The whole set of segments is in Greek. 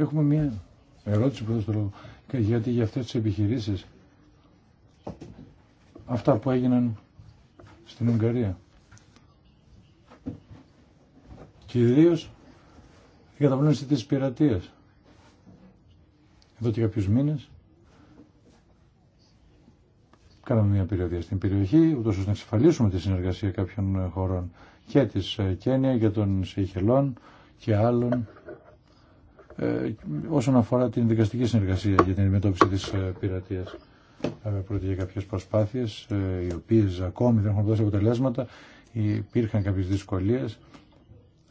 Έχουμε μια ερώτηση που το Γιατί για αυτές τις επιχειρήσεις, αυτά που έγιναν στην Ουγγαρία. Και ιδίω η καταπλήρωση της πειρατείας. Εδώ και κάποιους μήνες κάναμε μια περιοδία στην περιοχή, ούτως ώστε να εξασφαλίσουμε τη συνεργασία κάποιων χωρών και της Κένια και των Σεϊχελών και άλλων ε, όσον αφορά την δικαστική συνεργασία για την αντιμετώπιση της ε, πειρατείας. Πρώτα για κάποιες προσπάθειες, ε, οι οποίες ακόμη δεν έχουν δώσει αποτελέσματα, υπήρχαν κάποιες δυσκολίες.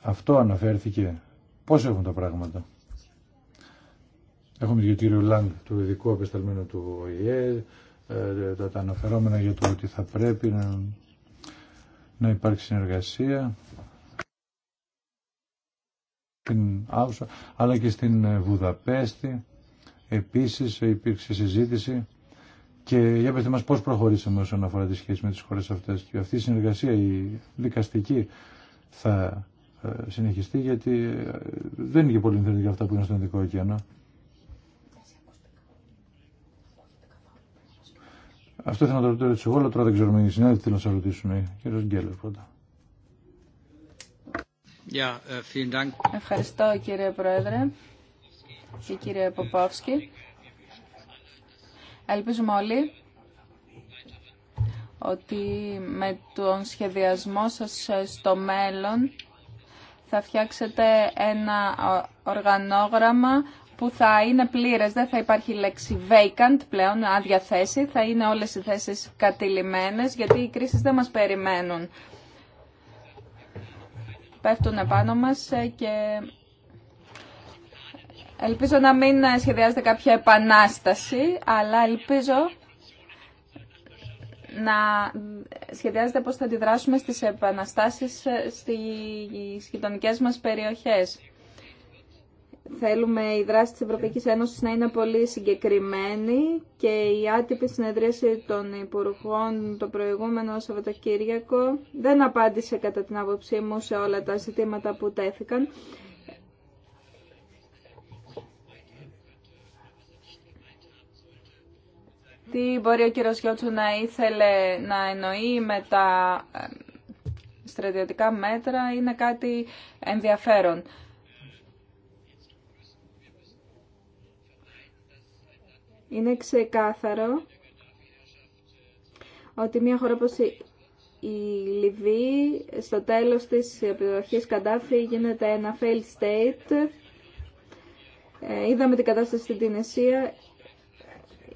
Αυτό αναφέρθηκε. Πώς έχουν τα πράγματα. Έχουμε τον κύριο Λάγκ, του ειδικού απεσταλμένου του ΟΗΕ, τα αναφερόμενα για το ότι θα πρέπει να, να υπάρξει συνεργασία στην Άουσα, αλλά και στην ε, Βουδαπέστη. Επίσης ε, υπήρξε συζήτηση και για πετε μας πώς προχωρήσαμε όσον αφορά τη σχέση με τις χώρες αυτές. Και αυτή η συνεργασία, η δικαστική, θα ε, συνεχιστεί γιατί δεν είναι και πολύ ενθαρρυντικά αυτά που είναι στον Ειδικό Ωκεανό. Αυτό θέλω να το ρωτήσω εγώ, αλλά τώρα δεν με τι συνάδελφοι θέλω να σα ρωτήσουν. Κύριο Γκέλλερ πρώτα. Uh, Ευχαριστώ κύριε Πρόεδρε και κύριε Ποπόφσκι. Ελπίζουμε όλοι ότι με τον σχεδιασμό σας στο μέλλον θα φτιάξετε ένα οργανόγραμμα που θα είναι πλήρες, δεν θα υπάρχει λέξη vacant πλέον, άδεια θέση, θα είναι όλες οι θέσεις κατηλημένες γιατί οι κρίσεις δεν μας περιμένουν πέφτουν επάνω μας ε, και ελπίζω να μην σχεδιάζεται κάποια επανάσταση, αλλά ελπίζω να σχεδιάζεται πώς θα αντιδράσουμε στις επαναστάσεις ε, στις γειτονικέ μας περιοχές. Θέλουμε η δράση της Ευρωπαϊκής Ένωσης να είναι πολύ συγκεκριμένη και η άτυπη συνεδρίαση των Υπουργών το προηγούμενο Σαββατοκύριακο δεν απάντησε κατά την άποψή μου σε όλα τα ζητήματα που τέθηκαν. Τι μπορεί ο κύριος Γιώτσο να ήθελε να εννοεί με τα ε, στρατιωτικά μέτρα είναι κάτι ενδιαφέρον. Είναι ξεκάθαρο ότι μια χώρα όπως η Λιβύη στο τέλος της επιδοχής Καντάφη γίνεται ένα failed state. Ε, είδαμε την κατάσταση στην Τινεσία.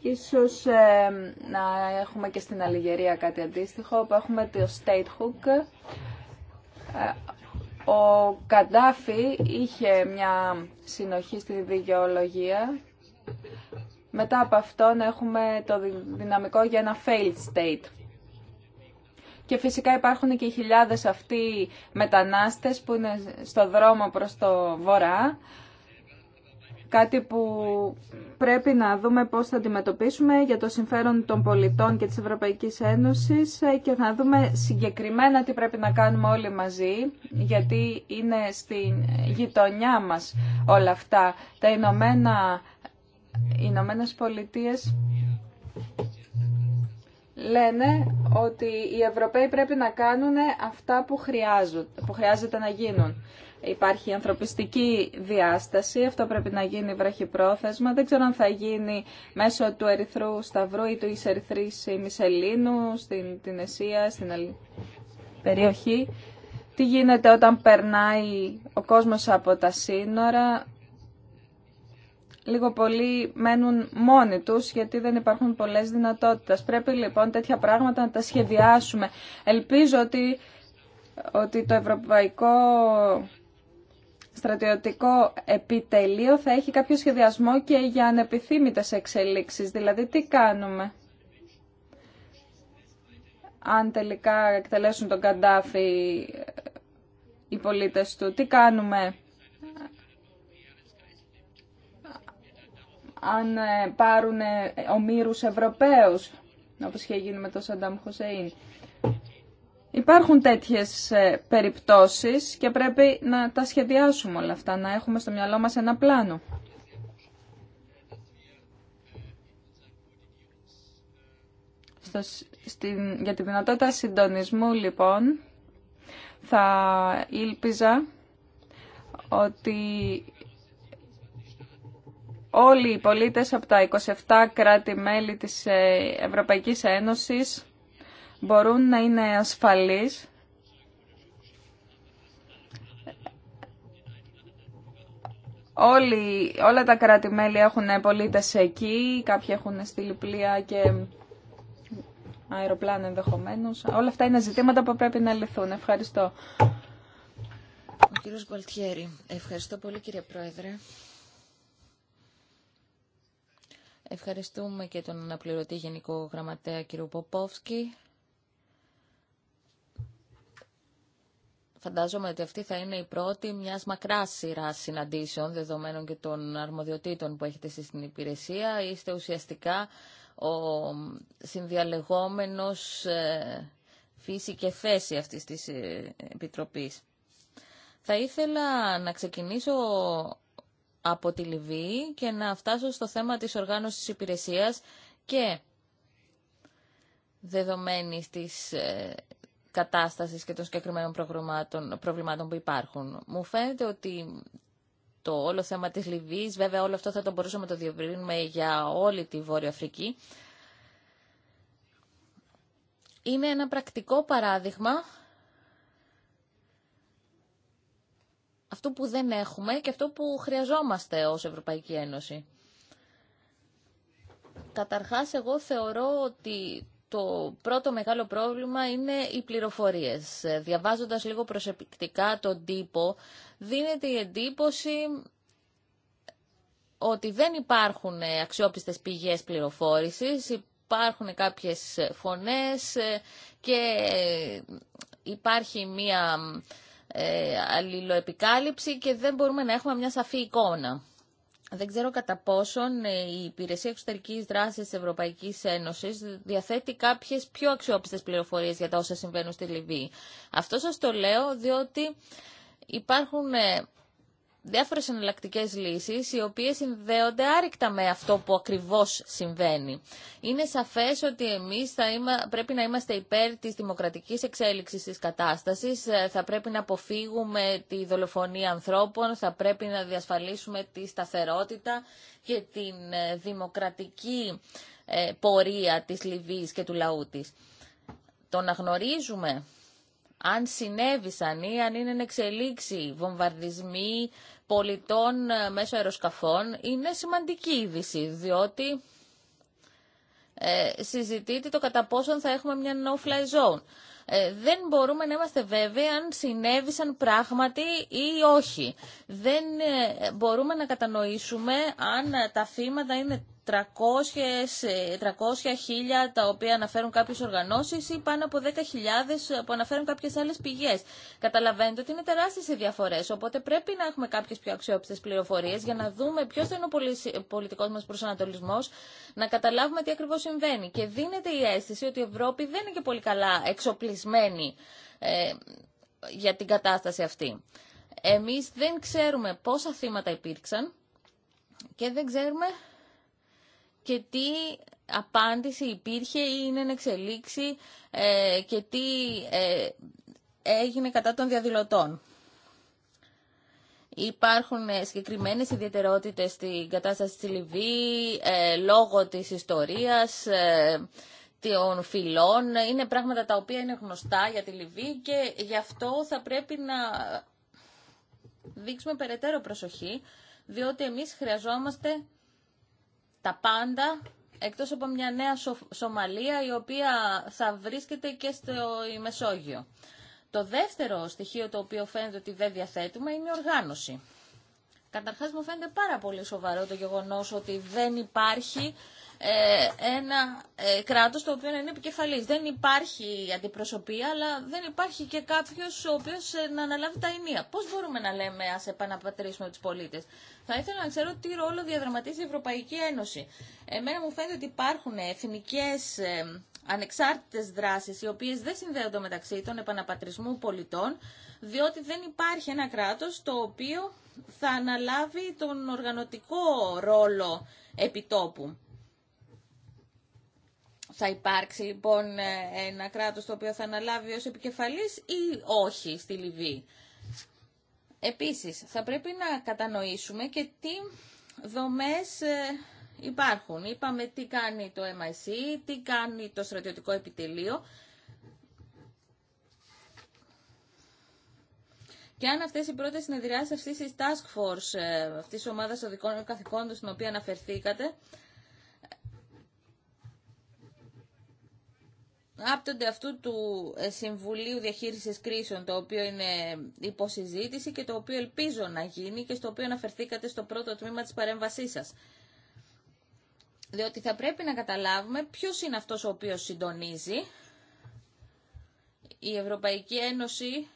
Ίσως ε, να έχουμε και στην Αλγερία κάτι αντίστοιχο, όπου έχουμε το state hook. Ε, ο Καντάφη είχε μια συνοχή στη δικαιολογία μετά από αυτό έχουμε το δυναμικό για ένα failed state. Και φυσικά υπάρχουν και χιλιάδες αυτοί μετανάστες που είναι στο δρόμο προς το βορρά, κάτι που πρέπει να δούμε πώς θα αντιμετωπίσουμε για το συμφέρον των πολιτών και της Ευρωπαϊκής Ένωσης και να δούμε συγκεκριμένα τι πρέπει να κάνουμε όλοι μαζί, γιατί είναι στην γειτονιά μας όλα αυτά. Τα Ηνωμένα Ηνωμένε Πολιτείε λένε ότι οι Ευρωπαίοι πρέπει να κάνουν αυτά που, χρειάζονται, που χρειάζεται να γίνουν. Υπάρχει ανθρωπιστική διάσταση, αυτό πρέπει να γίνει βραχυπρόθεσμα. Δεν ξέρω αν θα γίνει μέσω του Ερυθρού Σταυρού ή του Ισερυθρής Μισελίνου, στην την Εσία, στην περιοχή. Τι γίνεται όταν περνάει ο κόσμος από τα σύνορα, λίγο πολύ μένουν μόνοι τους γιατί δεν υπάρχουν πολλές δυνατότητες. Πρέπει λοιπόν τέτοια πράγματα να τα σχεδιάσουμε. Ελπίζω ότι, ότι το Ευρωπαϊκό στρατιωτικό επιτελείο θα έχει κάποιο σχεδιασμό και για ανεπιθύμητες εξελίξεις. Δηλαδή τι κάνουμε αν τελικά εκτελέσουν τον Καντάφη οι πολίτες του. Τι κάνουμε αν ε, πάρουν ε, ομήρους Ευρωπαίους, όπως είχε γίνει με τον Σαντάμ Χωσέιν. Υπάρχουν τέτοιες ε, περιπτώσεις και πρέπει να τα σχεδιάσουμε όλα αυτά, να έχουμε στο μυαλό μας ένα πλάνο. στην, για τη δυνατότητα συντονισμού, λοιπόν, θα ήλπιζα ότι όλοι οι πολίτες από τα 27 κράτη-μέλη της ε, Ευρωπαϊκής Ένωσης μπορούν να είναι ασφαλείς Όλοι, όλα τα κράτη-μέλη έχουν πολίτες εκεί, κάποιοι έχουν στείλει πλοία και αεροπλάνα ενδεχομένω. Όλα αυτά είναι ζητήματα που πρέπει να λυθούν. Ευχαριστώ. Ο κύριος Γκολτιέρη. Ευχαριστώ πολύ κύριε Πρόεδρε. Ευχαριστούμε και τον αναπληρωτή Γενικό Γραμματέα κ. Ποπόφσκι. Φαντάζομαι ότι αυτή θα είναι η πρώτη μια μακρά σειρά συναντήσεων, δεδομένων και των αρμοδιοτήτων που έχετε εσείς στην υπηρεσία. Είστε ουσιαστικά ο συνδιαλεγόμενος ε, φύση και θέση αυτής της ε, Επιτροπής. Θα ήθελα να ξεκινήσω από τη Λιβύη και να φτάσω στο θέμα της οργάνωσης υπηρεσίας και δεδομένης της ε, κατάστασης και των συγκεκριμένων προβλημάτων που υπάρχουν. Μου φαίνεται ότι το όλο θέμα της Λιβύης, βέβαια όλο αυτό θα το μπορούσαμε να το διευρύνουμε για όλη τη Βόρεια Αφρική, είναι ένα πρακτικό παράδειγμα αυτό που δεν έχουμε και αυτό που χρειαζόμαστε ως Ευρωπαϊκή Ένωση. Καταρχάς, εγώ θεωρώ ότι το πρώτο μεγάλο πρόβλημα είναι οι πληροφορίες. Διαβάζοντας λίγο προσεκτικά τον τύπο, δίνεται η εντύπωση ότι δεν υπάρχουν αξιόπιστες πηγές πληροφόρησης, υπάρχουν κάποιες φωνές ε, και υπάρχει μία ε, αλληλοεπικάλυψη και δεν μπορούμε να έχουμε μια σαφή εικόνα. Δεν ξέρω κατά πόσον ε, η Υπηρεσία Εξωτερική Δράση τη Ευρωπαϊκή Ένωση διαθέτει κάποιε πιο αξιόπιστες πληροφορίε για τα όσα συμβαίνουν στη Λιβύη. Αυτό σα το λέω διότι υπάρχουν ε, διάφορες εναλλακτικέ λύσεις οι οποίες συνδέονται άρρηκτα με αυτό που ακριβώς συμβαίνει. Είναι σαφές ότι εμείς θα πρέπει να είμαστε υπέρ της δημοκρατικής εξέλιξης της κατάστασης, ε, θα πρέπει να αποφύγουμε τη δολοφονία ανθρώπων, θα πρέπει να διασφαλίσουμε τη σταθερότητα και την ε, δημοκρατική ε, πορεία της Λιβύης και του λαού της. Το να γνωρίζουμε αν συνέβησαν ή αν είναι εξελίξει βομβαρδισμοί πολιτών ε, μέσω αεροσκαφών, είναι σημαντική είδηση, διότι ε, συζητείται το κατά πόσον θα έχουμε μια no-fly zone. Ε, δεν μπορούμε να είμαστε βέβαιοι αν συνέβησαν πράγματι ή όχι. Δεν μπορούμε να κατανοήσουμε αν τα θύματα είναι 300.000 ε, τα οποία αναφέρουν κάποιες οργανώσει ή πάνω από 10.000 ε, που αναφέρουν κάποιε άλλε πηγέ. Καταλαβαίνετε ότι είναι τεράστιε οι διαφορές, οπότε πρέπει να έχουμε κάποιε πιο αξιόπιστε πληροφορίε για να δούμε ποιο είναι ο πολιτικός μας προσανατολισμός, να καταλάβουμε τι ακριβώ συμβαίνει. Και δίνεται η αίσθηση ότι η Ευρώπη δεν είναι και πολύ καλά εξοπλισμένη ε, για την κατάσταση αυτή. Εμείς δεν ξέρουμε πόσα θύματα υπήρξαν και δεν ξέρουμε και τι απάντηση υπήρχε ή είναι εξελίξη ε, και τι ε, έγινε κατά των διαδηλωτών. Υπάρχουν ε, συγκεκριμένες ιδιαιτερότητες στην κατάσταση της Λιβύη, ε, λόγω της ιστορίας, ε, των φυλών. Είναι πράγματα τα οποία είναι γνωστά για τη Λιβύη και γι' αυτό θα πρέπει να δείξουμε περαιτέρω προσοχή, διότι εμείς χρειαζόμαστε τα πάντα εκτός από μια νέα Σομαλία η οποία θα βρίσκεται και στο Μεσόγειο. Το δεύτερο στοιχείο το οποίο φαίνεται ότι δεν διαθέτουμε είναι η οργάνωση. Καταρχάς μου φαίνεται πάρα πολύ σοβαρό το γεγονός ότι δεν υπάρχει ε, ένα ε, κράτος το οποίο είναι επικεφαλής. Δεν υπάρχει αντιπροσωπεία, αλλά δεν υπάρχει και κάποιος ο οποίος ε, να αναλάβει τα ενία. Πώς μπορούμε να λέμε ας επαναπατρίσουμε τους πολίτες. Θα ήθελα να ξέρω τι ρόλο διαδραματίζει η Ευρωπαϊκή Ένωση. Εμένα μου φαίνεται ότι υπάρχουν εθνικές ανεξάρτητες δράσεις οι οποίες δεν συνδέονται μεταξύ των επαναπατρισμού πολιτών διότι δεν υπάρχει ένα κράτος το οποίο θα αναλάβει τον οργανωτικό ρόλο επιτόπου. Θα υπάρξει λοιπόν ε, ένα κράτος το οποίο θα αναλάβει ως επικεφαλής ή όχι στη Λιβύη. Επίσης, θα πρέπει να κατανοήσουμε και τι δομές ε, υπάρχουν. Είπαμε τι κάνει το MIC, τι κάνει το στρατιωτικό επιτελείο. Και αν αυτές οι πρώτες συνεδριάσεις αυτής της task force, ε, αυτής της ομάδας οδικών καθηκόντων στην οποία αναφερθήκατε, άπτονται αυτού του ε, Συμβουλίου Διαχείρισης Κρίσεων, το οποίο είναι υποσυζήτηση και το οποίο ελπίζω να γίνει και στο οποίο αναφερθήκατε στο πρώτο τμήμα της παρέμβασής σας. Διότι θα πρέπει να καταλάβουμε ποιος είναι αυτός ο οποίος συντονίζει. Η Ευρωπαϊκή Ένωση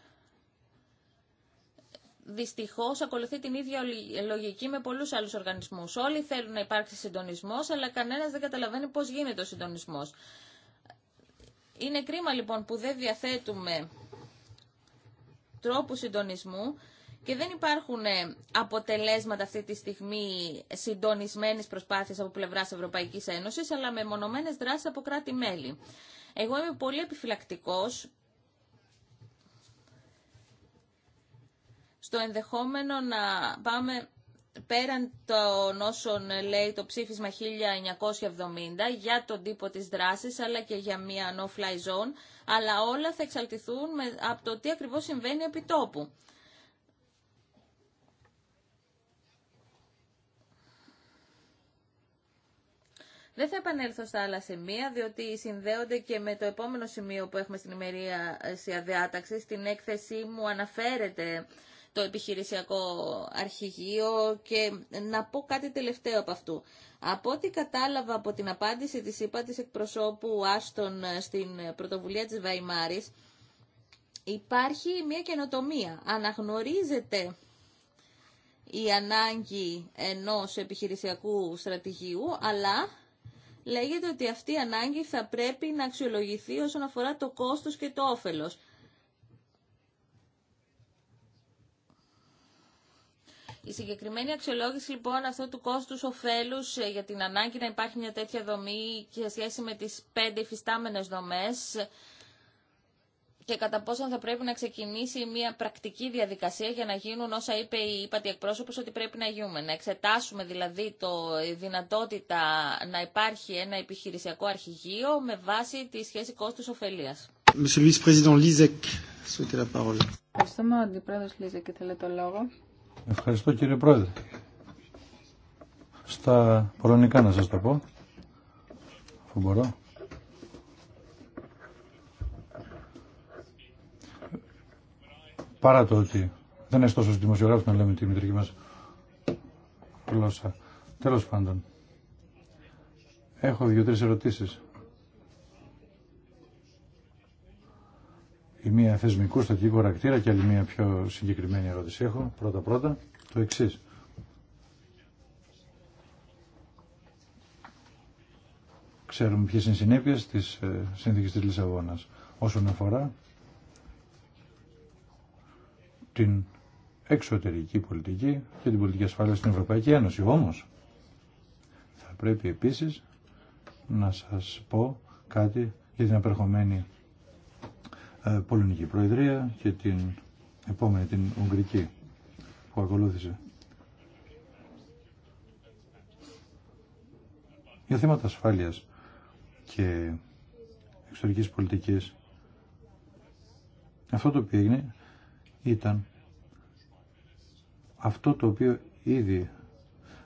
δυστυχώς ακολουθεί την ίδια λογική με πολλούς άλλους οργανισμούς. Όλοι θέλουν να υπάρξει συντονισμός, αλλά κανένας δεν καταλαβαίνει πώς γίνεται ο συντονισμός. Είναι κρίμα λοιπόν που δεν διαθέτουμε τρόπου συντονισμού και δεν υπάρχουν ε, αποτελέσματα αυτή τη στιγμή συντονισμένης προσπάθειας από πλευρά Ευρωπαϊκή Ένωση, αλλά με μονομένε δράσει από κράτη-μέλη. Εγώ είμαι πολύ επιφυλακτικό στο ενδεχόμενο να πάμε πέραν των όσων λέει το ψήφισμα 1970 για τον τύπο της δράσης αλλά και για μια no-fly zone, αλλά όλα θα εξαλτηθούν με, από το τι ακριβώς συμβαίνει επί τόπου. Δεν θα επανέλθω στα άλλα σημεία, διότι συνδέονται και με το επόμενο σημείο που έχουμε στην ημερία διάταξη. Στην έκθεσή μου αναφέρεται το επιχειρησιακό αρχηγείο και να πω κάτι τελευταίο από αυτού. Από ό,τι κατάλαβα από την απάντηση της είπα της εκπροσώπου Άστον στην πρωτοβουλία της Βαϊμάρης, υπάρχει μια καινοτομία. Αναγνωρίζεται η ανάγκη ενός επιχειρησιακού στρατηγίου, αλλά λέγεται ότι αυτή η ανάγκη θα πρέπει να αξιολογηθεί όσον αφορά το κόστος και το όφελος. Η συγκεκριμένη αξιολόγηση λοιπόν αυτού του κόστου ωφέλου ε, για την ανάγκη να υπάρχει μια τέτοια δομή και σε σχέση με τι πέντε υφιστάμενε δομέ και κατά πόσο θα πρέπει να ξεκινήσει μια πρακτική διαδικασία για να γίνουν όσα είπε η ΥΠΑΤΗ εκπρόσωπο ότι πρέπει να γίνουμε. Να εξετάσουμε δηλαδή το δυνατότητα να υπάρχει ένα επιχειρησιακό αρχηγείο με βάση τη σχέση κόστου ωφέλια. Monsieur le president la parole. Ευχαριστούμε, ο Λίζεκ ήθελε το λόγο. Ευχαριστώ κύριε Πρόεδρε. Στα πολωνικά να σας το πω, αφού μπορώ. Παρά το ότι δεν είναι τόσο δημοσιογράφος να λέμε τη μητρική μας γλώσσα. Τέλος πάντων, έχω δύο-τρεις ερωτήσεις. η μία θεσμικού στατικού χαρακτήρα και άλλη μία πιο συγκεκριμένη ερώτηση έχω. Πρώτα πρώτα το εξή. Ξέρουμε ποιες είναι οι συνέπειες της ε, Σύνθηκης της Λισαβόνας όσον αφορά την εξωτερική πολιτική και την πολιτική ασφάλεια στην Ευρωπαϊκή Ένωση. Όμως θα πρέπει επίσης να σας πω κάτι για την απερχομένη ε, Πολωνική Προεδρία και την επόμενη, την Ουγγρική που ακολούθησε. Για θέματα ασφάλειας και εξωτερικής πολιτικής αυτό το οποίο έγινε ήταν αυτό το οποίο ήδη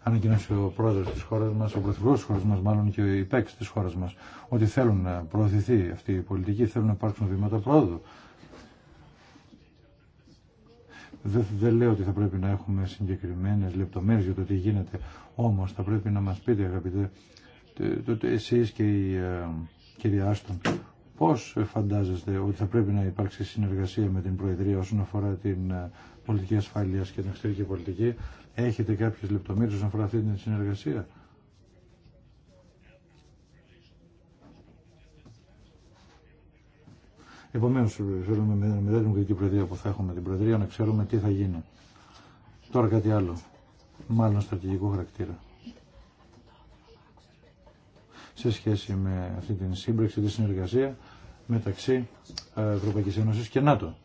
ανακοινώσει ο πρόεδρο τη χώρα μα, ο πρωθυπουργό τη χώρα μα, μάλλον και οι παίκτε τη χώρα μα, ότι θέλουν να προωθηθεί αυτή η πολιτική, θέλουν να υπάρξουν βήματα πρόοδου. Δεν, λέω ότι θα πρέπει να έχουμε συγκεκριμένε λεπτομέρειε για το τι γίνεται, όμω θα πρέπει να μα πείτε, αγαπητέ, εσεί και η ε, κυρία Άστον, Πώς φαντάζεστε ότι θα πρέπει να υπάρξει συνεργασία με την Προεδρία όσον αφορά την ε, πολιτική ασφάλειας και την εξωτερική πολιτική. Έχετε κάποιες λεπτομέρειες όσον αφορά αυτή την συνεργασία. Επομένως, θέλουμε με την Ουγγρική Προεδρία που θα έχουμε την Προεδρία να ξέρουμε τι θα γίνει. Τώρα κάτι άλλο, μάλλον στρατηγικό χαρακτήρα. Σε σχέση με αυτή την σύμπραξη, τη συνεργασία μεταξύ ε, Ευρωπαϊκής Ένωσης και ΝΑΤΟ.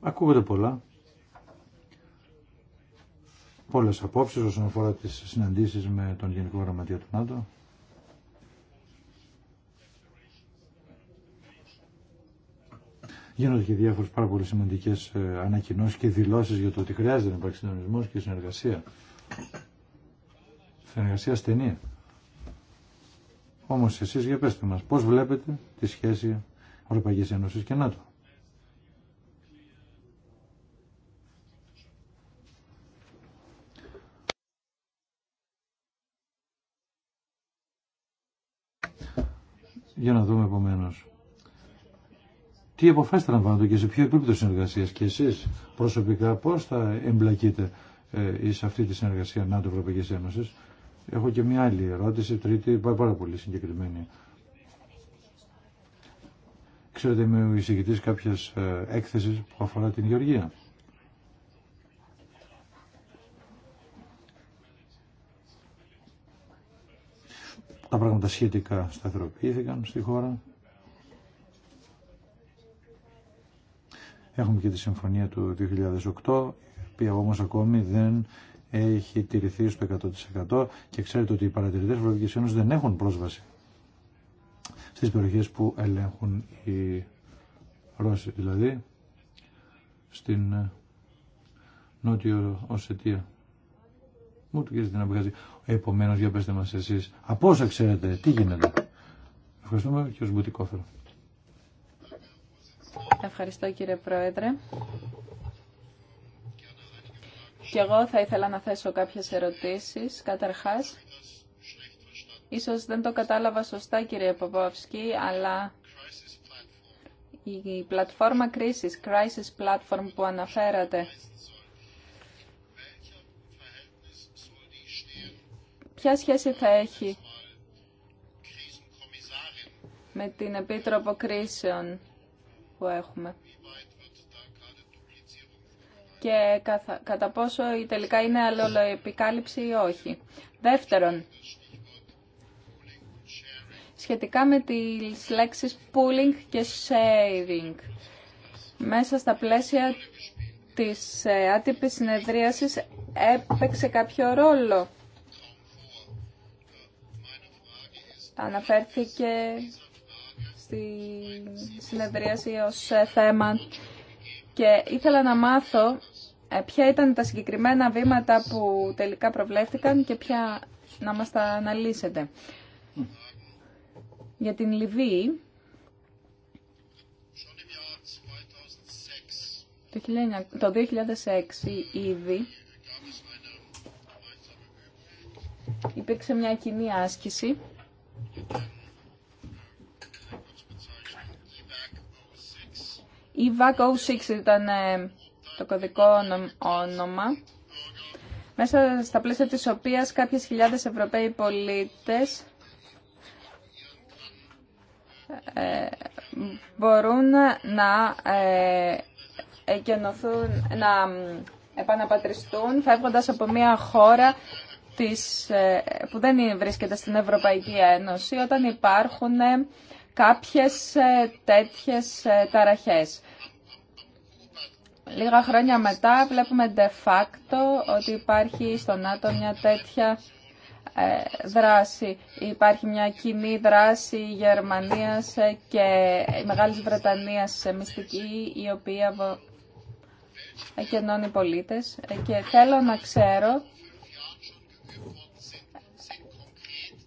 Ακούγονται πολλά, πολλές απόψεις όσον αφορά τις συναντήσεις με τον Γενικό Γραμματεία του ΝΑΤΟ. Γίνονται και διάφορε πάρα πολύ σημαντικέ ε, ανακοινώσει και δηλώσει για το ότι χρειάζεται να υπάρξει συντονισμό και συνεργασία συνεργασία στενή. Όμως εσείς για πετε μας, πώς βλέπετε τη σχέση Ευρωπαϊκής Ένωσης και ΝΑΤΟ. Για να δούμε επομένω. Τι αποφάσει να και σε ποιο επίπεδο συνεργασία και εσεί προσωπικά πώ θα εμπλακείτε ε, σε αυτή τη συνεργασία ΝΑΤΟ-Ευρωπαϊκής Ένωση Έχω και μια άλλη ερώτηση, τρίτη, πάρα πολύ συγκεκριμένη. Ξέρετε, είμαι ο εισηγητής κάποιας ε, έκθεσης που αφορά την Γεωργία. Τα πράγματα σχετικά σταθεροποιήθηκαν στη χώρα. Έχουμε και τη συμφωνία του 2008, η οποία όμως ακόμη δεν έχει τηρηθεί στο 100% και ξέρετε ότι οι παρατηρητές Ευρωπαϊκής Ένωσης δεν έχουν πρόσβαση στις περιοχές που ελέγχουν οι Ρώσοι, δηλαδή στην ε, Νότιο Οσετία. Μου του την Αμπγάζη. Επομένως, για πέστε μας εσείς, από όσα ξέρετε, τι γίνεται. Ευχαριστούμε, ως Μπουτικόφερο. Ευχαριστώ, κύριε Πρόεδρε. Και εγώ θα ήθελα να θέσω κάποιες ερωτήσεις. Καταρχάς, ίσως δεν το κατάλαβα σωστά κύριε Παπαυσκή, αλλά η πλατφόρμα κρίσης, crisis platform που αναφέρατε, ποια σχέση θα έχει με την Επίτροπο Κρίσεων που έχουμε και κατά πόσο τελικά είναι αλλολοεπικάλυψη ή όχι. Δεύτερον, σχετικά με τις λέξεις pooling και sharing. Μέσα στα πλαίσια της ε, άτυπης συνεδρίασης έπαιξε κάποιο ρόλο. Αναφέρθηκε στη συνεδρίαση ως ε, θέμα και ήθελα να μάθω ε, ποια ήταν τα συγκεκριμένα βήματα που τελικά προβλέφτηκαν και ποια να μας τα αναλύσετε. Για την Λιβύη, το 2006 ήδη υπήρξε μια κοινή άσκηση Η VAC06 ήταν ε, το κωδικό όνομα, μέσα στα πλαίσια της οποίας κάποιες χιλιάδες Ευρωπαίοι πολίτες ε, μπορούν να ε, εκενωθούν, να επαναπατριστούν φεύγοντας από μια χώρα της, που δεν βρίσκεται στην Ευρωπαϊκή Ένωση όταν υπάρχουν κάποιες τέτοιες ταραχές. Λίγα χρόνια μετά βλέπουμε de facto ότι υπάρχει στο ΝΑΤΟ μια τέτοια ε, δράση. Υπάρχει μια κοινή δράση Γερμανίας ε, και Μεγάλης Βρετανίας ε, μυστική η οποία εκενώνει πολίτες και θέλω να ξέρω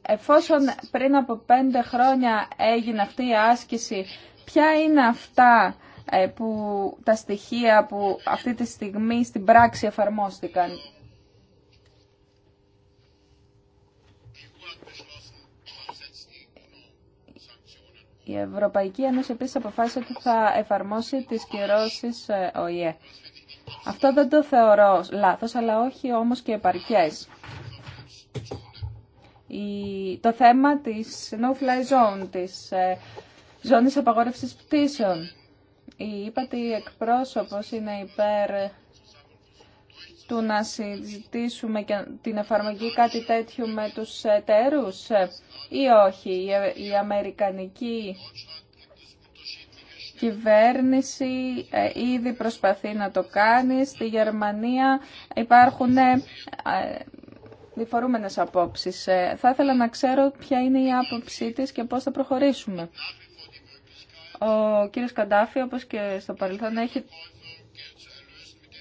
εφόσον πριν από πέντε χρόνια έγινε αυτή η άσκηση ποια είναι αυτά ε, που τα στοιχεία που αυτή τη στιγμή στην πράξη εφαρμόστηκαν. Η Ευρωπαϊκή Ένωση επίσης αποφάσισε ότι θα εφαρμόσει τις κυρώσεις ε, ΟΗΕ. Αυτό δεν το θεωρώ λάθος, αλλά όχι όμως και επαρκές. Το θέμα της no-fly zone, της ε, ζώνης απαγόρευσης πτήσεων, η ύπατη εκπρόσωπος είναι υπέρ του να συζητήσουμε και την εφαρμογή κάτι τέτοιου με τους εταίρους ή όχι. Η Αμερικανική κυβέρνηση ε, ήδη προσπαθεί να το κάνει. Στη Γερμανία υπάρχουν ε, διφορούμενες απόψεις. Ε, θα ήθελα να ξέρω ποια είναι η άποψή της και πώς θα προχωρήσουμε. Ο κύριος Καντάφη, όπως και στο παρελθόν, έχει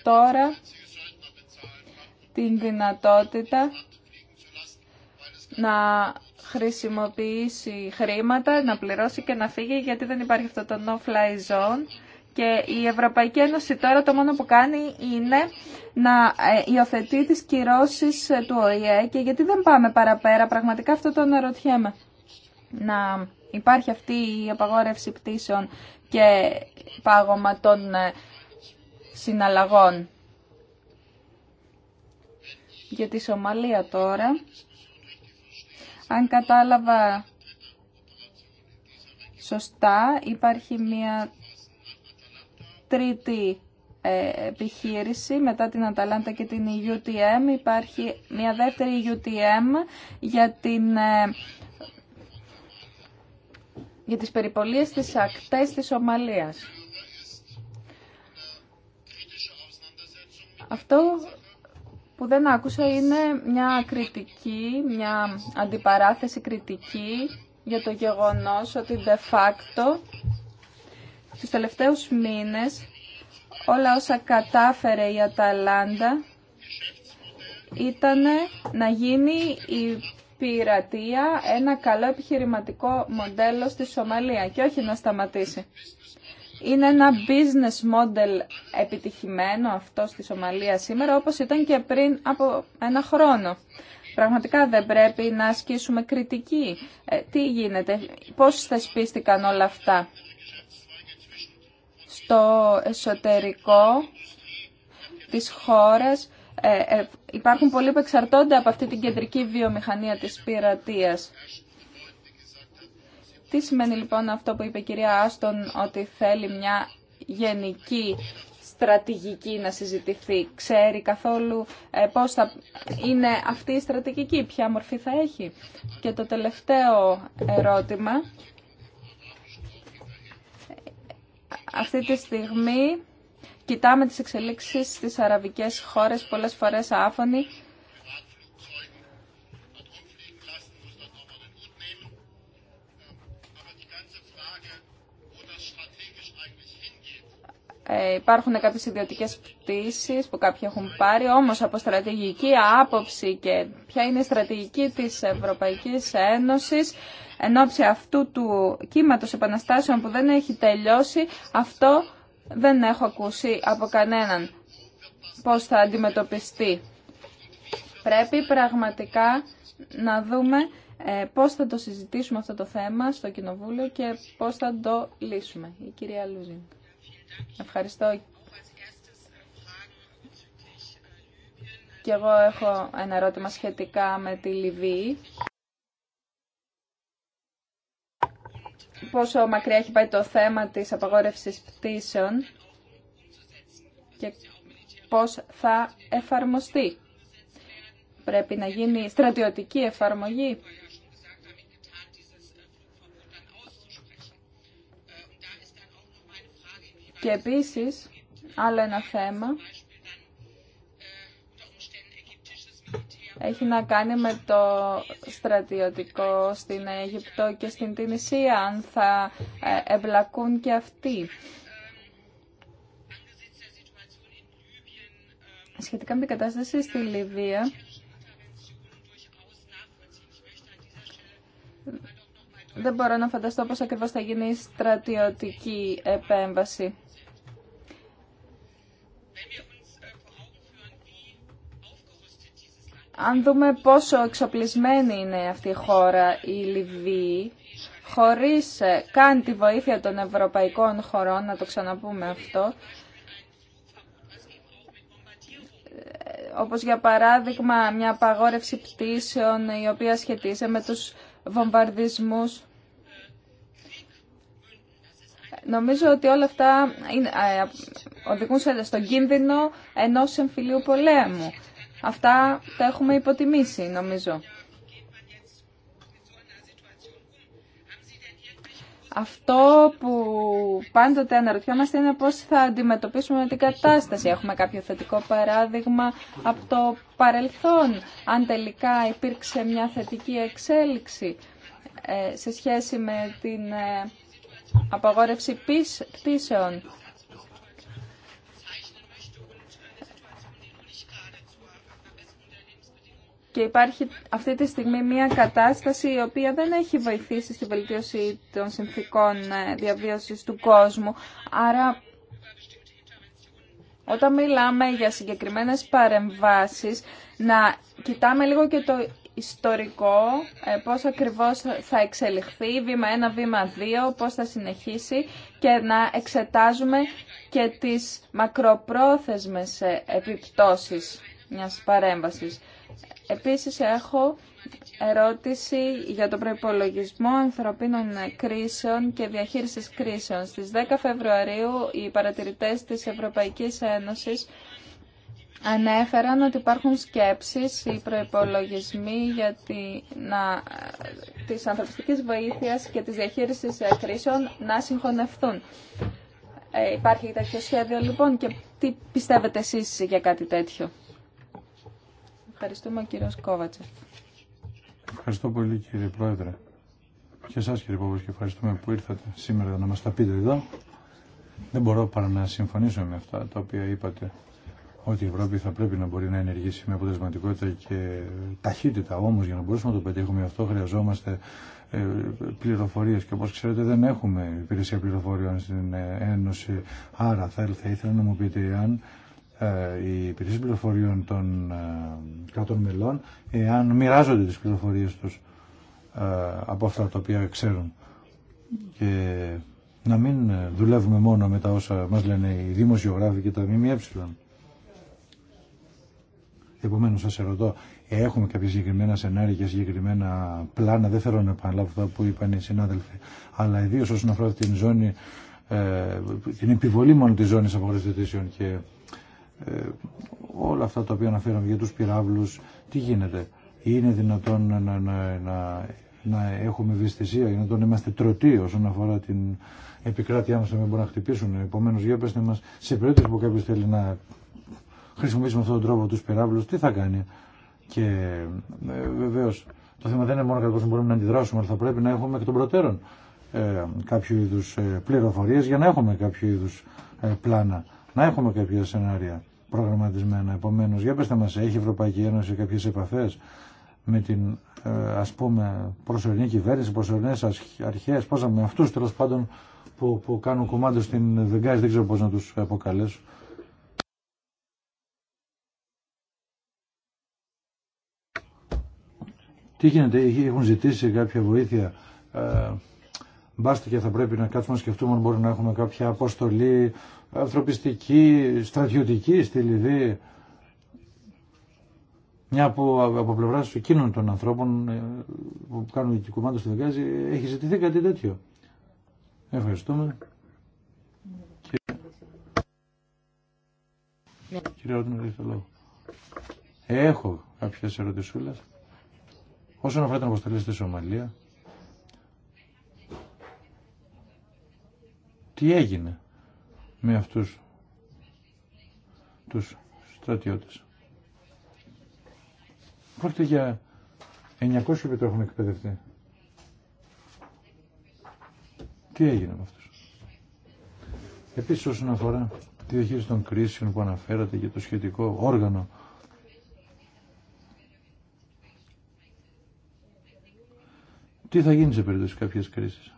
τώρα την δυνατότητα να χρησιμοποιήσει χρήματα, να πληρώσει και να φύγει, γιατί δεν υπάρχει αυτό το no-fly zone. Και η Ευρωπαϊκή Ένωση τώρα το μόνο που κάνει είναι να ε, υιοθετεί τις κυρώσεις ε, του ΟΗΕ και γιατί δεν πάμε παραπέρα, πραγματικά αυτό το αναρωτιέμαι. Να υπάρχει αυτή η απαγόρευση πτήσεων και πάγωμα των ε, συναλλαγών. Για τη Σομαλία τώρα, αν κατάλαβα σωστά, υπάρχει μια τρίτη ε, επιχείρηση μετά την Αταλάντα και την UTM υπάρχει μια δεύτερη UTM για την ε, για τις περιπολίες της ακτές της Ομαλίας. Αυτό που δεν άκουσα είναι μια κριτική, μια αντιπαράθεση κριτική για το γεγονός ότι de facto τους τελευταίους μήνες όλα όσα κατάφερε η Αταλάντα ήταν να γίνει η πειρατεία ένα καλό επιχειρηματικό μοντέλο στη Σομαλία και όχι να σταματήσει. Είναι ένα business model επιτυχημένο αυτό στη Σομαλία σήμερα όπως ήταν και πριν από ένα χρόνο. Πραγματικά δεν πρέπει να ασκήσουμε κριτική. Ε, τι γίνεται, πώς θεσπίστηκαν όλα αυτά. Στο εσωτερικό της χώρας ε, ε, υπάρχουν πολλοί που εξαρτώνται από αυτή την κεντρική βιομηχανία της πειρατείας. Τι σημαίνει λοιπόν αυτό που είπε η κυρία Άστον ότι θέλει μια γενική στρατηγική να συζητηθεί. Ξέρει καθόλου ε, πώς θα είναι αυτή η στρατηγική, ποια μορφή θα έχει. Και το τελευταίο ερώτημα. Αυτή τη στιγμή κοιτάμε τις εξελίξεις στις αραβικές χώρες πολλές φορές άφωνοι. Ε, υπάρχουν κάποιες ιδιωτικές πτήσεις που κάποιοι έχουν πάρει, όμως από στρατηγική άποψη και ποια είναι η στρατηγική της Ευρωπαϊκής Ένωσης εν ώψη αυτού του κύματος επαναστάσεων που δεν έχει τελειώσει, αυτό δεν έχω ακούσει από κανέναν πώς θα αντιμετωπιστεί. Πρέπει πραγματικά να δούμε ε, πώς θα το συζητήσουμε αυτό το θέμα στο Κοινοβούλιο και πώς θα το λύσουμε. Η κυρία Λούζινγκ. Ευχαριστώ. Και εγώ έχω ένα ερώτημα σχετικά με τη Λιβύη. πόσο μακριά έχει πάει το θέμα της απαγόρευσης πτήσεων και πώς θα εφαρμοστεί. Πρέπει να γίνει στρατιωτική εφαρμογή. Και επίσης, άλλο ένα θέμα, έχει να κάνει με το στρατιωτικό στην Αιγυπτό και στην Τινησία, αν θα ε, εμπλακούν και αυτοί. Σχετικά με την κατάσταση στη Λιβύα, δεν μπορώ να φανταστώ πώς ακριβώς θα γίνει η στρατιωτική επέμβαση. Αν δούμε πόσο εξοπλισμένη είναι αυτή η χώρα, η Λιβύη, χωρίς ε, καν τη βοήθεια των ευρωπαϊκών χωρών, να το ξαναπούμε αυτό, όπως για παράδειγμα μια απαγόρευση πτήσεων η οποία σχετίζεται με τους βομβαρδισμούς. Νομίζω ότι όλα αυτά ε, ε, οδηγούν στον κίνδυνο ενός εμφυλίου πολέμου. Αυτά τα έχουμε υποτιμήσει, νομίζω. Αυτό που πάντοτε αναρωτιόμαστε είναι πώς θα αντιμετωπίσουμε την κατάσταση. Έχουμε κάποιο θετικό παράδειγμα από το παρελθόν, αν τελικά υπήρξε μια θετική εξέλιξη ε, σε σχέση με την ε, απαγόρευση πτήσεων. και υπάρχει αυτή τη στιγμή μια κατάσταση η οποία δεν έχει βοηθήσει στη βελτίωση των συνθήκων ε, διαβίωσης του κόσμου. Άρα όταν μιλάμε για συγκεκριμένες παρεμβάσεις, να κοιτάμε λίγο και το ιστορικό, ε, πώς ακριβώς θα εξελιχθεί, βήμα 1, βήμα 2, πώς θα συνεχίσει και να εξετάζουμε και τις μακροπρόθεσμες ε, επιπτώσεις μιας παρέμβασης. Επίσης έχω ερώτηση για τον προϋπολογισμό ανθρωπίνων κρίσεων και διαχείρισης κρίσεων. Στις 10 Φεβρουαρίου οι παρατηρητές της Ευρωπαϊκής Ένωσης ανέφεραν ότι υπάρχουν σκέψεις ή προϋπολογισμοί για τη, να, της ανθρωπιστικής βοήθειας και της διαχείρισης ε, κρίσεων να συγχωνευτούν. Ε, υπάρχει τέτοιο σχέδιο λοιπόν και τι πιστεύετε εσείς για κάτι τέτοιο. Ευχαριστούμε κύριο Κόβατσεφ. Ευχαριστώ πολύ κύριε Πρόεδρε. Και εσάς κύριε Πόβος, και ευχαριστούμε που ήρθατε σήμερα να μας τα πείτε εδώ. Δεν μπορώ παρά να συμφωνήσω με αυτά τα οποία είπατε ότι η Ευρώπη θα πρέπει να μπορεί να ενεργήσει με αποτελεσματικότητα και ταχύτητα. Όμω για να μπορέσουμε να το πετύχουμε αυτό χρειαζόμαστε ε, πληροφορίε. Και όπω ξέρετε δεν έχουμε υπηρεσία πληροφοριών στην ε, Ένωση. Άρα θα ήθελα να μου πείτε αν ε, οι υπηρεσίες πληροφοριών των ε, κρατών μελών εάν μοιράζονται τις πληροφορίες τους ε, από αυτά τα οποία ξέρουν και να μην δουλεύουμε μόνο με τα όσα μας λένε οι δημοσιογράφοι και τα ΜΜΕ. Επομένως σας ερωτώ, έχουμε κάποια συγκεκριμένα σενάρια και συγκεκριμένα πλάνα, δεν θέλω να επαναλάβω αυτά που είπαν οι συνάδελφοι, αλλά ιδίως όσον αφορά την ζώνη, την επιβολή μόνο της ζώνης απογραφητήσεων και ε, όλα αυτά τα οποία αναφέραμε για τους πυράβλους, τι γίνεται. Είναι δυνατόν να, να, να, να έχουμε ευαισθησία, είναι δυνατόν να είμαστε τρωτοί όσον αφορά την επικράτειά μας να μην μπορούν να χτυπήσουν. Επομένω, για πέστε μας, σε περίπτωση που κάποιος θέλει να χρησιμοποιήσει με αυτόν τον τρόπο τους πυράβλους, τι θα κάνει. Και ε, βεβαίως, το θέμα δεν είναι μόνο κατά πόσο μπορούμε να αντιδράσουμε, αλλά θα πρέπει να έχουμε εκ των προτέρων ε, κάποιο είδου ε, πληροφορίε για να έχουμε κάποιο είδου ε, πλάνα να έχουμε κάποια σενάρια προγραμματισμένα. Επομένως, για πετε μας, έχει η Ευρωπαϊκή Ένωση κάποιες επαφές με την ε, ας πούμε προσωρινή κυβέρνηση, προσωρινές αρχές, πώς με αυτούς τέλος πάντων που, που κάνουν κομμάτι στην Δεγκάζ, δεν ξέρω πώς να τους αποκαλέσω. Τι γίνεται, έχουν ζητήσει κάποια βοήθεια, ε, μπάστε και θα πρέπει να κάτσουμε να σκεφτούμε αν μπορούμε να έχουμε κάποια αποστολή ανθρωπιστική, στρατιωτική στη Λιβύη. Μια που από πλευρά εκείνων των ανθρώπων ε, που κάνουν και κουμάντο στη Βεγγάζη έχει ζητηθεί κάτι τέτοιο. Ευχαριστούμε. Ναι. Κύριε μου το λόγο. Έχω κάποιε ερωτησούλε. Όσον αφορά την αποστολή στη Σομαλία, τι έγινε με αυτούς τους στρατιώτες. Πρόκειται για 900 που το έχουν εκπαιδευτεί. Τι έγινε με αυτούς. Επίσης όσον αφορά τη διαχείριση των κρίσεων που αναφέρατε για το σχετικό όργανο Τι θα γίνει σε περίπτωση κάποιες κρίσεις.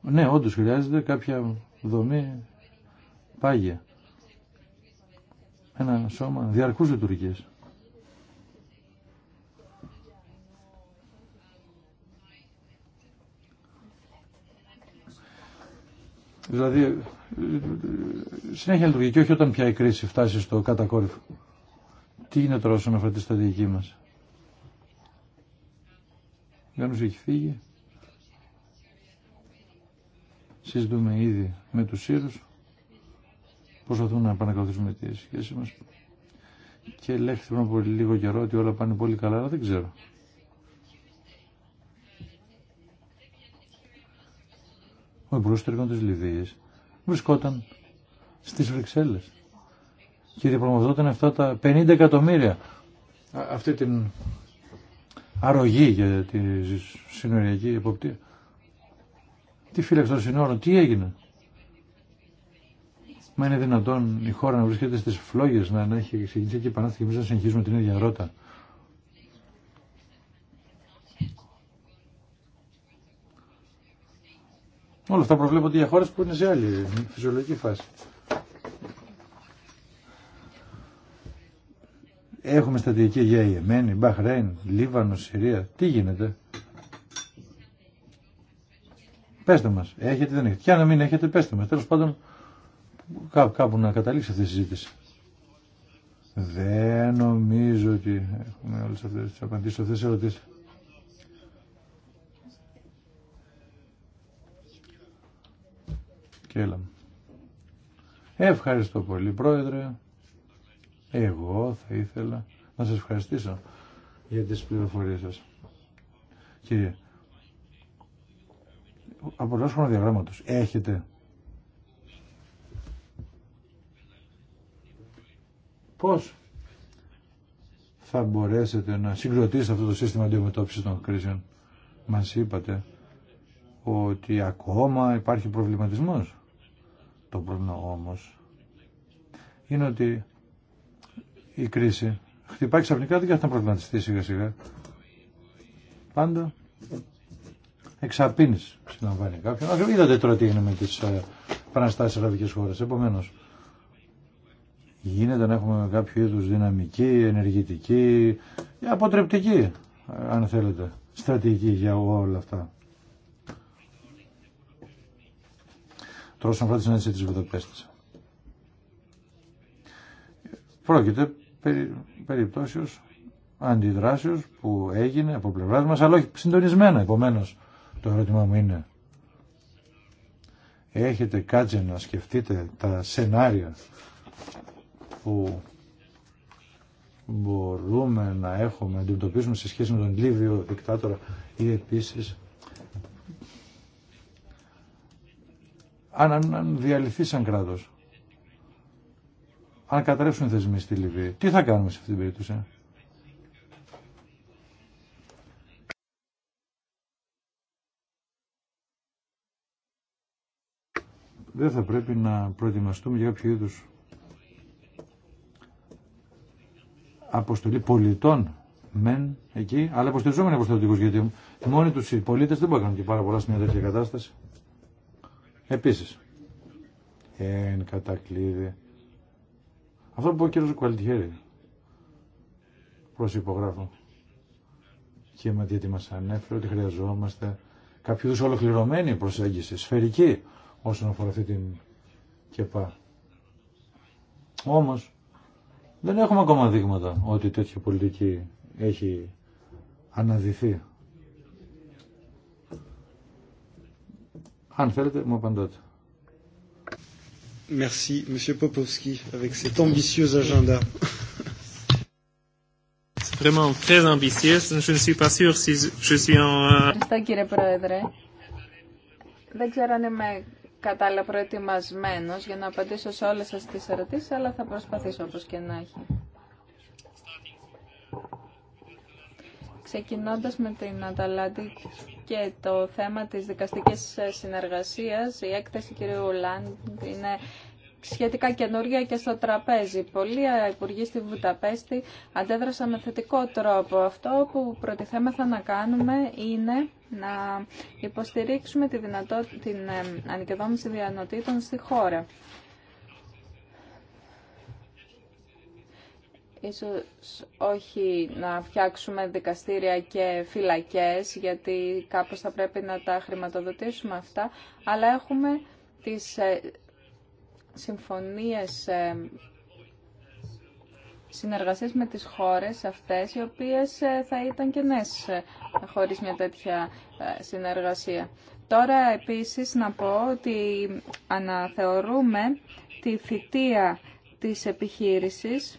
Ναι, όντως χρειάζεται κάποια δομή πάγια. Ένα σώμα διαρκούς λειτουργίας. Δηλαδή, συνέχεια λειτουργεί και όχι όταν πια η κρίση φτάσει στο κατακόρυφο. Τι γίνεται τώρα όσον αφορά τη στρατηγική μας. Γκάνους έχει φύγει. Συζητούμε ήδη με τους Σύρους προσπαθούμε να επανακαθίσουμε τη σχέση μας και λέχθη πριν από λίγο καιρό ότι όλα πάνε πολύ καλά, αλλά δεν ξέρω. Ο Υπουργός τρίγων της Λιβύης βρισκόταν στις Βρυξέλλες και διαπραγματευόταν αυτά τα 50 εκατομμύρια αυτή την αρρωγή για τη συνοριακή εποπτεία. Τι φύλαξε των συνόρων, τι έγινε. Μα είναι δυνατόν η χώρα να βρίσκεται στι φλόγε να, έχει ξεκινήσει και η Πανάθη και εμεί να συνεχίζουμε την ίδια ρότα. Όλα αυτά προβλέπονται για χώρε που είναι σε άλλη φυσιολογική φάση. Έχουμε στατική για Εμένη, Μπαχρέιν, Λίβανο, Συρία. Τι γίνεται. Πέστε μας. Έχετε δεν έχετε. Και αν μην έχετε πέστε μας. Τέλος πάντων κάπου, να καταλήξει αυτή η συζήτηση. Δεν νομίζω ότι έχουμε όλες αυτές τις απαντήσεις, αυτές τις ερωτήσεις. Και έλα. Ευχαριστώ πολύ πρόεδρε. Εγώ θα ήθελα να σας ευχαριστήσω για τις πληροφορίες σας. Κύριε, από το διαγράμματος. έχετε πώς θα μπορέσετε να συγκροτήσετε αυτό το σύστημα αντιμετώπισης των κρίσεων. Μας είπατε ότι ακόμα υπάρχει προβληματισμός. Το πρόβλημα όμως είναι ότι η κρίση χτυπάει ξαφνικά, δεν κάθεται να προβληματιστεί σιγά σιγά. Πάντα εξαπίνεις, συλλαμβάνει κάποιον. Είδατε τώρα τι έγινε με τις ε, παραστάσεις αραβικές χώρες. Επομένως, γίνεται να έχουμε κάποιο είδους δυναμική, ενεργητική, αποτρεπτική, αν θέλετε, στρατηγική για όλα αυτά. Τώρα όσον αφορά τη συνάντηση της Βουδαπέστης. Πρόκειται περί, περιπτώσεως αντιδράσεως που έγινε από πλευρά μας, αλλά όχι συντονισμένα. Επομένως, το ερώτημά μου είναι, έχετε κάτσε να σκεφτείτε τα σενάρια που μπορούμε να έχουμε, αντιμετωπίσουμε σε σχέση με τον Λίβιο δικτάτορα ή επίσης αν, αν, αν διαλυθεί σαν κράτος, αν κατρέψουν οι θεσμοί στη Λιβύη, τι θα κάνουμε σε αυτή την περίπτωση. Δεν θα πρέπει να προετοιμαστούμε για κάποιο είδους αποστολή πολιτών μεν εκεί, αλλά υποστηριζόμενοι αποστολικού, γιατί μόνοι του οι πολίτε δεν μπορούν να κάνουν και πάρα πολλά σε μια τέτοια κατάσταση. Επίση, εν κατακλείδη, αυτό που είπε ο κ. Κουαλτιέρη, προ υπογράφω, και με γιατί μα ανέφερε ότι χρειαζόμαστε Κάποιου είδου ολοκληρωμένη προσέγγιση, σφαιρική, όσον αφορά αυτή την ΚΕΠΑ. Όμως, δεν έχουμε ακόμα δείγματα ότι τέτοια πολιτική έχει αναδυθεί. Αν θέλετε, μου απαντάτε. Merci, Monsieur Popovski, avec cet ambitieux agenda. C'est vraiment très ambitieux. Je euh, Ευχαριστώ, κύριε Πρόεδρε. Δεν ξέρω αν είμαι κατάλληλα προετοιμασμένο για να απαντήσω σε όλε σα τι ερωτήσει, αλλά θα προσπαθήσω όπω και να έχει. Ξεκινώντας με την Αταλάντη και το θέμα της δικαστικής συνεργασίας, η έκθεση κ. Λάντ είναι σχετικά καινούργια και στο τραπέζι. Πολλοί υπουργοί στη Βουταπέστη αντέδρασαν με θετικό τρόπο. Αυτό που προτιθέμεθα να κάνουμε είναι να υποστηρίξουμε τη δυνατό την ανοικεδόμηση διανοτήτων στη χώρα. Ίσως όχι να φτιάξουμε δικαστήρια και φυλακές, γιατί κάπως θα πρέπει να τα χρηματοδοτήσουμε αυτά, αλλά έχουμε τις ε, συμφωνίες Συνεργασίες με τις χώρες αυτές, οι οποίες ε, θα ήταν και ε, χωρίς μια τέτοια ε, συνεργασία. Τώρα επίσης να πω ότι αναθεωρούμε τη θητεία της επιχείρησης,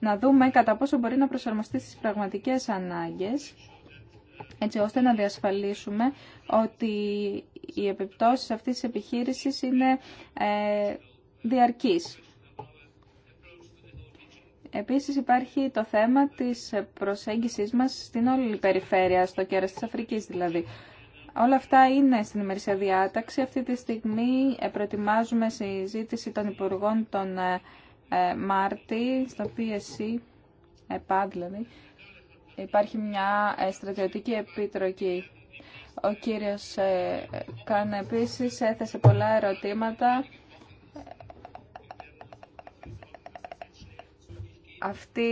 να δούμε κατά πόσο μπορεί να προσαρμοστεί στις πραγματικές ανάγκες, έτσι ώστε να διασφαλίσουμε ότι οι επιπτώσεις αυτής της επιχείρησης είναι ε, διαρκείς. Επίσης υπάρχει το θέμα της προσέγγισης μας στην όλη περιφέρεια, στο κέρας της Αφρικής δηλαδή. Όλα αυτά είναι στην ημερησία διάταξη. Αυτή τη στιγμή ε, προετοιμάζουμε συζήτηση των Υπουργών τον ε, ε, Μάρτη, στο PSC, ΕΠΑ δηλαδή. Υπάρχει μια στρατιωτική επιτροπή. Ο κύριος Καν επίσης έθεσε πολλά ερωτήματα Αυτή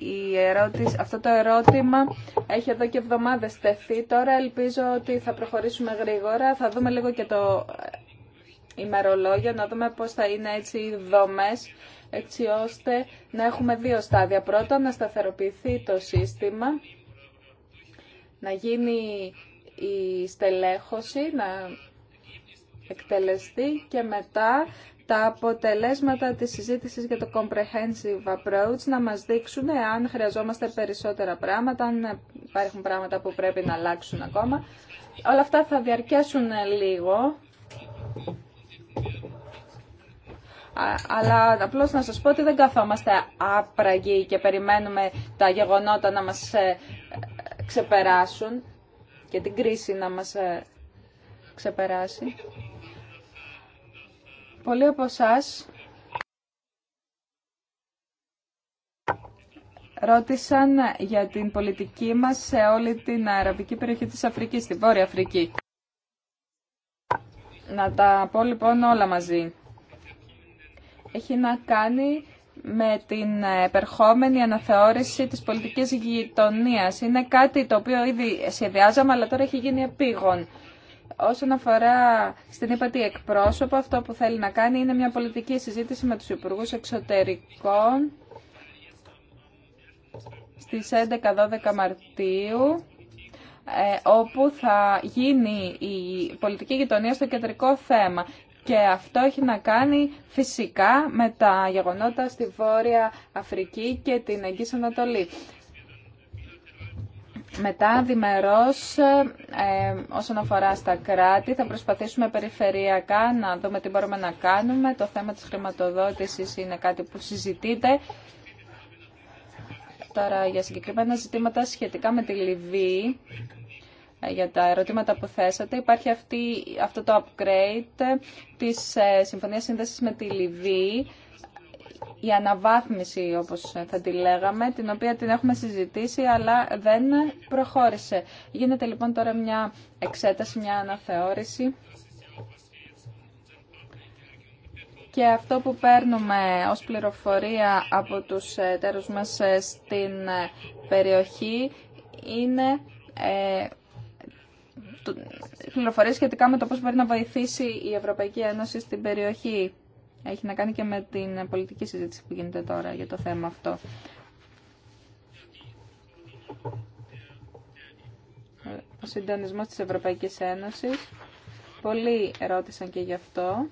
η ερώτηση, αυτό το ερώτημα έχει εδώ και εβδομάδες τεθεί. Τώρα ελπίζω ότι θα προχωρήσουμε γρήγορα. Θα δούμε λίγο και το ημερολόγιο, να δούμε πώς θα είναι έτσι οι δομές, έτσι ώστε να έχουμε δύο στάδια. Πρώτον, να σταθεροποιηθεί το σύστημα, να γίνει η στελέχωση, να εκτελεστεί και μετά τα αποτελέσματα της συζήτησης για το comprehensive approach να μας δείξουν αν χρειαζόμαστε περισσότερα πράγματα, αν υπάρχουν πράγματα που πρέπει να αλλάξουν ακόμα. Όλα αυτά θα διαρκέσουν λίγο. Αλλά απλώς να σας πω ότι δεν καθόμαστε άπραγοι και περιμένουμε τα γεγονότα να μας ε, ξεπεράσουν και την κρίση να μας ε, ξεπεράσει. Πολλοί από εσά ρώτησαν για την πολιτική μας σε όλη την αραβική περιοχή της Αφρικής, στη Βόρεια Αφρική. Να τα πω λοιπόν όλα μαζί. Έχει να κάνει με την επερχόμενη αναθεώρηση της πολιτικής γειτονίας. Είναι κάτι το οποίο ήδη σχεδιάζαμε, αλλά τώρα έχει γίνει επίγον. Όσον αφορά στην ύπατη εκπρόσωπο, αυτό που θέλει να κάνει είναι μια πολιτική συζήτηση με τους Υπουργούς Εξωτερικών στις 11-12 Μαρτίου ε, όπου θα γίνει η πολιτική γειτονία στο κεντρικό θέμα. Και αυτό έχει να κάνει φυσικά με τα γεγονότα στη Βόρεια Αφρική και την Αγγής Ανατολή. Μετά, διμερώς, ε, ε, όσον αφορά στα κράτη, θα προσπαθήσουμε περιφερειακά να δούμε τι μπορούμε να κάνουμε. Το θέμα της χρηματοδότησης είναι κάτι που συζητείται. Τώρα, για συγκεκριμένα ζητήματα σχετικά με τη Λιβύη, ε, για τα ερωτήματα που θέσατε, υπάρχει αυτή, αυτό το upgrade της Συμφωνίας Σύνδεσης με τη Λιβύη, η αναβάθμιση όπως θα τη λέγαμε, την οποία την έχουμε συζητήσει αλλά δεν προχώρησε. Γίνεται λοιπόν τώρα μια εξέταση, μια αναθεώρηση και αυτό που παίρνουμε ως πληροφορία από τους εταίρους μας ε, στην ε, περιοχή είναι ε, πληροφορίες σχετικά με το πώς μπορεί να βοηθήσει η Ευρωπαϊκή Ένωση στην περιοχή. Έχει να κάνει και με την πολιτική συζήτηση που γίνεται τώρα για το θέμα αυτό. Ο συντονισμός της Ευρωπαϊκής Ένωσης. Πολλοί ερώτησαν και γι' αυτό.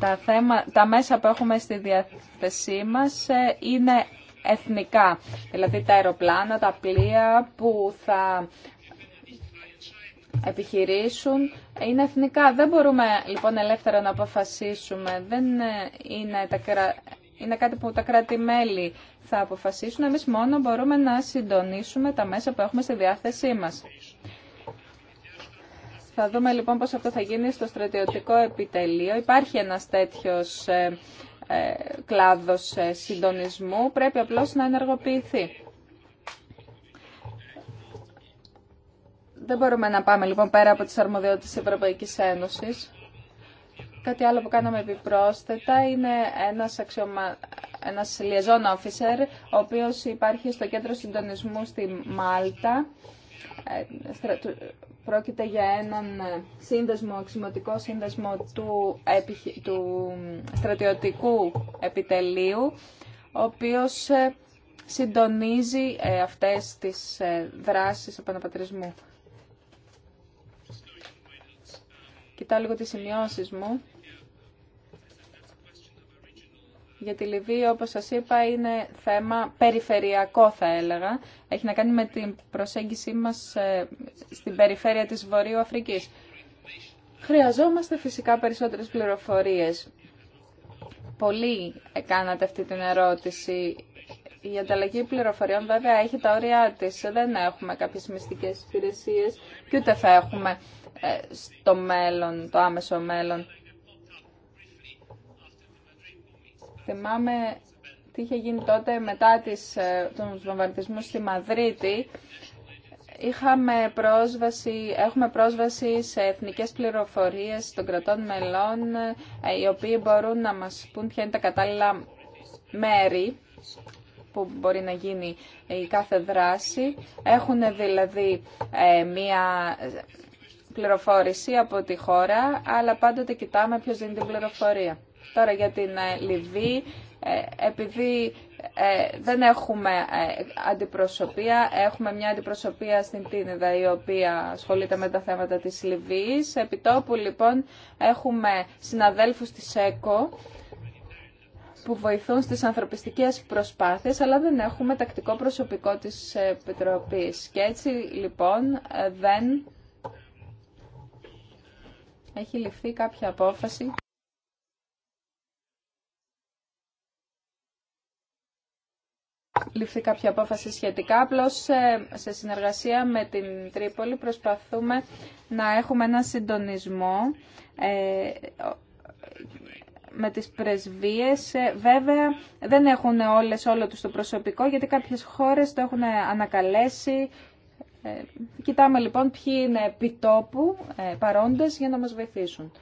Τα, θέμα, τα μέσα που έχουμε στη διάθεσή μας ε, είναι εθνικά, δηλαδή τα αεροπλάνα, τα πλοία που θα επιχειρήσουν είναι εθνικά. Δεν μπορούμε λοιπόν ελεύθερα να αποφασίσουμε. Δεν ε, είναι, τα κρα... είναι κάτι που τα κράτη-μέλη θα αποφασίσουν. Εμείς μόνο μπορούμε να συντονίσουμε τα μέσα που έχουμε στη διάθεσή μας. Θα δούμε λοιπόν πώς αυτό θα γίνει στο στρατιωτικό επιτελείο. Υπάρχει ένας τέτοιος ε, ε, κλάδος συντονισμού. Πρέπει απλώς να ενεργοποιηθεί. Δεν μπορούμε να πάμε λοιπόν πέρα από τις αρμοδιότητες της Ευρωπαϊκής Ένωσης. Κάτι άλλο που κάναμε επιπρόσθετα είναι ένας, αξιωμα... ένας liaison officer, ο οποίος υπάρχει στο κέντρο συντονισμού στη Μάλτα. Ε, πρόκειται για έναν ε, σύνδεσμο, αξιωματικό σύνδεσμο του, του στρατιωτικού επιτελείου, ο οποίος ε, συντονίζει αυτές τις δράσεις επαναπατρισμού. κοιτάω λίγο τις σημειώσεις μου. Για τη Λιβύη, όπως σας είπα, είναι θέμα περιφερειακό, θα έλεγα. Έχει να κάνει με την προσέγγιση μας ε, στην περιφέρεια της Βορείου Αφρικής. Χρειαζόμαστε φυσικά περισσότερες πληροφορίες. Πολλοί κάνατε αυτή την ερώτηση. Η ανταλλαγή πληροφοριών βέβαια έχει τα όρια της. Δεν έχουμε κάποιες μυστικές υπηρεσίες και ούτε θα έχουμε. Ε, στο μέλλον, το άμεσο μέλλον. Θυμάμαι τι είχε γίνει τότε μετά τις, ε, τους στη Μαδρίτη. Είχαμε πρόσβαση, έχουμε πρόσβαση σε εθνικές πληροφορίες των κρατών μελών, ε, οι οποίοι μπορούν να μας πούν ποια είναι τα κατάλληλα μέρη που μπορεί να γίνει η κάθε δράση. Έχουν δηλαδή μία πληροφόρηση από τη χώρα, αλλά πάντοτε κοιτάμε ποιος δίνει την πληροφορία. Τώρα για την ε, Λιβύη, ε, επειδή ε, δεν έχουμε αντιπροσωπεία, έχουμε μια αντιπροσωπεία στην Τίνιδα η οποία ασχολείται με τα θέματα της Λιβύης. Επιτόπου λοιπόν έχουμε συναδέλφους της ΕΚΟ που βοηθούν στις ανθρωπιστικές προσπάθειες, αλλά δεν έχουμε τακτικό προσωπικό της Επιτροπής. Και έτσι λοιπόν δεν έχει ληφθεί κάποια απόφαση. Ληφθεί κάποια απόφαση σχετικά. Απλώ ε, σε συνεργασία με την Τρίπολη προσπαθούμε να έχουμε ένα συντονισμό ε, με τις πρεσβείες. Ε, βέβαια δεν έχουν όλες όλο τους το προσωπικό γιατί κάποιες χώρες το έχουν ανακαλέσει ε, κοιτάμε λοιπόν ποιοι είναι επιτόπου ε, παρόντες για να μας βοηθήσουν.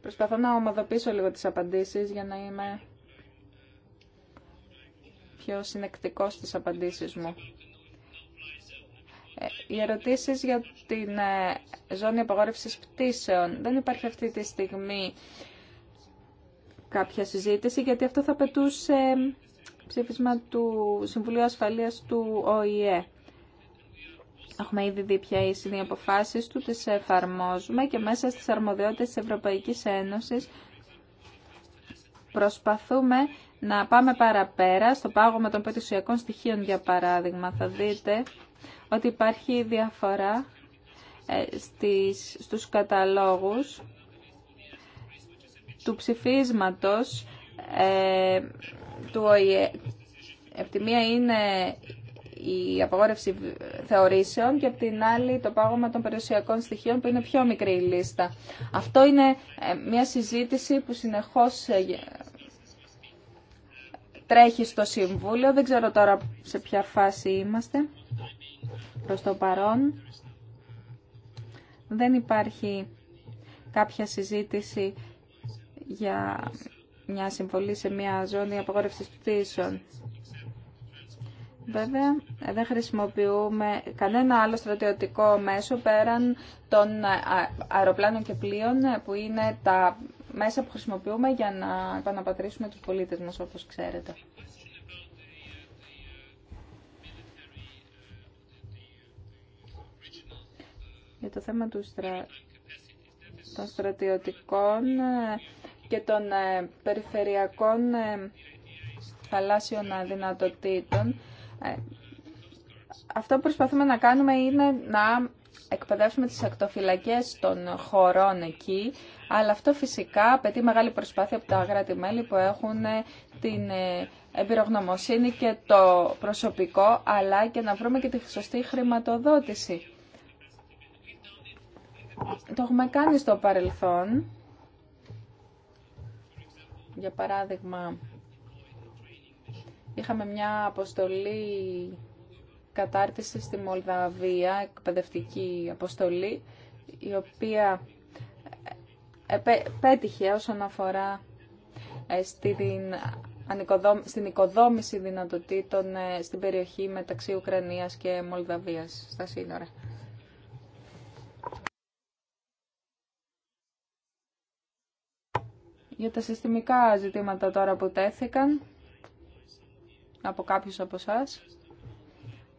Προσπαθώ να ομοδοποιήσω λίγο τις απαντήσεις για να είμαι πιο συνεκτικός στις απαντήσεις μου. Ε, οι ερωτήσεις για την ζώνη απαγόρευσης πτήσεων. Δεν υπάρχει αυτή τη στιγμή κάποια συζήτηση, γιατί αυτό θα πετούσε ψήφισμα του Συμβουλίου Ασφαλείας του ΟΗΕ. Έχουμε ήδη δει ποια είναι οι αποφάσεις του, τις εφαρμόζουμε και μέσα στις αρμοδιότητες της Ευρωπαϊκής Ένωσης προσπαθούμε να πάμε παραπέρα στο πάγωμα των περιουσιακών στοιχείων για παράδειγμα. Θα δείτε ότι υπάρχει διαφορά ε, στις, στους καταλόγους του ψηφίσματος ε, του ΟΗΕ. τη μία είναι η απαγόρευση θεωρήσεων και από την άλλη το πάγωμα των περιουσιακών στοιχείων που είναι πιο μικρή η λίστα. Αυτό είναι ε, μια συζήτηση που συνεχώς ε, τρέχει στο Συμβούλιο. Δεν ξέρω τώρα σε ποια φάση είμαστε προς το παρόν. Δεν υπάρχει κάποια συζήτηση για μια συμβολή σε μια ζώνη του πτήσεων. Βέβαια, δεν χρησιμοποιούμε κανένα άλλο στρατιωτικό μέσο πέραν των αεροπλάνων και πλοίων ε, που είναι τα μέσα που χρησιμοποιούμε για να επαναπατρίσουμε τους πολίτες μας, όπως ξέρετε. Για το θέμα του των στρατιωτικών ε, και των ε, περιφερειακών ε, θαλάσσιων δυνατοτήτων. Ε, αυτό που προσπαθούμε να κάνουμε είναι να εκπαιδεύσουμε τις ακτοφυλακές των χωρών εκεί, αλλά αυτό φυσικά απαιτεί μεγάλη προσπάθεια από τα αγράτη μελη που έχουν την εμπειρογνωμοσύνη και το προσωπικό, αλλά και να βρούμε και τη σωστή χρηματοδότηση. Το έχουμε κάνει στο παρελθόν για παράδειγμα, είχαμε μια αποστολή κατάρτιση στη Μολδαβία, εκπαιδευτική αποστολή, η οποία ε, πέτυχε όσον αφορά ε, στην στην οικοδόμηση δυνατοτήτων ε, στην περιοχή μεταξύ Ουκρανίας και Μολδαβίας στα σύνορα. Για τα συστημικά ζητήματα τώρα που τέθηκαν από κάποιους από εσά.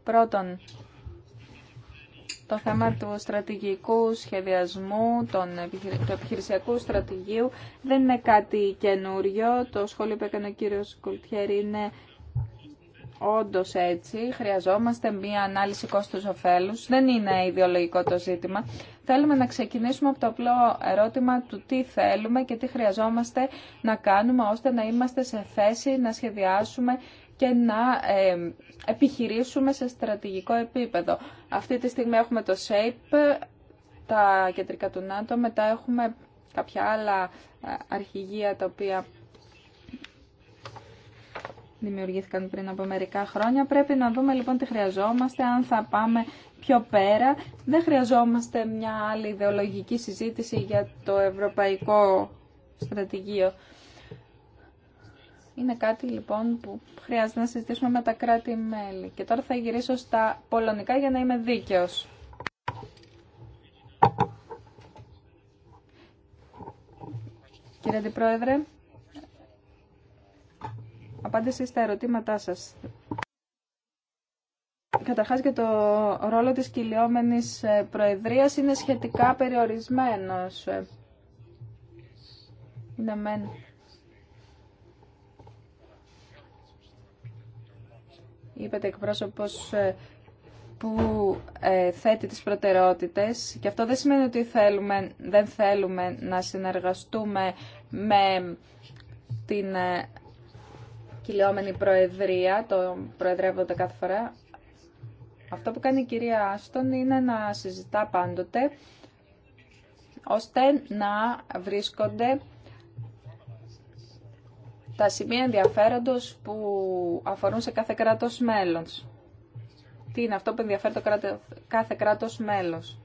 Πρώτον, το θέμα του στρατηγικού σχεδιασμού, του επιχειρησιακού στρατηγίου δεν είναι κάτι καινούριο. Το σχόλιο που έκανε ο κύριος Κουλτιέρη είναι Όντω έτσι, χρειαζόμαστε μία ανάλυση κόστους ωφέλους. Δεν είναι ιδεολογικό το ζήτημα. Θέλουμε να ξεκινήσουμε από το απλό ερώτημα του τι θέλουμε και τι χρειαζόμαστε να κάνουμε ώστε να είμαστε σε θέση να σχεδιάσουμε και να ε, επιχειρήσουμε σε στρατηγικό επίπεδο. Αυτή τη στιγμή έχουμε το SHAPE, τα κεντρικά του ΝΑΤΟ, μετά έχουμε κάποια άλλα ε, αρχηγεία τα οποία δημιουργήθηκαν πριν από μερικά χρόνια. Πρέπει να δούμε λοιπόν τι χρειαζόμαστε, αν θα πάμε πιο πέρα. Δεν χρειαζόμαστε μια άλλη ιδεολογική συζήτηση για το ευρωπαϊκό στρατηγείο. Είναι κάτι λοιπόν που χρειάζεται να συζητήσουμε με τα κράτη-μέλη. Και τώρα θα γυρίσω στα πολωνικά για να είμαι δίκαιος. Κύριε Αντιπρόεδρε, απάντηση στα ερωτήματά σας. Καταρχάς και το ρόλο της κυλιόμενης ε, προεδρίας είναι σχετικά περιορισμένος. Είναι μεν. Είπατε εκπρόσωπος ε, που ε, θέτει τις προτεραιότητες και αυτό δεν σημαίνει ότι θέλουμε, δεν θέλουμε να συνεργαστούμε με την κυλιόμενη προεδρία, το προεδρεύονται κάθε φορά. Αυτό που κάνει η κυρία Άστον είναι να συζητά πάντοτε, ώστε να βρίσκονται τα σημεία ενδιαφέροντος που αφορούν σε κάθε κράτος μέλος. Τι είναι αυτό που ενδιαφέρει το κάθε κράτος μέλος.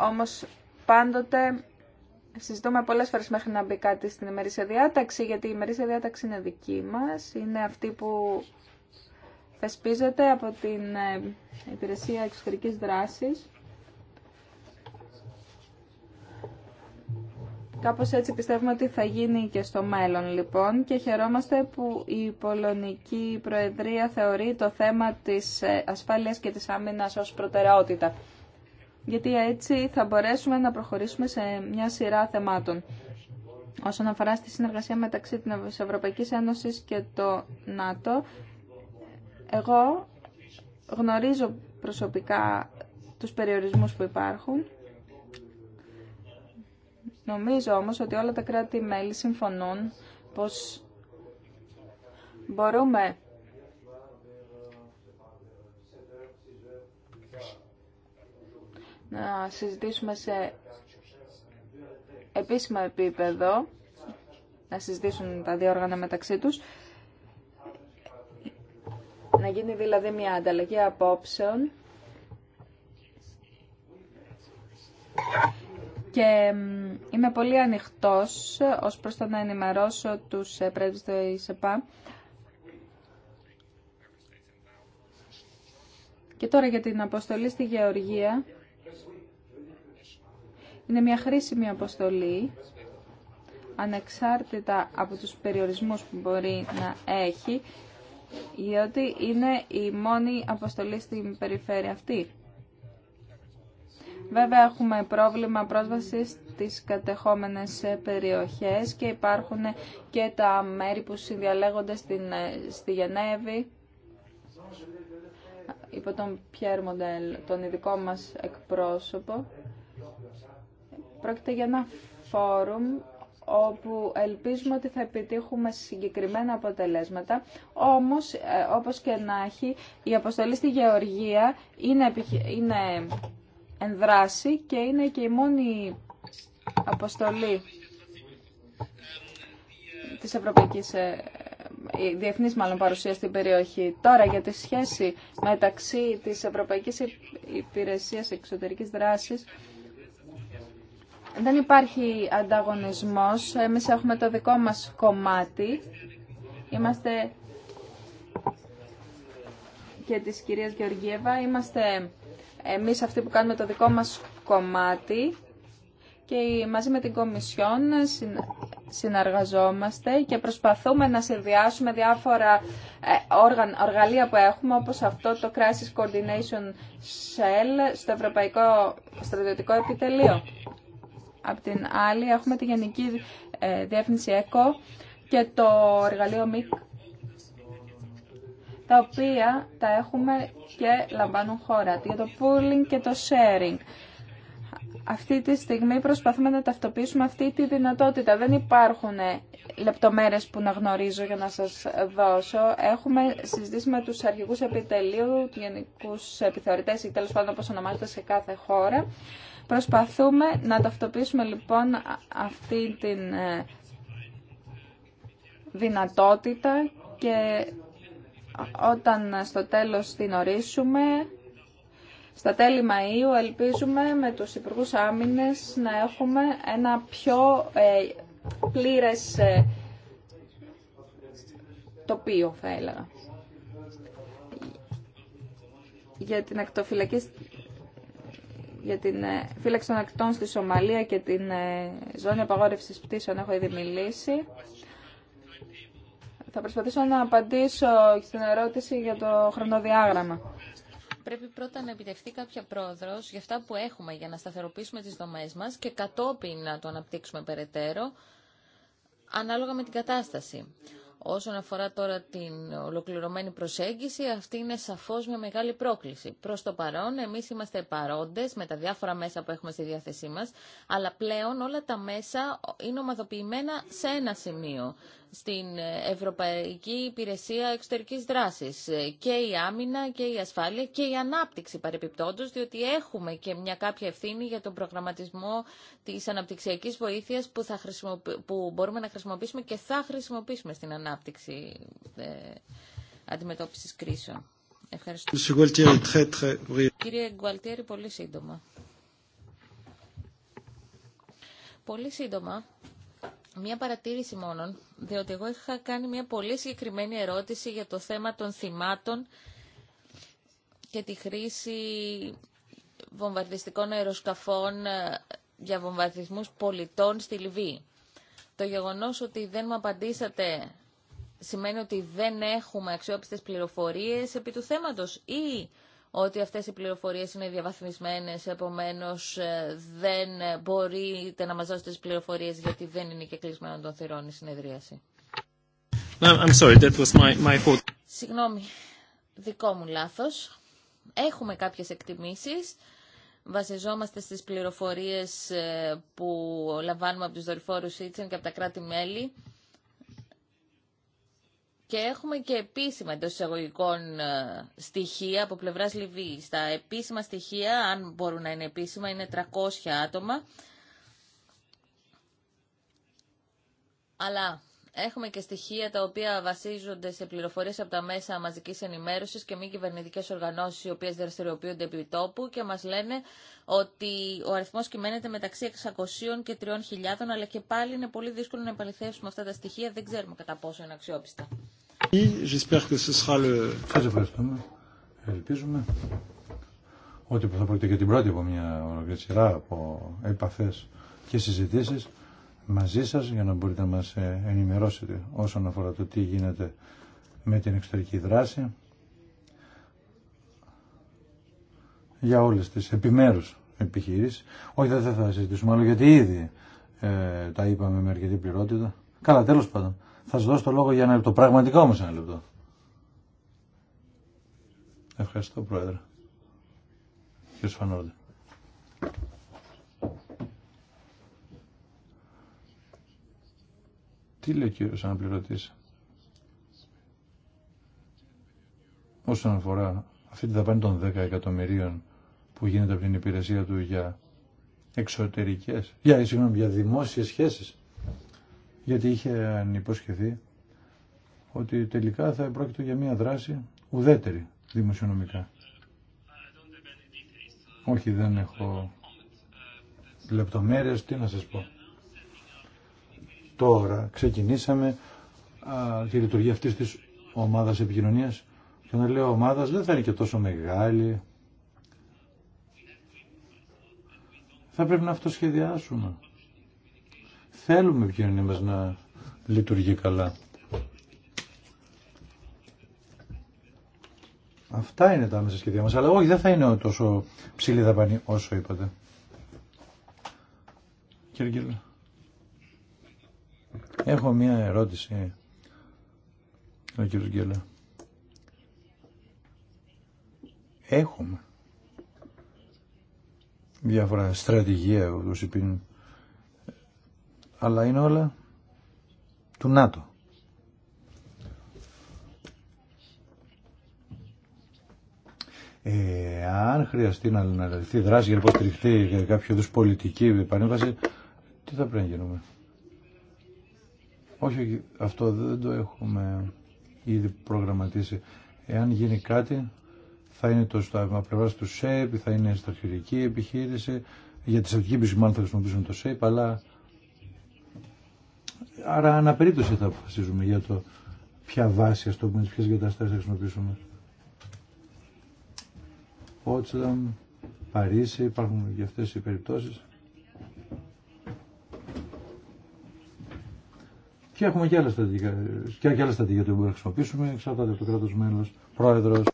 Όμως πάντοτε συζητούμε πολλές φορές μέχρι να μπει κάτι στην ημερήσια διάταξη, γιατί η ημερήσια διάταξη είναι δική μας, είναι αυτή που θεσπίζεται από την ε, Υπηρεσία Εξωτερικής Δράσης. Κάπως έτσι πιστεύουμε ότι θα γίνει και στο μέλλον λοιπόν και χαιρόμαστε που η Πολωνική Προεδρία θεωρεί το θέμα της ε, ασφάλειας και της άμυνας ως προτεραιότητα γιατί έτσι θα μπορέσουμε να προχωρήσουμε σε μια σειρά θεμάτων. Όσον αφορά στη συνεργασία μεταξύ της Ευρωπαϊκής Ένωσης και το ΝΑΤΟ, εγώ γνωρίζω προσωπικά τους περιορισμούς που υπάρχουν. Νομίζω όμως ότι όλα τα κράτη-μέλη συμφωνούν πως μπορούμε να συζητήσουμε σε επίσημο επίπεδο, να συζητήσουν τα δύο όργανα μεταξύ τους, να γίνει δηλαδή μια ανταλλαγή απόψεων και είμαι πολύ ανοιχτός ως προς το να ενημερώσω τους ε, πρέπει του ΙΣΕΠΑ και τώρα για την αποστολή στη Γεωργία είναι μια χρήσιμη αποστολή, ανεξάρτητα από τους περιορισμούς που μπορεί να έχει, γιατί είναι η μόνη αποστολή στην περιφέρεια αυτή. Βέβαια έχουμε πρόβλημα πρόσβασης στις κατεχόμενες περιοχές και υπάρχουν και τα μέρη που συνδιαλέγονται στην, ε, στη Γενέβη υπό τον Πιέρ Μοντέλ, τον ειδικό μας εκπρόσωπο Πρόκειται για ένα φόρουμ όπου ελπίζουμε ότι θα επιτύχουμε συγκεκριμένα αποτελέσματα. Όμως, ε, όπως και να έχει, η αποστολή στη Γεωργία είναι, είναι ενδράση και είναι και η μόνη αποστολή της Ευρωπαϊκής ε, ε, διεθνής μάλλον παρουσία στην περιοχή. Τώρα για τη σχέση μεταξύ της Ευρωπαϊκής Υπηρεσίας Εξωτερικής Δράσης δεν υπάρχει ανταγωνισμός. Εμείς έχουμε το δικό μας κομμάτι. Είμαστε και της κυρίας Γεωργίευα. Είμαστε εμείς αυτοί που κάνουμε το δικό μας κομμάτι και μαζί με την Κομισιόν συνεργαζόμαστε και προσπαθούμε να συνδυάσουμε διάφορα ε, οργαλεία που έχουμε όπως αυτό το Crisis Coordination Shell στο Ευρωπαϊκό Στρατιωτικό Επιτελείο. Απ' την άλλη έχουμε τη Γενική ε, Διεύθυνση ΕΚΟ και το εργαλείο ΜΙΚ, τα οποία τα έχουμε και λαμβάνουν χώρα, για το pooling και το sharing. Αυτή τη στιγμή προσπαθούμε να ταυτοποιήσουμε αυτή τη δυνατότητα. Δεν υπάρχουν ε, λεπτομέρειες που να γνωρίζω για να σας δώσω. Έχουμε συζητήσει με τους αρχηγούς επιτελείου, τους γενικούς επιθεωρητές ή τέλος πάντων όπως ονομάζεται σε κάθε χώρα Προσπαθούμε να ταυτοποιήσουμε λοιπόν αυτή την ε, δυνατότητα και όταν στο τέλος την ορίσουμε, στα τέλη Μαΐου ελπίζουμε με τους Υπουργούς Άμυνες να έχουμε ένα πιο ε, πλήρες ε, τοπίο θα έλεγα. Για την ακτοφυλακή για την ε, φύλαξη των ακτών στη Σομαλία και την ε, ζώνη απαγόρευσης πτήσεων έχω ήδη μιλήσει. Θα προσπαθήσω να απαντήσω στην ερώτηση για το χρονοδιάγραμμα. Πρέπει πρώτα να επιτευχθεί κάποια πρόοδο για αυτά που έχουμε για να σταθεροποιήσουμε τις δομές μας και κατόπιν να το αναπτύξουμε περαιτέρω, ανάλογα με την κατάσταση. Όσον αφορά τώρα την ολοκληρωμένη προσέγγιση, αυτή είναι σαφώς μια μεγάλη πρόκληση. Προς το παρόν, εμείς είμαστε παρόντες με τα διάφορα μέσα που έχουμε στη διάθεσή μας, αλλά πλέον όλα τα μέσα είναι ομαδοποιημένα σε ένα σημείο στην ε, Ευρωπαϊκή Υπηρεσία Εξωτερικής Δράσης. Ε, και η άμυνα και η ασφάλεια και η ανάπτυξη παρεπιπτόντως, διότι έχουμε και μια κάποια ευθύνη για τον προγραμματισμό της αναπτυξιακής βοήθειας που, θα που μπορούμε να χρησιμοποιήσουμε και θα χρησιμοποιήσουμε στην ανάπτυξη ε, αντιμετώπισης κρίσεων. Ευχαριστώ. Κύριε Γκουαλτιέρη, πολύ σύντομα. Πολύ σύντομα, Μία παρατήρηση μόνον, διότι εγώ είχα κάνει μία πολύ συγκεκριμένη ερώτηση για το θέμα των θυμάτων και τη χρήση βομβαρδιστικών αεροσκαφών ε, για βομβαρδισμούς πολιτών στη Λιβύη. Το γεγονός ότι δεν μου απαντήσατε σημαίνει ότι δεν έχουμε αξιόπιστες πληροφορίες επί του θέματος ή ότι αυτές οι πληροφορίες είναι διαβαθμισμένες, επομένως ε, δεν μπορείτε να μας δώσετε τις πληροφορίες γιατί δεν είναι και κλεισμένο των θυρών η συνεδρίαση. Συγγνώμη, δικό μου λάθος. Έχουμε κάποιες εκτιμήσεις. Βασιζόμαστε στις πληροφορίες ε, που λαμβάνουμε από τους δορυφόρους Ίτσεν και από τα κράτη-μέλη. Και έχουμε και επίσημα εντό εισαγωγικών ε, στοιχεία από πλευρά Λιβύης. Τα επίσημα στοιχεία, αν μπορούν να είναι επίσημα, είναι 300 άτομα. Αλλά έχουμε και στοιχεία τα οποία βασίζονται σε πληροφορίες από τα μέσα μαζικής ενημέρωσης και μη κυβερνητικέ οργανώσεις οι οποίες δραστηριοποιούνται επί τόπου και μας λένε ότι ο αριθμός κυμαίνεται μεταξύ 600 και 3.000 αλλά και πάλι είναι πολύ δύσκολο να επαληθεύσουμε αυτά τα στοιχεία, δεν ξέρουμε κατά πόσο είναι αξιόπιστα. Σας ευχαριστούμε. Ελπίζουμε ότι θα πρόκειται και την πρώτη από μια σειρά από επαφές και συζητήσεις μαζί σας για να μπορείτε να μας ε, ενημερώσετε όσον αφορά το τι γίνεται με την εξωτερική δράση για όλες τις επιμέρους επιχειρήσεις. Όχι δεν θα συζητήσουμε άλλο γιατί ήδη ε, τα είπαμε με αρκετή πληρότητα. Καλά τέλος πάντων. Θα σας δώσω το λόγο για ένα λεπτό. Πραγματικά όμως ένα λεπτό. Ευχαριστώ Πρόεδρε. Κύριε Σφανόρντε. Τι λέει ο κύριος αναπληρωτής. Όσον αφορά αυτή τη δαπάνη των 10 εκατομμυρίων που γίνεται από την υπηρεσία του για εξωτερικές, για, συγγνώμη, για δημόσιες σχέσεις γιατί είχε ανυποσχεθεί ότι τελικά θα πρόκειται για μια δράση ουδέτερη δημοσιονομικά. Όχι, δεν έχω λεπτομέρειες, τι να σας πω. Τώρα ξεκινήσαμε τη λειτουργία αυτής της ομάδας επικοινωνίας και όταν λέω ομάδας δεν θα είναι και τόσο μεγάλη. Θα πρέπει να αυτοσχεδιάσουμε. Θέλουμε ποιο μας να λειτουργεί καλά. Αυτά είναι τα μέσα σχέδια μας, αλλά όχι δεν θα είναι τόσο ψηλή δαπανή όσο είπατε. Κύριε Έχω μία ερώτηση. κύριε Έχουμε διάφορα στρατηγία όπως είπε αλλά είναι όλα του ΝΑΤΟ. αν χρειαστεί να αναλυθεί δράση για να υποστηριχθεί για κάποιο είδου πολιτική επανέμβαση, τι θα πρέπει να γίνουμε. Όχι, αυτό δεν το έχουμε ήδη προγραμματίσει. Εάν γίνει κάτι, θα είναι το στο πλευρά του ΣΕΠ, θα είναι στρατιωτική επιχείρηση. Για τη στρατιωτική επιχείρηση, μάλλον θα χρησιμοποιήσουμε το ΣΕΠ, αλλά Άρα αναπερίπτωση θα αποφασίζουμε για το ποια βάση, ας το πούμε, ποιες καταστάσεις θα χρησιμοποιήσουμε. Πότσλαμ, Παρίσι, υπάρχουν και αυτές οι περιπτώσεις. Και έχουμε και άλλα στρατηγικά, και, άλλα στρατηγικά που μπορούμε να χρησιμοποιήσουμε, εξαρτάται από το κράτος μέλος, πρόεδρος.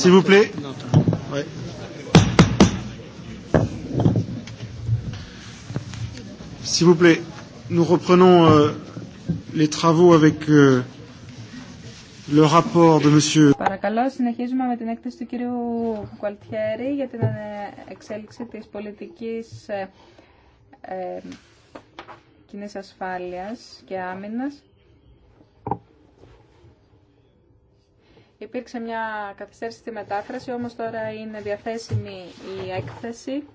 S'il vous plaît. Ouais. S'il vous plaît, nous reprenons euh, les travaux avec euh, le rapport de monsieur. Παρακαλώ, συνεχίζουμε με την έκθεση του κυρίου Κουαλτιέρη για την ε, εξέλιξη της πολιτικής ε, ε, κοινής ασφάλειας και άμυνας. Υπήρξε μια καθυστέρηση στη μετάφραση, όμως τώρα είναι διαθέσιμη η έκθεση.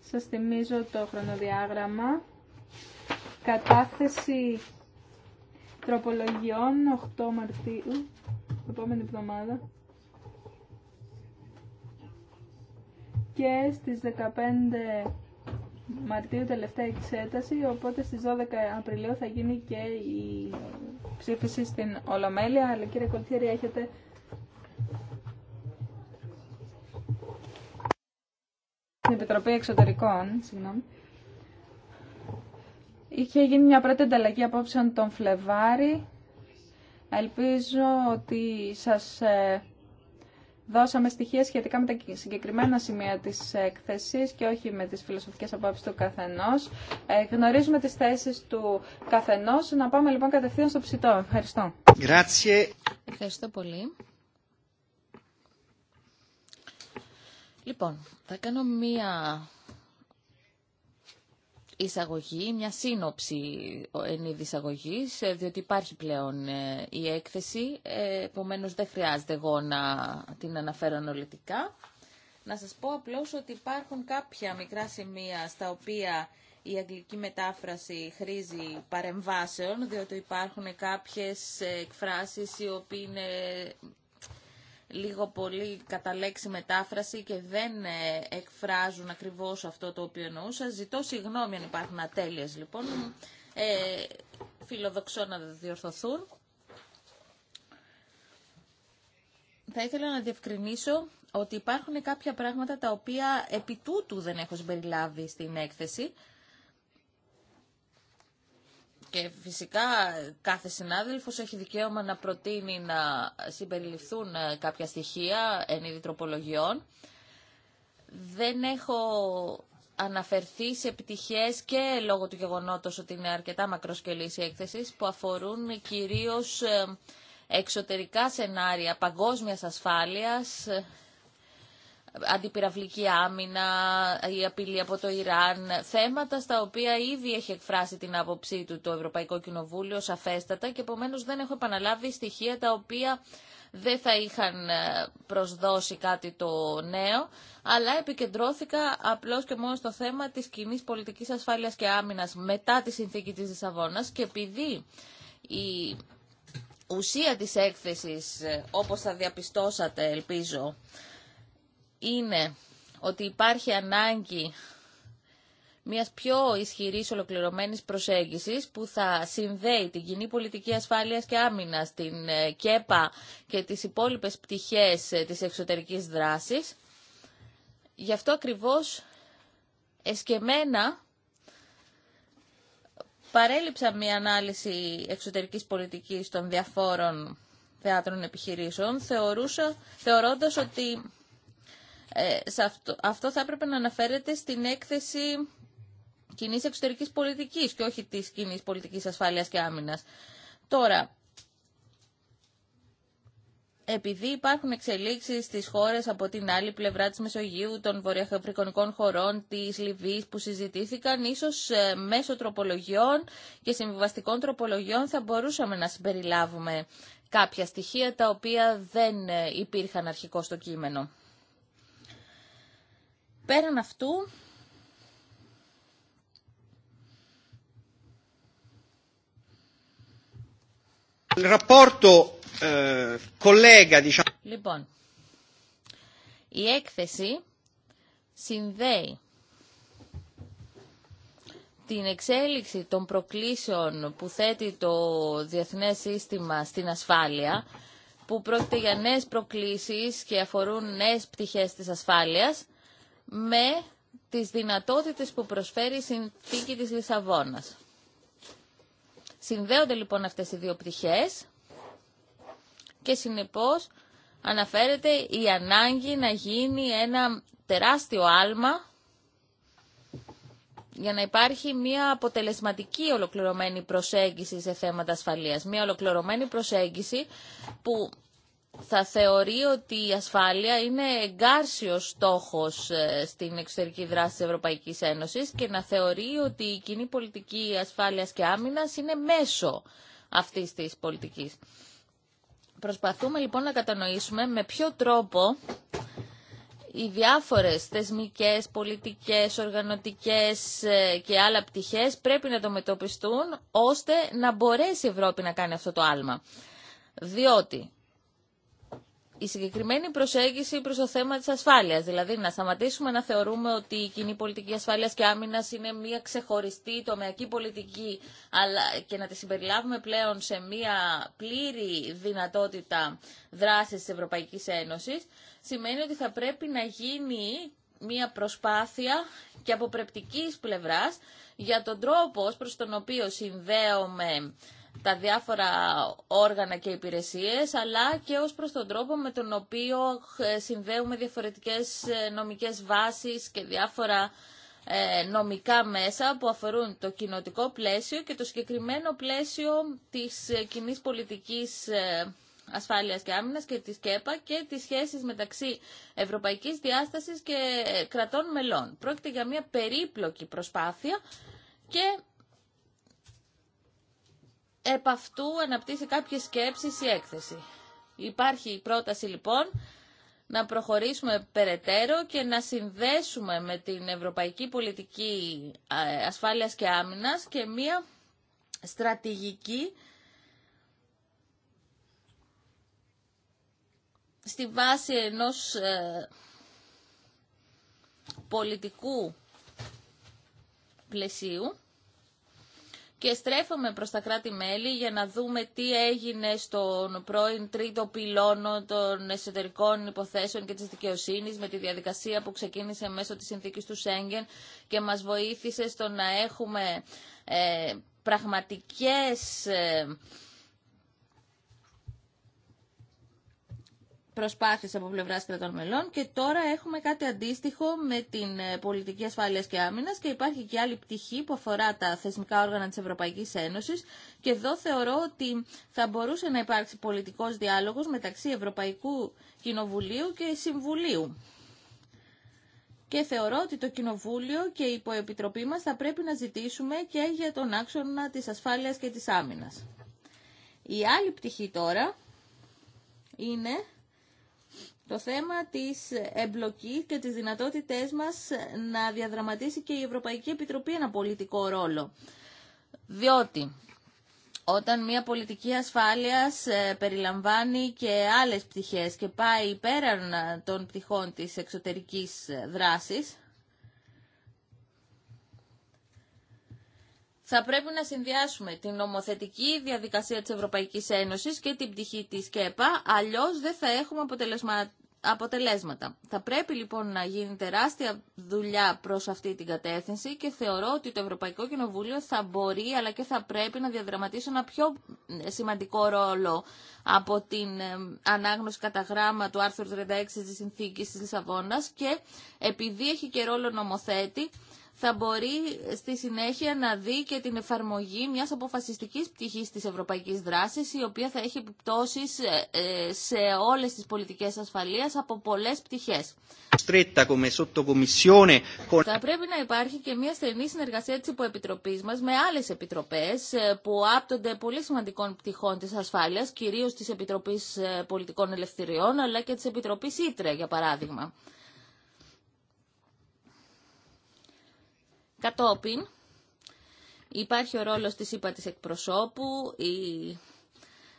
Σας θυμίζω το χρονοδιάγραμμα. Κατάθεση τροπολογιών 8 Μαρτίου, επόμενη εβδομάδα. Και στις 15 Μαρτίου τελευταία εξέταση, οπότε στις 12 Απριλίου θα γίνει και η ψήφιση στην Ολομέλεια, αλλά κύριε Κολθίρη, έχετε... Στην Επιτροπή Εξωτερικών, συγγνώμη. Είχε γίνει μια πρώτη ανταλλαγή απόψεων τον φλεβάρι. Ελπίζω ότι σας ε, δώσαμε στοιχεία σχετικά με τα συγκεκριμένα σημεία της έκθεση και όχι με τις φιλοσοφικές απόψει του καθενός. Ε, γνωρίζουμε τις θέσει του καθενός. Να πάμε λοιπόν κατευθείαν στο ψητό. Ευχαριστώ. Ευχαριστώ πολύ. Λοιπόν, θα κάνω μία εισαγωγή, μια σύνοψη εν είδη εισαγωγής, ε, διότι υπάρχει πλέον ε, η έκθεση, ε, επομένω δεν χρειάζεται εγώ να την αναφέρω αναλυτικά. Να σας πω απλώς ότι υπάρχουν κάποια μικρά σημεία στα οποία η αγγλική μετάφραση χρήζει παρεμβάσεων, διότι υπάρχουν κάποιες εκφράσεις οι οποίες είναι λίγο πολύ λέξη μετάφραση και δεν ε, εκφράζουν ακριβώς αυτό το οποίο εννοούσα. Ζητώ συγγνώμη αν υπάρχουν ατέλειες λοιπόν. Ε, φιλοδοξώ να διορθωθούν. Θα ήθελα να διευκρινίσω ότι υπάρχουν κάποια πράγματα τα οποία επί τούτου δεν έχω συμπεριλάβει στην έκθεση και φυσικά κάθε συνάδελφος έχει δικαίωμα να προτείνει να συμπεριληφθούν ε, κάποια στοιχεία εν είδη τροπολογιών. Δεν έχω αναφερθεί σε επιτυχίες και λόγω του γεγονότος ότι είναι αρκετά μακροσκελής η έκθεση που αφορούν κυρίως ε, εξωτερικά σενάρια παγκόσμιας ασφάλειας αντιπυραυλική άμυνα, η απειλή από το Ιράν, θέματα στα οποία ήδη έχει εκφράσει την άποψή του το Ευρωπαϊκό Κοινοβούλιο σαφέστατα και επομένως δεν έχω επαναλάβει στοιχεία τα οποία δεν θα είχαν ε, προσδώσει κάτι το νέο, αλλά επικεντρώθηκα απλώς και μόνο στο θέμα της κοινή πολιτικής ασφάλειας και άμυνας μετά τη συνθήκη της και επειδή η ουσία της έκθεσης, ε, όπως θα διαπιστώσατε ελπίζω, είναι ότι υπάρχει ανάγκη μιας πιο ισχυρής ολοκληρωμένης προσέγγισης που θα συνδέει την κοινή πολιτική ασφάλειας και άμυνας, την ε, ΚΕΠΑ και τις υπόλοιπες πτυχές ε, της εξωτερικής δράσης. Γι' αυτό ακριβώς εσκεμένα παρέλειψα μια ανάλυση εξωτερικής πολιτικής των διαφόρων θεάτρων επιχειρήσεων, θεωρούσα, θεωρώντας ότι ε, αυτό, θα έπρεπε να αναφέρεται στην έκθεση κοινή εξωτερικής πολιτικής και όχι της κοινή πολιτικής ασφάλειας και άμυνας. Τώρα, επειδή υπάρχουν εξελίξεις στις χώρες από την άλλη πλευρά της Μεσογείου, των βορειοαφρικανικών χωρών, τη Λιβύης που συζητήθηκαν, ίσως ε, μέσω τροπολογιών και συμβιβαστικών τροπολογιών θα μπορούσαμε να συμπεριλάβουμε κάποια στοιχεία τα οποία δεν ε, υπήρχαν αρχικό στο κείμενο. Πέραν αυτού, eh, Λοιπόν, η έκθεση συνδέει την εξέλιξη των προκλήσεων που θέτει το Διεθνές Σύστημα στην ασφάλεια, που πρόκειται για νέες προκλήσεις και αφορούν νέες πτυχές της ασφάλειας, με τις δυνατότητες που προσφέρει η συνθήκη της Λισαβόνας. Συνδέονται λοιπόν αυτές οι δύο πτυχές και συνεπώς αναφέρεται η ανάγκη να γίνει ένα τεράστιο άλμα για να υπάρχει μια αποτελεσματική ολοκληρωμένη προσέγγιση σε θέματα ασφαλείας. Μια ολοκληρωμένη προσέγγιση που θα θεωρεί ότι η ασφάλεια είναι εγκάρσιος στόχος ε, στην εξωτερική δράση της Ευρωπαϊκής Ένωσης και να θεωρεί ότι η κοινή πολιτική ασφάλειας και άμυνας είναι μέσο αυτής της πολιτικής. Προσπαθούμε λοιπόν να κατανοήσουμε με ποιο τρόπο οι διάφορες θεσμικές, πολιτικές, οργανωτικές ε, και άλλα πτυχές πρέπει να το μετωπιστούν ώστε να μπορέσει η Ευρώπη να κάνει αυτό το άλμα. Διότι η συγκεκριμένη προσέγγιση προς το θέμα της ασφάλειας. Δηλαδή να σταματήσουμε να θεωρούμε ότι η κοινή πολιτική ασφάλειας και άμυνας είναι μια ξεχωριστή τομεακή πολιτική αλλά και να τη συμπεριλάβουμε πλέον σε μια πλήρη δυνατότητα δράσης της Ευρωπαϊκής Ένωσης σημαίνει ότι θα πρέπει να γίνει μια προσπάθεια και από πλευράς για τον τρόπο προς τον οποίο συνδέομαι τα διάφορα όργανα και υπηρεσίες, αλλά και ως προς τον τρόπο με τον οποίο ε, συνδέουμε διαφορετικές ε, νομικές βάσεις και διάφορα ε, νομικά μέσα που αφορούν το κοινοτικό πλαίσιο και το συγκεκριμένο πλαίσιο της κοινή πολιτικής ασφάλειας και άμυνας και της ΚΕΠΑ και τις σχέσεις μεταξύ ευρωπαϊκής διάστασης και κρατών μελών. Πρόκειται για μια περίπλοκη προσπάθεια και Επ' αυτού αναπτύσσει κάποιες σκέψεις η έκθεση. Υπάρχει η πρόταση λοιπόν να προχωρήσουμε περαιτέρω και να συνδέσουμε με την Ευρωπαϊκή Πολιτική ε, Ασφάλειας και Άμυνας και μία στρατηγική στη βάση ενός ε, πολιτικού πλαισίου και στρέφομαι προς τα κράτη-μέλη για να δούμε τι έγινε στον πρώην τρίτο πυλώνο των εσωτερικών υποθέσεων και της δικαιοσύνης με τη διαδικασία που ξεκίνησε μέσω της συνθήκης του Σέγγεν και μας βοήθησε στο να έχουμε ε, πραγματικές... Ε, προσπάθειες από πλευρά κρατών μελών και τώρα έχουμε κάτι αντίστοιχο με την ε, πολιτική ασφάλειας και άμυνας και υπάρχει και άλλη πτυχή που αφορά τα θεσμικά όργανα της Ευρωπαϊκής Ένωσης και εδώ θεωρώ ότι θα μπορούσε να υπάρξει πολιτικός διάλογος μεταξύ Ευρωπαϊκού Κοινοβουλίου και Συμβουλίου. Και θεωρώ ότι το Κοινοβούλιο και η υποεπιτροπή μας θα πρέπει να ζητήσουμε και για τον άξονα της ασφάλειας και της άμυνας. Η άλλη πτυχή τώρα είναι το θέμα της εμπλοκής και της δυνατότητές μας να διαδραματίσει και η Ευρωπαϊκή Επιτροπή ένα πολιτικό ρόλο. Διότι όταν μια πολιτική ασφάλειας ε, περιλαμβάνει και άλλες πτυχές και πάει πέραν ε, των πτυχών της εξωτερικής ε, δράσης, θα πρέπει να συνδυάσουμε την νομοθετική διαδικασία της Ευρωπαϊκής Ένωσης και την πτυχή της ΚΕΠΑ, αλλιώς δεν θα έχουμε αποτελεσματικό αποτελέσματα. Θα πρέπει λοιπόν να γίνει τεράστια δουλειά προς αυτή την κατεύθυνση και θεωρώ ότι το Ευρωπαϊκό Κοινοβούλιο θα μπορεί αλλά και θα πρέπει να διαδραματίσει ένα πιο ε, σημαντικό ρόλο από την ε, ανάγνωση κατά γράμμα του άρθρου 36 της Συνθήκης της Λισαβόνας και επειδή έχει και ρόλο νομοθέτη θα μπορεί στη συνέχεια να δει και την εφαρμογή μιας αποφασιστικής πτυχής της ευρωπαϊκής δράσης, η οποία θα έχει επιπτώσεις ε, ε, σε όλες τις πολιτικές ασφαλείας από πολλές πτυχές. Θα πρέπει να υπάρχει και μια στενή συνεργασία της υποεπιτροπής μας με άλλες επιτροπές ε, που άπτονται πολύ σημαντικών πτυχών της ασφάλειας, κυρίως της Επιτροπής Πολιτικών Ελευθεριών, αλλά και της Επιτροπής Ήτρε, για παράδειγμα. Κατόπιν υπάρχει ο ρόλος της είπα της εκπροσώπου, η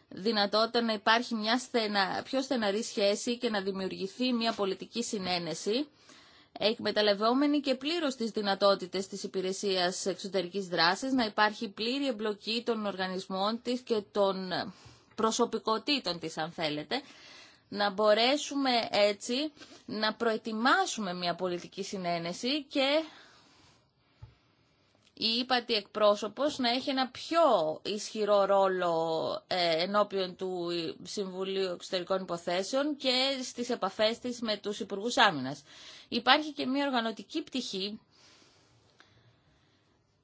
δυνατότητα να υπάρχει μια στενα, πιο στεναρή σχέση και να δημιουργηθεί μια πολιτική συνένεση, εκμεταλλευόμενη και πλήρως τις δυνατότητες της υπηρεσίας εξωτερικής δράσης, να υπάρχει πλήρη εμπλοκή των οργανισμών της και των προσωπικότητων της, αν θέλετε, να μπορέσουμε έτσι να προετοιμάσουμε μια πολιτική συνένεση και η ύπατη εκπρόσωπος να έχει ένα πιο ισχυρό ρόλο ε, ενώπιον του Συμβουλίου Εξωτερικών Υποθέσεων και στις επαφές της με τους Υπουργούς Άμυνας. Υπάρχει και μια οργανωτική πτυχή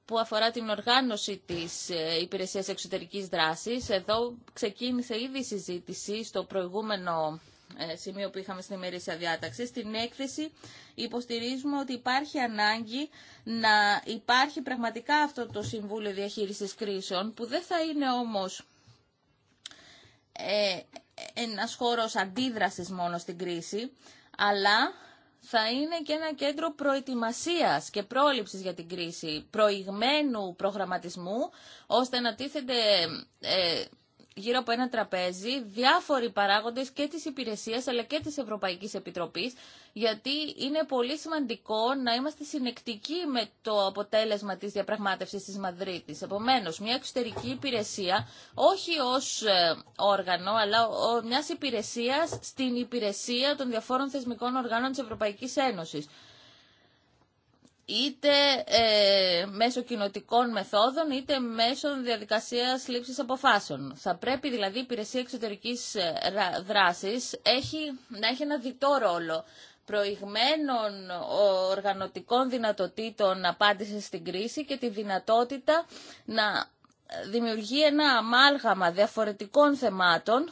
που αφορά την οργάνωση της ε, Υπηρεσίας Εξωτερικής Δράσης. Εδώ ξεκίνησε ήδη η συζήτηση στο προηγούμενο ε, σημείο που είχαμε στην ημερήσια διάταξη. Στην έκθεση υποστηρίζουμε ότι υπάρχει ανάγκη να υπάρχει πραγματικά αυτό το Συμβούλιο Διαχείρισης Κρίσεων, που δεν θα είναι όμως ε, ένας χώρος αντίδρασης μόνο στην κρίση, αλλά θα είναι και ένα κέντρο προετοιμασίας και πρόληψης για την κρίση, προηγμένου προγραμματισμού, ώστε να τίθενται ε, γύρω από ένα τραπέζι διάφοροι παράγοντες και της υπηρεσίας αλλά και της Ευρωπαϊκής Επιτροπής γιατί είναι πολύ σημαντικό να είμαστε συνεκτικοί με το αποτέλεσμα της διαπραγμάτευσης της Μαδρίτης. Επομένως, μια εξωτερική υπηρεσία όχι ως ε, όργανο αλλά μια υπηρεσία στην υπηρεσία των διαφόρων θεσμικών οργάνων της Ευρωπαϊκής Ένωσης είτε ε, μέσω κοινοτικών μεθόδων είτε μέσω διαδικασίας λήψης αποφάσεων. Θα πρέπει δηλαδή η υπηρεσία εξωτερικής ε, δράσης έχει, να έχει ένα διτό ρόλο προηγμένων οργανωτικών δυνατοτήτων απάντησης στην κρίση και τη δυνατότητα να δημιουργεί ένα αμάλγαμα διαφορετικών θεμάτων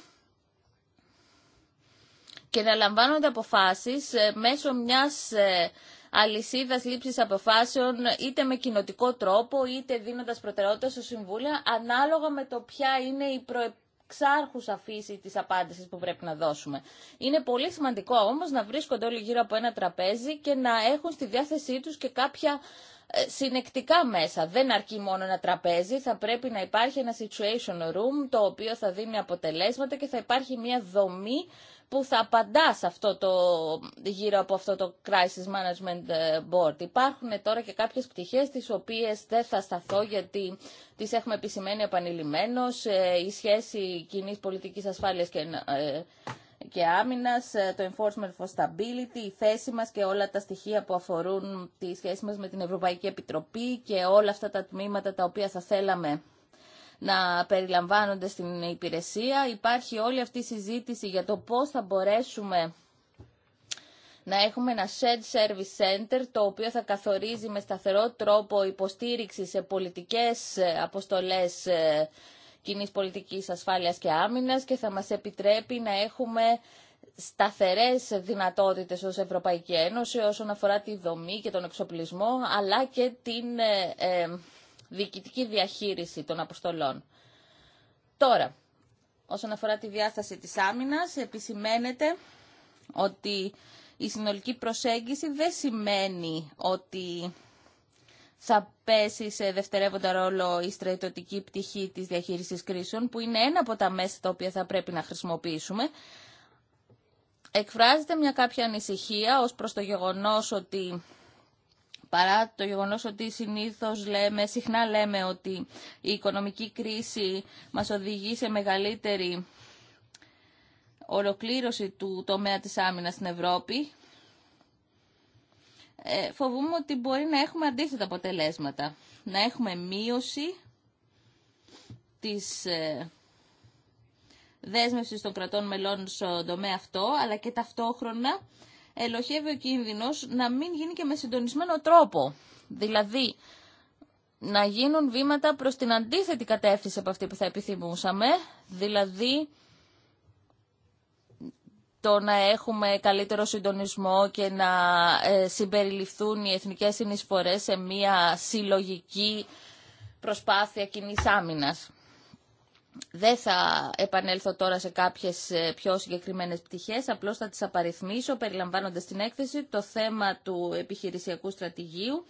και να λαμβάνονται αποφάσεις ε, μέσω μιας ε, Αλυσίδα λήψη αποφάσεων είτε με κοινοτικό τρόπο είτε δίνοντας προτεραιότητα στο Συμβούλιο ανάλογα με το ποια είναι η προεξάρχουσα φύση τη απάντηση που πρέπει να δώσουμε. Είναι πολύ σημαντικό όμω να βρίσκονται όλοι γύρω από ένα τραπέζι και να έχουν στη διάθεσή του και κάποια ε, συνεκτικά μέσα. Δεν αρκεί μόνο ένα τραπέζι, θα πρέπει να υπάρχει ένα situation room το οποίο θα δίνει αποτελέσματα και θα υπάρχει μια δομή που θα απαντά αυτό το, γύρω από αυτό το Crisis Management ε, Board. Υπάρχουν τώρα και κάποιες πτυχές τις οποίες δεν θα σταθώ γιατί τις έχουμε επισημαίνει επανειλημμένως. Ε, η σχέση κοινή πολιτικής ασφάλειας και ε, και άμυνας, το enforcement for stability, η θέση μας και όλα τα στοιχεία που αφορούν τη σχέση μας με την Ευρωπαϊκή Επιτροπή και όλα αυτά τα τμήματα τα οποία θα θέλαμε να περιλαμβάνονται στην υπηρεσία. Υπάρχει όλη αυτή η συζήτηση για το πώς θα μπορέσουμε να έχουμε ένα shared service center το οποίο θα καθορίζει με σταθερό τρόπο υποστήριξη σε πολιτικές αποστολές ε, κοινής πολιτικής ασφάλειας και άμυνας και θα μας επιτρέπει να έχουμε σταθερές δυνατότητες ως Ευρωπαϊκή Ένωση όσον αφορά τη δομή και τον εξοπλισμό αλλά και την ε, ε, διοικητική διαχείριση των αποστολών. Τώρα, όσον αφορά τη διάσταση της άμυνας, επισημαίνεται ότι η συνολική προσέγγιση δεν σημαίνει ότι θα πέσει σε δευτερεύοντα ρόλο η στρατιωτική πτυχή της διαχείρισης κρίσεων, που είναι ένα από τα μέσα τα οποία θα πρέπει να χρησιμοποιήσουμε. Εκφράζεται μια κάποια ανησυχία ως προς το γεγονός ότι Παρά το γεγονός ότι συνήθως λέμε, συχνά λέμε ότι η οικονομική κρίση μας οδηγεί σε μεγαλύτερη ολοκλήρωση του τομέα της άμυνας στην Ευρώπη, ε, φοβούμαι ότι μπορεί να έχουμε αντίθετα αποτελέσματα. Να έχουμε μείωση της ε, δέσμευσης των κρατών μελών στον τομέα αυτό, αλλά και ταυτόχρονα ελοχεύει ο κίνδυνος να μην γίνει και με συντονισμένο τρόπο. Δηλαδή, να γίνουν βήματα προ την αντίθετη κατεύθυνση από αυτή που θα επιθυμούσαμε, δηλαδή το να έχουμε καλύτερο συντονισμό και να ε, συμπεριληφθούν οι εθνικές συνεισφορές σε μια συλλογική προσπάθεια κοινή άμυνας. Δεν θα επανέλθω τώρα σε κάποιες ε, πιο συγκεκριμένες πτυχές, απλώς θα τις απαριθμίσω περιλαμβάνοντας την έκθεση το θέμα του επιχειρησιακού στρατηγίου,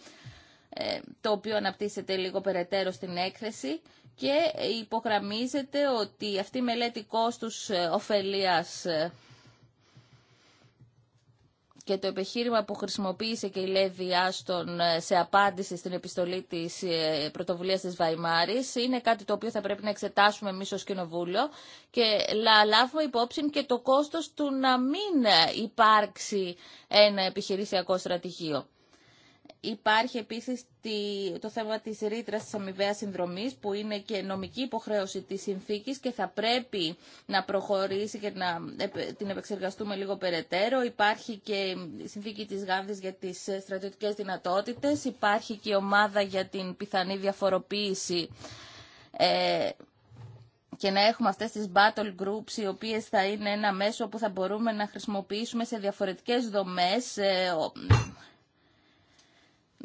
ε, το οποίο αναπτύσσεται λίγο περαιτέρω στην έκθεση και υπογραμμίζεται ότι αυτή η μελέτη κόστους ε, ωφελίας και το επιχείρημα που χρησιμοποίησε και η Λέβη Άστον ε, σε απάντηση στην επιστολή της ε, πρωτοβουλίας της Βαϊμάρης είναι κάτι το οποίο θα πρέπει να εξετάσουμε εμείς ως Κοινοβούλιο και λάβουμε υπόψη και το κόστος του να μην υπάρξει ένα επιχειρησιακό στρατηγείο. Υπάρχει επίσης το θέμα της ρήτρα της αμοιβαία συνδρομής που είναι και νομική υποχρέωση της συνθήκης και θα πρέπει να προχωρήσει και να την επεξεργαστούμε λίγο περαιτέρω. Υπάρχει και η συνθήκη της Γάνδης για τις στρατιωτικές δυνατότητες. Υπάρχει και η ομάδα για την πιθανή διαφοροποίηση ε, και να έχουμε αυτές τις battle groups οι οποίες θα είναι ένα μέσο που θα μπορούμε να χρησιμοποιήσουμε σε διαφορετικές δομές ε,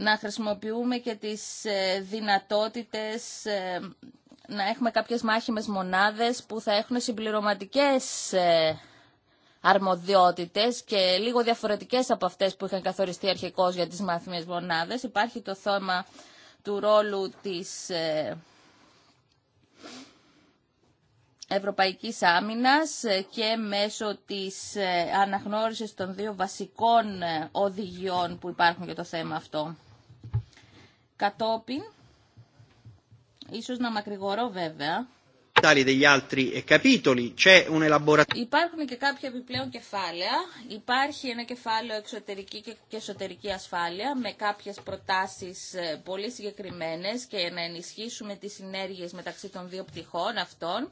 να χρησιμοποιούμε και τις ε, δυνατότητες ε, να έχουμε κάποιες μάχημες μονάδες που θα έχουν συμπληρωματικές ε, αρμοδιότητες και λίγο διαφορετικές από αυτές που είχαν καθοριστεί αρχικώς για τις μάθημες μονάδες. Υπάρχει το θέμα του ρόλου της Ευρωπαϊκής Άμυνας και μέσω της αναγνώρισης των δύο βασικών οδηγιών που υπάρχουν για το θέμα αυτό. Κατόπιν, ίσως να μακρηγορώ βέβαια, eh, Υπάρχουν και κάποια επιπλέον κεφάλαια. Υπάρχει ένα κεφάλαιο εξωτερική και εσωτερική ασφάλεια με κάποιες προτάσεις ε, πολύ συγκεκριμένες και να ενισχύσουμε τις συνέργειες μεταξύ των δύο πτυχών αυτών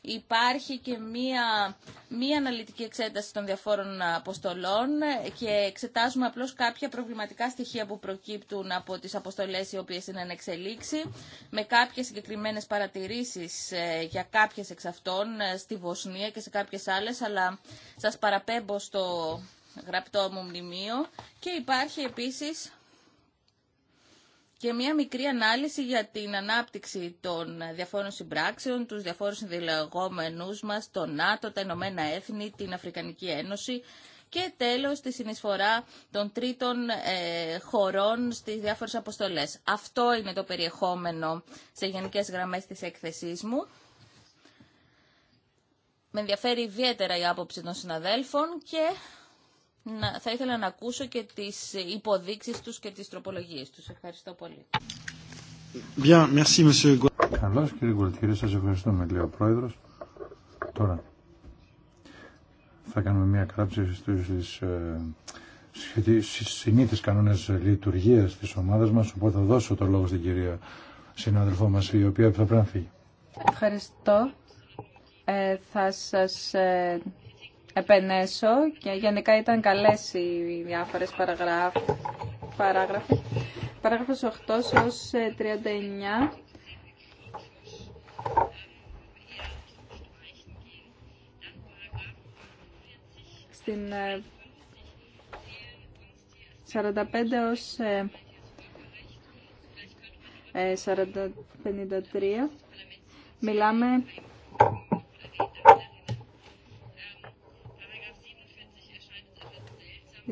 υπάρχει και μία, μία αναλυτική εξέταση των διαφόρων αποστολών και εξετάζουμε απλώς κάποια προβληματικά στοιχεία που προκύπτουν από τις αποστολές οι οποίες είναι εν με κάποιες συγκεκριμένες παρατηρήσεις ε, για κάποιες εξ αυτών ε, στη Βοσνία και σε κάποιες άλλες αλλά σας παραπέμπω στο γραπτό μου μνημείο και υπάρχει επίσης και μία μικρή ανάλυση για την ανάπτυξη των διαφόρων συμπράξεων, τους διαφόρους συνδηλαγόμενούς μας, το ΝΑΤΟ, τα Ηνωμένα Έθνη, την Αφρικανική Ένωση και τέλος τη συνεισφορά των τρίτων ε, χωρών στις διάφορες αποστολές. Αυτό είναι το περιεχόμενο σε γενικές γραμμές της έκθεσής μου. Με ενδιαφέρει ιδιαίτερα η άποψη των συναδέλφων και θα ήθελα να ακούσω και τις υποδείξεις τους και τις τροπολογίες τους. Ευχαριστώ πολύ. Καλώ merci, monsieur. κύριε σα ευχαριστούμε λέει ο Πρόεδρος. Τώρα θα κάνουμε μια κράψη ε, στις συνήθεις κανόνες λειτουργίας της ομάδας μας, οπότε θα δώσω το λόγο στην κυρία συνάδελφό μας, η οποία θα πρέπει να φύγει. Ευχαριστώ. Ε, θα σας ε, επενέσω και γενικά ήταν καλές οι διάφορες παράγραφοι. Παράγραφος 8 έως 39. Ε, Στην 45 ε, έως 453 ε, μιλάμε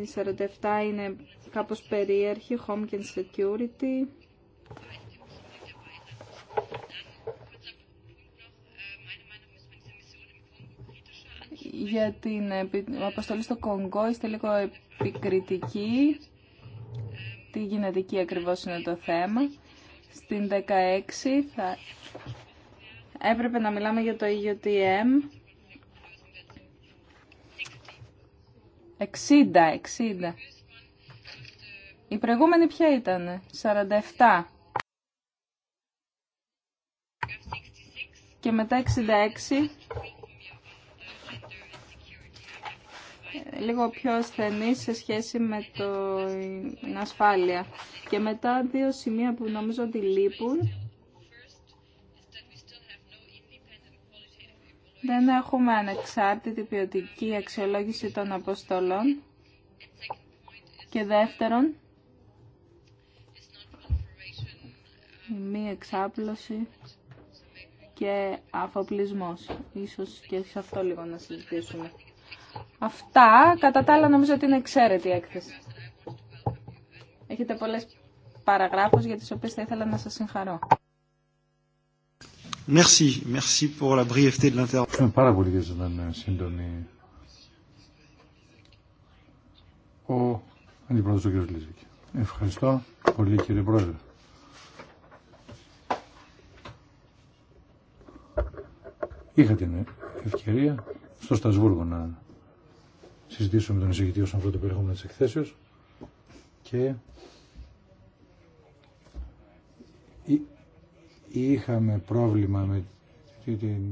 Η 47 είναι κάπως περίεργη, home και security. Για την αποστολή στο Κονγκό είστε λίγο επικριτική Τι εκεί ακριβώς είναι το θέμα. Στην 16 θα... έπρεπε να μιλάμε για το EUTM 60, 60. Η προηγούμενη ποια ήταν, 47. Και μετά 66. Ε, λίγο πιο ασθενή σε σχέση με το... την ασφάλεια. Και μετά δύο σημεία που νομίζω ότι λείπουν δεν έχουμε ανεξάρτητη ποιοτική αξιολόγηση των αποστολών. Και δεύτερον, μη εξάπλωση και αφοπλισμός. Ίσως και σε αυτό λίγο να συζητήσουμε. Αυτά, κατά τα άλλα νομίζω ότι είναι εξαίρετη έκθεση. Έχετε πολλές παραγράφους για τις οποίες θα ήθελα να σας συγχαρώ. Merci, merci pour la brièveté de l'intervention. Είμαι πάρα πολύ για ήταν σύντομη. Ο αντιπρόεδρος του κ. Λίζικη. Ευχαριστώ πολύ κύριε Πρόεδρε. Είχα την ευκαιρία στο Στασβούργο να συζητήσω με τον εισηγητή όσον αφορά το περιεχόμενο της εκθέσεως και είχαμε πρόβλημα με την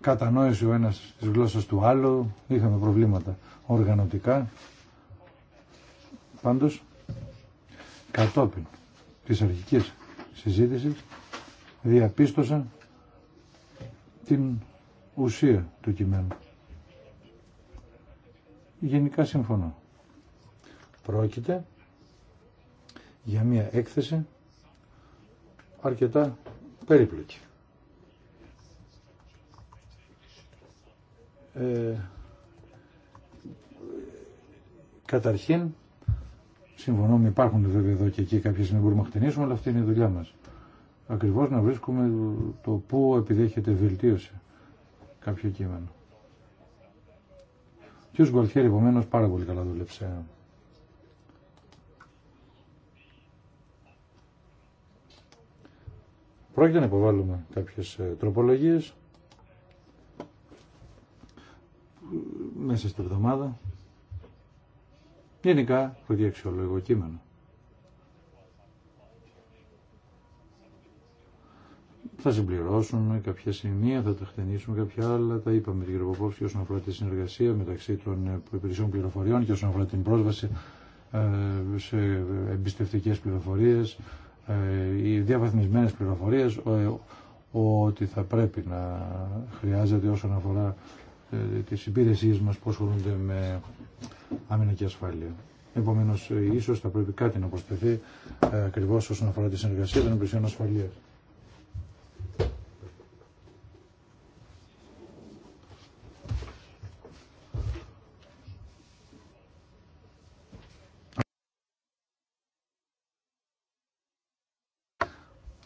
κατανόηση ο ένας της γλώσσας του άλλου, είχαμε προβλήματα οργανωτικά. Πάντως, κατόπιν της αρχικής συζήτησης, διαπίστωσα την ουσία του κειμένου. Γενικά συμφωνώ. Πρόκειται για μια έκθεση αρκετά περίπλοκη. Ε, καταρχήν, με υπάρχουν βέβαια εδώ και εκεί κάποιες να μπορούμε να χτενίσουμε, αλλά αυτή είναι η δουλειά μας. Ακριβώς να βρίσκουμε το πού επιδέχεται βελτίωση κάποιο κείμενο. Ο κ. επομένω επομένως, πάρα πολύ καλά δούλεψε Πρόκειται να υποβάλουμε κάποιες ε, τροπολογίες μέσα στην εβδομάδα. Γενικά το διεξιολογικό κείμενο. Θα συμπληρώσουμε κάποια σημεία, θα τα χτενίσουμε κάποια άλλα. Τα είπαμε την Κρυποπόψη όσον αφορά τη συνεργασία μεταξύ των ε, υπηρεσιών πληροφοριών και όσον αφορά την πρόσβαση ε, σε εμπιστευτικέ πληροφορίες οι διαβαθμισμένες πληροφορίες ότι θα πρέπει να χρειάζεται όσον αφορά ε, τις υπηρεσίες μας που ασχολούνται με άμυνα και ασφάλεια. Επομένως, ε, ίσως θα πρέπει κάτι να προσθεθεί ε, ακριβώς όσον αφορά τη συνεργασία των υπηρεσιών ασφαλείας.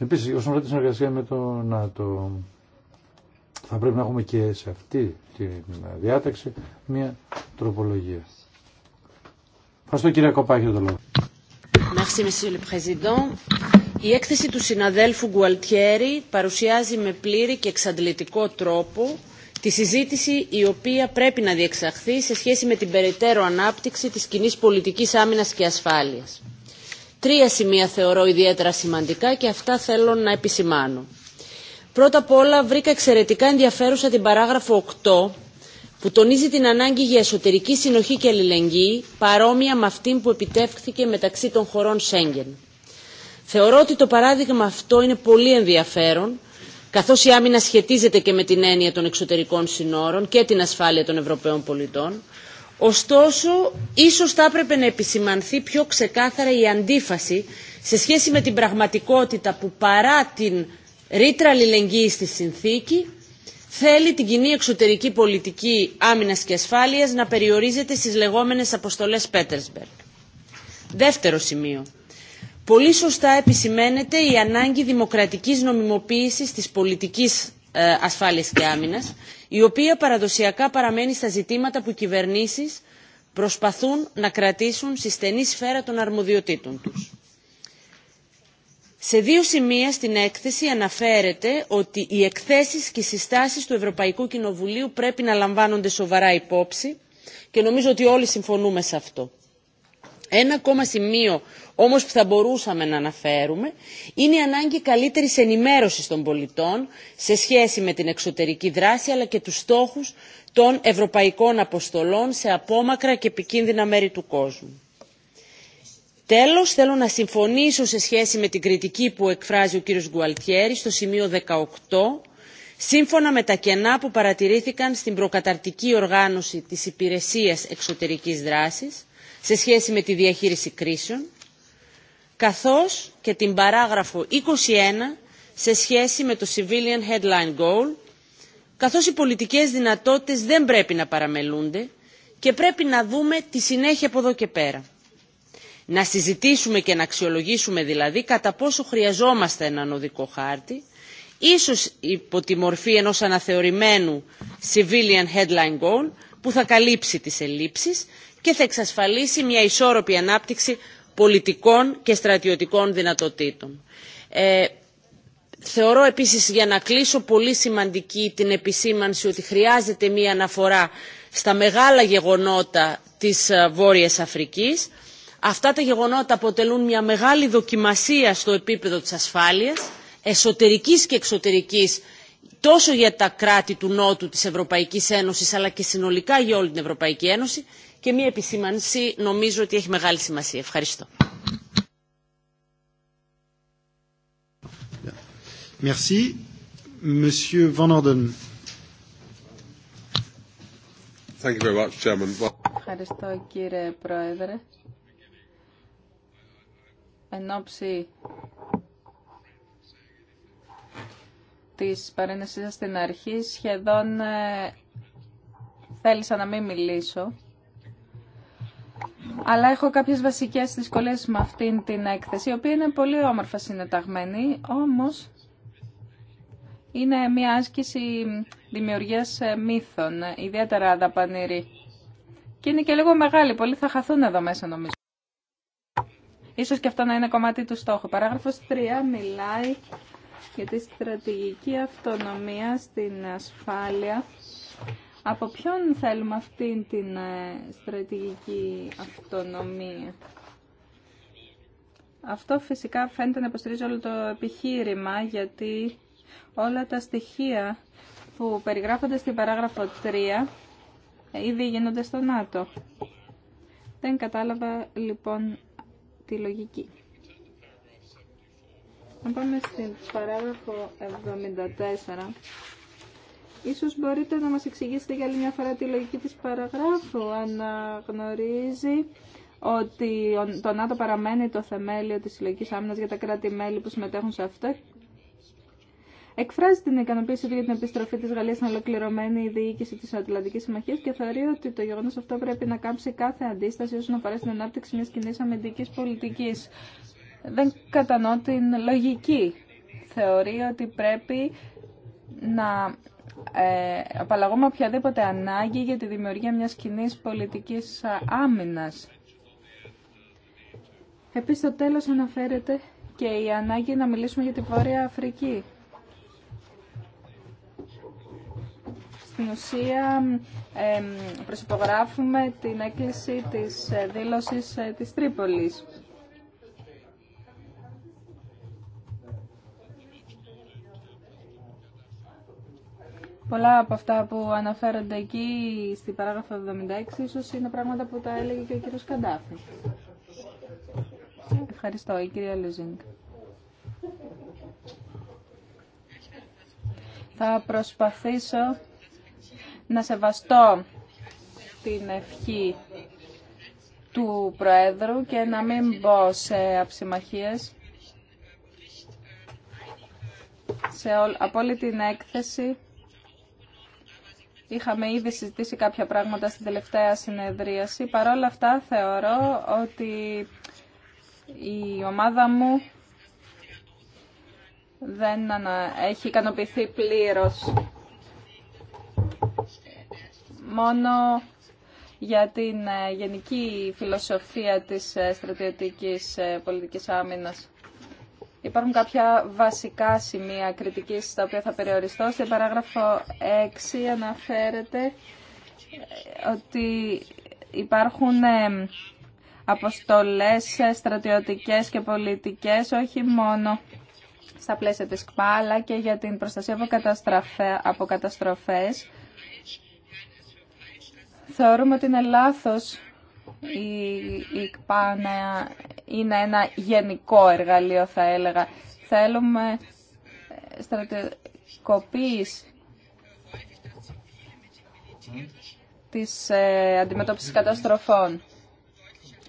Επίση, όσον αφορά τη συνεργασία με το ΝΑΤΟ, θα πρέπει να έχουμε και σε αυτή τη διάταξη μια τροπολογία. Ευχαριστώ κύριε Κοπάκη το λόγο. Η έκθεση του συναδέλφου Γκουαλτιέρη παρουσιάζει με πλήρη και εξαντλητικό τρόπο τη συζήτηση η οποία πρέπει να διεξαχθεί σε σχέση με την περαιτέρω ανάπτυξη της κοινή πολιτικής άμυνας και ασφάλειας Τρία σημεία θεωρώ ιδιαίτερα σημαντικά και αυτά θέλω να επισημάνω. Πρώτα απ' όλα βρήκα εξαιρετικά ενδιαφέρουσα την παράγραφο 8 που τονίζει την ανάγκη για εσωτερική συνοχή και αλληλεγγύη παρόμοια με αυτή που επιτεύχθηκε μεταξύ των χωρών Σέγγεν. Θεωρώ ότι το παράδειγμα αυτό είναι πολύ ενδιαφέρον καθώς η άμυνα σχετίζεται και με την έννοια των εξωτερικών συνόρων και την ασφάλεια των Ευρωπαίων πολιτών Ωστόσο, ίσως θα έπρεπε να επισημανθεί πιο ξεκάθαρα η αντίφαση σε σχέση με την πραγματικότητα που παρά την ρήτρα αλληλεγγύη στη συνθήκη θέλει την κοινή εξωτερική πολιτική άμυνας και ασφάλειας να περιορίζεται στις λεγόμενες αποστολές Πέτερσμπεργκ. Δεύτερο σημείο. Πολύ σωστά επισημαίνεται η ανάγκη δημοκρατικής νομιμοποίησης της πολιτικής ε, ασφάλειας και άμυνας η οποία παραδοσιακά παραμένει στα ζητήματα που κυβερνήσεις προσπαθούν να κρατήσουν στη στενή σφαίρα των αρμοδιοτήτων τους. Σε δύο σημεία στην έκθεση αναφέρεται ότι οι εκθέσεις και οι συστάσεις του Ευρωπαϊκού Κοινοβουλίου πρέπει να λαμβάνονται σοβαρά υπόψη και νομίζω ότι όλοι συμφωνούμε σε αυτό. Ένα ακόμα σημείο όμως που θα μπορούσαμε να αναφέρουμε είναι η ανάγκη καλύτερης ενημέρωσης των πολιτών σε σχέση με την εξωτερική δράση αλλά και τους στόχους των ευρωπαϊκών αποστολών σε απόμακρα και επικίνδυνα μέρη του κόσμου. Τέλος, θέλω να συμφωνήσω σε σχέση με την κριτική που εκφράζει ο κύριος Γκουαλτιέρη στο σημείο 18 σύμφωνα με τα κενά που παρατηρήθηκαν στην προκαταρτική οργάνωση της υπηρεσίας εξωτερικής δράσης σε σχέση με τη διαχείριση κρίσεων καθώς και την παράγραφο 21 σε σχέση με το Civilian Headline Goal, καθώς οι πολιτικές δυνατότητες δεν πρέπει να παραμελούνται και πρέπει να δούμε τη συνέχεια από εδώ και πέρα. Να συζητήσουμε και να αξιολογήσουμε δηλαδή κατά πόσο χρειαζόμαστε έναν οδικό χάρτη, ίσως υπό τη μορφή ενός αναθεωρημένου Civilian Headline Goal που θα καλύψει τις ελλείψεις και θα εξασφαλίσει μια ισόρροπη ανάπτυξη πολιτικών και στρατιωτικών δυνατοτήτων. Ε, θεωρώ επίσης για να κλείσω πολύ σημαντική την επισήμανση ότι χρειάζεται μία αναφορά στα μεγάλα γεγονότα της ε, Βόρειας Αφρικής. Αυτά τα γεγονότα αποτελούν μια μεγάλη δοκιμασία στο επίπεδο της ασφάλειας, εσωτερικής και εξωτερικής, τόσο για τα κράτη του Νότου της Ευρωπαϊκής Ένωσης, αλλά και συνολικά για όλη την Ευρωπαϊκή Ένωση και μια επισήμανση νομίζω ότι έχει μεγάλη σημασία. Ευχαριστώ. Ευχαριστώ κύριε Πρόεδρε. Εν όψη της παρένεσης σας στην αρχή σχεδόν ε, θέλησα να μην μιλήσω αλλά έχω κάποιες βασικές δυσκολίες με αυτήν την έκθεση, η οποία είναι πολύ όμορφα συνεταγμένη, όμως είναι μια άσκηση δημιουργίας ε, μύθων, ιδιαίτερα δαπανηρή. Και είναι και λίγο μεγάλη, πολλοί θα χαθούν εδώ μέσα νομίζω. Ίσως και αυτό να είναι κομμάτι του στόχου. Παράγραφος 3 μιλάει για τη στρατηγική αυτονομία στην ασφάλεια από ποιον θέλουμε αυτή την ε, στρατηγική αυτονομία. Αυτό φυσικά φαίνεται να υποστηρίζει όλο το επιχείρημα γιατί όλα τα στοιχεία που περιγράφονται στην παράγραφο 3 ήδη γίνονται στο ΝΑΤΟ. Δεν κατάλαβα λοιπόν τη λογική. Να πάμε στην παράγραφο 74 Ίσως μπορείτε να μας εξηγήσετε για άλλη μια φορά τη λογική της παραγράφου, αν γνωρίζει ότι το ΝΑΤΟ παραμένει το θεμέλιο της συλλογικής άμυνας για τα κράτη-μέλη που συμμετέχουν σε αυτό. Εκφράζει την ικανοποίησή του για την επιστροφή τη Γαλλία στην ολοκληρωμένη διοίκηση τη Ατλαντική Συμμαχία και θεωρεί ότι το γεγονό αυτό πρέπει να κάψει κάθε αντίσταση όσον αφορά στην ανάπτυξη μια κοινή αμυντική πολιτική. Δεν κατανοώ την λογική. Θεωρεί ότι πρέπει να ε, απαλλαγούμε οποιαδήποτε ανάγκη για τη δημιουργία μιας κοινή πολιτικής άμυνας. Επίσης, στο τέλος αναφέρεται και η ανάγκη να μιλήσουμε για τη Βόρεια Αφρική. Στην ουσία ε, προσυπογράφουμε την έκκληση της ε, δήλωσης ε, της Τρίπολης. Πολλά από αυτά που αναφέρονται εκεί στην παράγραφο 76 ίσως είναι πράγματα που τα έλεγε και ο κύριος Καντάφη. Ευχαριστώ, η κυρία Λουζίνγκ. Θα προσπαθήσω να σεβαστώ την ευχή του Προέδρου και να μην μπω σε αψημαχίες. Σε όλη την έκθεση Είχαμε ήδη συζητήσει κάποια πράγματα στην τελευταία συνεδρίαση. Παρ' όλα αυτά θεωρώ ότι η ομάδα μου δεν έχει ικανοποιηθεί πλήρως. Μόνο για την ε, γενική φιλοσοφία της ε, στρατιωτικής ε, πολιτικής άμυνας. Υπάρχουν κάποια βασικά σημεία κριτικής στα οποία θα περιοριστώ. Στην παράγραφο 6 αναφέρεται ε, ότι υπάρχουν ε, αποστολές ε, στρατιωτικές και πολιτικές όχι μόνο στα πλαίσια της ΚΠΑ αλλά και για την προστασία από καταστροφές. Θεωρούμε ότι είναι λάθος η ΚΠΑ είναι ένα γενικό εργαλείο θα έλεγα. Θέλουμε ε, στρατηγικοποίηση της ε, αντιμετώπισης καταστροφών.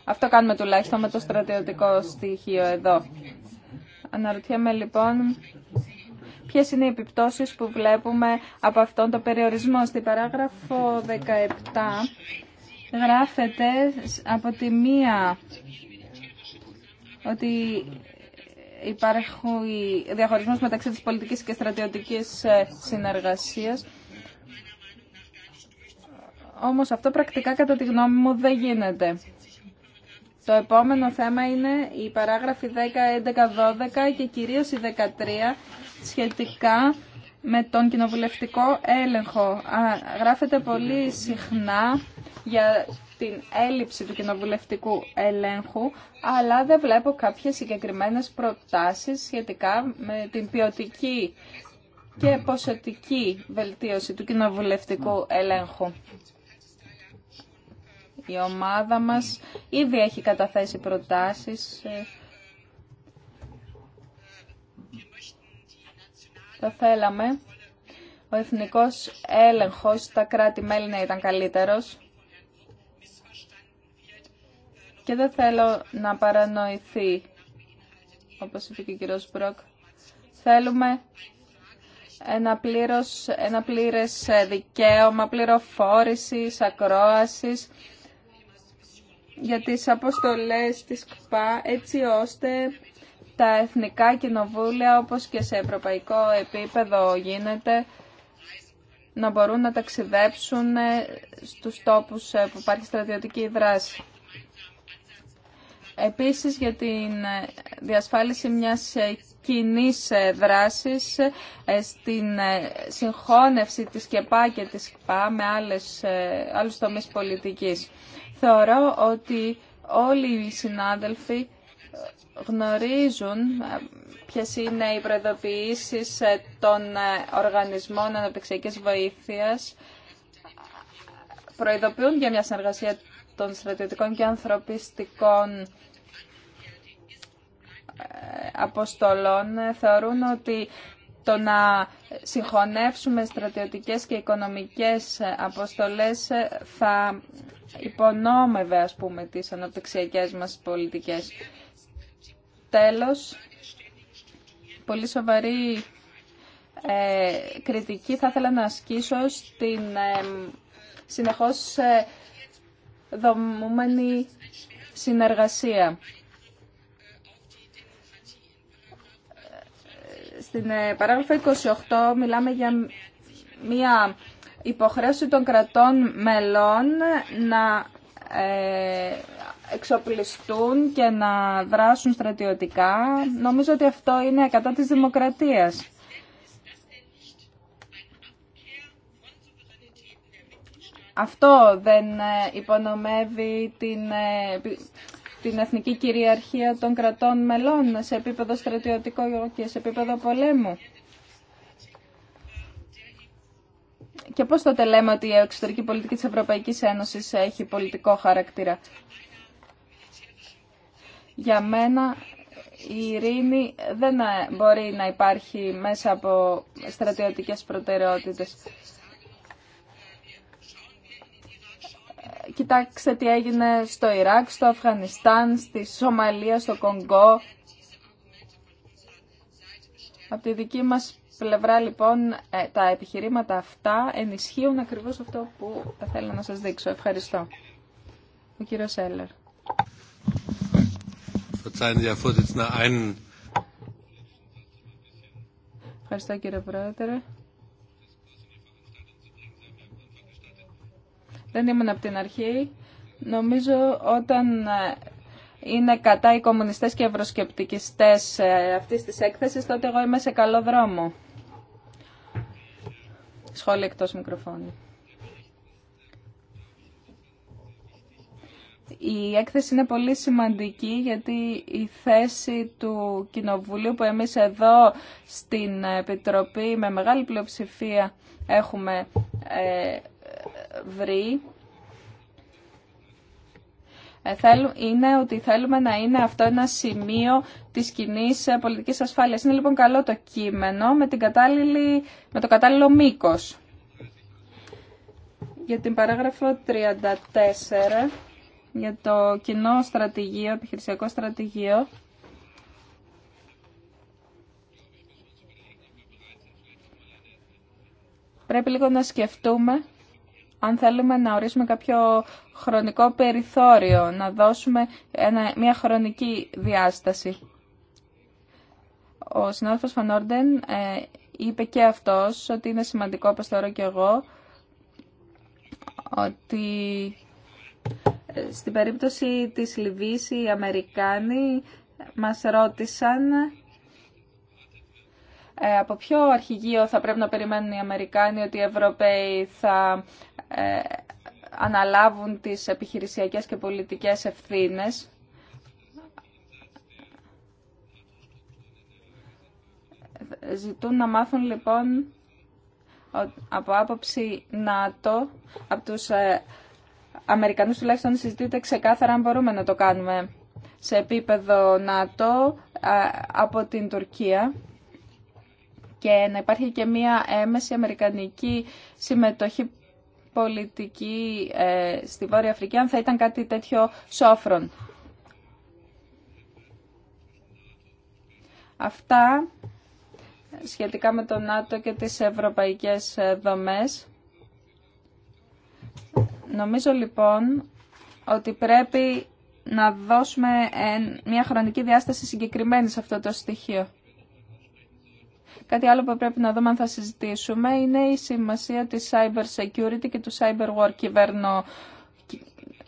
Αυτό κάνουμε τουλάχιστον με το στρατιωτικό στοιχείο εδώ. Αναρωτιέμαι λοιπόν ποιες είναι οι επιπτώσεις που βλέπουμε από αυτόν τον περιορισμό. Στη παράγραφο 17 γράφεται από τη μία ότι υπάρχουν διαχωρισμούς μεταξύ της πολιτικής και στρατιωτικής ε, συνεργασίας. Όμως αυτό πρακτικά κατά τη γνώμη μου δεν γίνεται. Το επόμενο θέμα είναι η παραγραφη 10, 11, 12 και κυρίως η 13 σχετικά με τον κοινοβουλευτικό έλεγχο. Γράφεται πολύ συχνά για την έλλειψη του κοινοβουλευτικού ελέγχου, αλλά δεν βλέπω κάποιες συγκεκριμένες προτάσεις σχετικά με την ποιοτική και ποσοτική βελτίωση του κοινοβουλευτικού ελέγχου. Η ομάδα μας ήδη έχει καταθέσει προτάσεις. Ε, Θα θέλαμε ο εθνικός έλεγχος στα κράτη-μέλη να ήταν καλύτερος και δεν θέλω να παρανοηθεί, όπως είπε και ο κύριος Μπροκ. Θέλουμε ένα, πλήρως, ένα πλήρες δικαίωμα πληροφόρησης, ακρόασης για τις αποστολές της ΚΠΑ, έτσι ώστε τα εθνικά κοινοβούλια, όπως και σε ευρωπαϊκό επίπεδο γίνεται, να μπορούν να ταξιδέψουν στους τόπους που υπάρχει στρατιωτική δράση. Επίσης για την διασφάλιση μιας κοινή δράσης ε, στην ε, συγχώνευση της ΚΕΠΑ και της ΚΠΑ με άλλες, ε, άλλους τομείς πολιτικής. Θεωρώ ότι όλοι οι συνάδελφοι γνωρίζουν ποιες είναι οι προειδοποιήσεις των οργανισμών αναπτυξιακής βοήθειας προειδοποιούν για μια συνεργασία των στρατιωτικών και ανθρωπιστικών ε, αποστολών ε, θεωρούν ότι το να συγχωνεύσουμε στρατιωτικές και οικονομικές ε, αποστολές θα υπονόμευε ας πούμε τις αναπτυξιακές μας πολιτικές. Τέλος, πολύ σοβαρή ε, κριτική θα ήθελα να ασκήσω στην ε, συνεχώς δομούμενη συνεργασία. Στην ε, παράγραφο 28 μιλάμε για μια υποχρέωση των κρατών μελών να ε, εξοπλιστούν και να δράσουν στρατιωτικά. Νομίζω ότι αυτό είναι κατά της δημοκρατίας. Αυτό δεν ε, υπονομεύει την, ε, την εθνική κυριαρχία των κρατών μελών σε επίπεδο στρατιωτικό και σε επίπεδο πολέμου. Και πώς τότε λέμε ότι η εξωτερική πολιτική της Ευρωπαϊκής Ένωσης έχει πολιτικό χαρακτήρα. Για μένα η ειρήνη δεν ε, μπορεί να υπάρχει μέσα από στρατιωτικές προτεραιότητες. κοιτάξτε τι έγινε στο Ιράκ, στο Αφγανιστάν, στη Σομαλία, στο Κονγκό. Από τη δική μας πλευρά λοιπόν ε, τα επιχειρήματα αυτά ενισχύουν ακριβώς αυτό που θα θέλω να σας δείξω. Ευχαριστώ. Ο κύριος Έλλερ. Ευχαριστώ κύριε Πρόεδρε. Δεν ήμουν από την αρχή. Νομίζω όταν ε, είναι κατά οι κομμουνιστές και ευρωσκεπτικιστές ε, αυτής της έκθεσης, τότε εγώ είμαι σε καλό δρόμο. Σχόλια εκτός μικροφώνου. Η έκθεση είναι πολύ σημαντική γιατί η θέση του Κοινοβουλίου που εμείς εδώ στην Επιτροπή με μεγάλη πλειοψηφία έχουμε ε, βρει ε, είναι ότι θέλουμε να είναι αυτό ένα σημείο της κοινή ε, πολιτικής ασφάλειας. Είναι λοιπόν καλό το κείμενο με, με το κατάλληλο μήκο. Για την παράγραφο 34, για το κοινό στρατηγείο, επιχειρησιακό στρατηγείο, πρέπει λίγο να σκεφτούμε αν θέλουμε να ορίσουμε κάποιο χρονικό περιθώριο, να δώσουμε ένα, μια χρονική διάσταση. Ο συνάδελφος Φανόρντεν είπε και αυτός ότι είναι σημαντικό, όπως θεωρώ και εγώ, ότι ε, στην περίπτωση της Λιβύης οι Αμερικάνοι μας ρώτησαν ε, από ποιο αρχηγείο θα πρέπει να περιμένουν οι Αμερικάνοι ότι οι Ευρωπαίοι θα ε, αναλάβουν τις επιχειρησιακές και πολιτικές ευθύνες. Ζητούν να μάθουν λοιπόν από άποψη ΝΑΤΟ, από τους ε, Αμερικανούς τουλάχιστον συζητείται ξεκάθαρα αν μπορούμε να το κάνουμε σε επίπεδο ΝΑΤΟ από την Τουρκία και να υπάρχει και μία έμεση αμερικανική συμμετοχή πολιτική ε, στη Βόρεια Αφρική, αν θα ήταν κάτι τέτοιο σόφρον. Αυτά σχετικά με το ΝΑΤΟ και τις ευρωπαϊκές ε, δομές. Νομίζω λοιπόν ότι πρέπει να δώσουμε ε, μια χρονική διάσταση συγκεκριμένη σε αυτό το στοιχείο. Κάτι άλλο που πρέπει να δούμε αν θα συζητήσουμε είναι η σημασία της cyber security και του cyber war κυβέρνο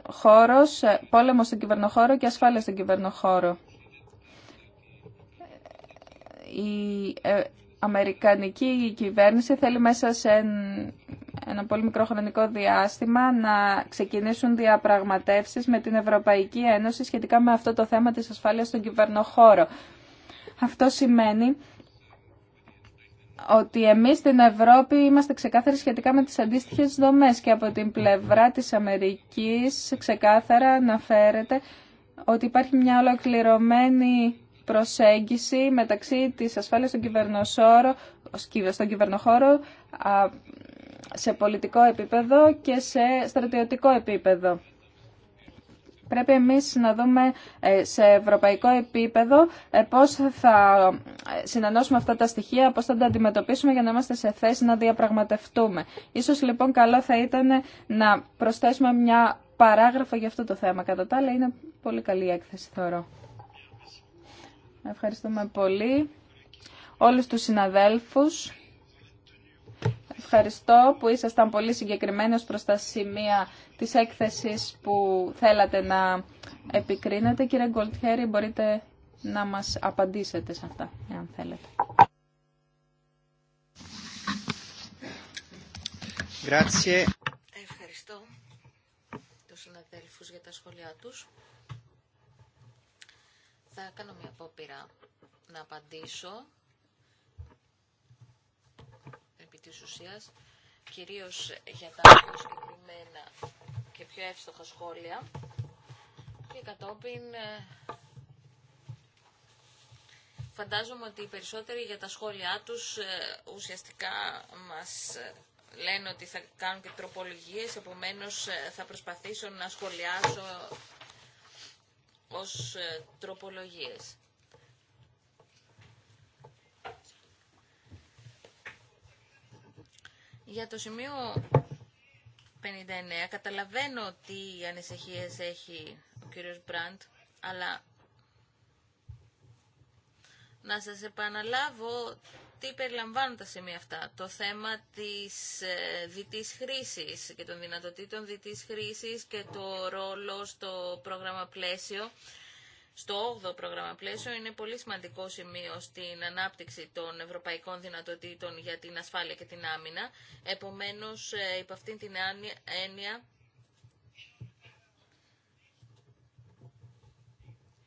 χώρος, ε, πόλεμο στον κυβερνοχώρο και ασφάλεια στον κυβερνοχώρο. Η ε, Αμερικανική κυβέρνηση θέλει μέσα σε ένα πολύ μικρό χρονικό διάστημα να ξεκινήσουν διαπραγματεύσεις με την Ευρωπαϊκή Ένωση σχετικά με αυτό το θέμα της ασφάλειας στον κυβερνοχώρο. Αυτό σημαίνει ότι εμείς στην Ευρώπη είμαστε ξεκάθαροι σχετικά με τις αντίστοιχες δομές και από την πλευρά της Αμερικής ξεκάθαρα αναφέρεται ότι υπάρχει μια ολοκληρωμένη προσέγγιση μεταξύ της ασφάλειας στον στον κυβερνοχώρο σε πολιτικό επίπεδο και σε στρατιωτικό επίπεδο. Πρέπει εμείς να δούμε ε, σε ευρωπαϊκό επίπεδο ε, πώς θα ε, συνενώσουμε αυτά τα στοιχεία, πώς θα τα αντιμετωπίσουμε για να είμαστε σε θέση να διαπραγματευτούμε. Ίσως λοιπόν καλό θα ήταν να προσθέσουμε μια παράγραφο για αυτό το θέμα. Κατά τα άλλα είναι πολύ καλή η έκθεση θεωρώ. Ευχαριστούμε πολύ όλους τους συναδέλφους. Ευχαριστώ που ήσασταν πολύ συγκεκριμένος προς τα σημεία της έκθεσης που θέλατε να επικρίνετε. Κύριε Γκολτχέρη, μπορείτε να μας απαντήσετε σε αυτά, εάν θέλετε. Ευχαριστώ τους συναδέλφους για τα σχόλιά τους. Θα κάνω μια απόπειρα να απαντήσω επί της ουσίας, κυρίως για τα πιο συγκεκριμένα και πιο εύστοχα σχόλια και κατόπιν ε, φαντάζομαι ότι οι περισσότεροι για τα σχόλιά τους ε, ουσιαστικά μας ε, λένε ότι θα κάνουν και τροπολογίες, επομένως θα προσπαθήσω να σχολιάσω ως τροπολογίες. Για το σημείο 59 καταλαβαίνω τι ανησυχίε έχει ο κύριος Μπραντ, αλλά να σας επαναλάβω τι περιλαμβάνουν τα σημεία αυτά. Το θέμα της ε, διτής χρήσης και των δυνατοτήτων διτής χρήσης και το ρόλο στο πρόγραμμα πλαίσιο στο 8ο πρόγραμμα πλαίσιο είναι πολύ σημαντικό σημείο στην ανάπτυξη των ευρωπαϊκών δυνατοτήτων για την ασφάλεια και την άμυνα. Επομένως, ε, υπ' αυτήν την έννοια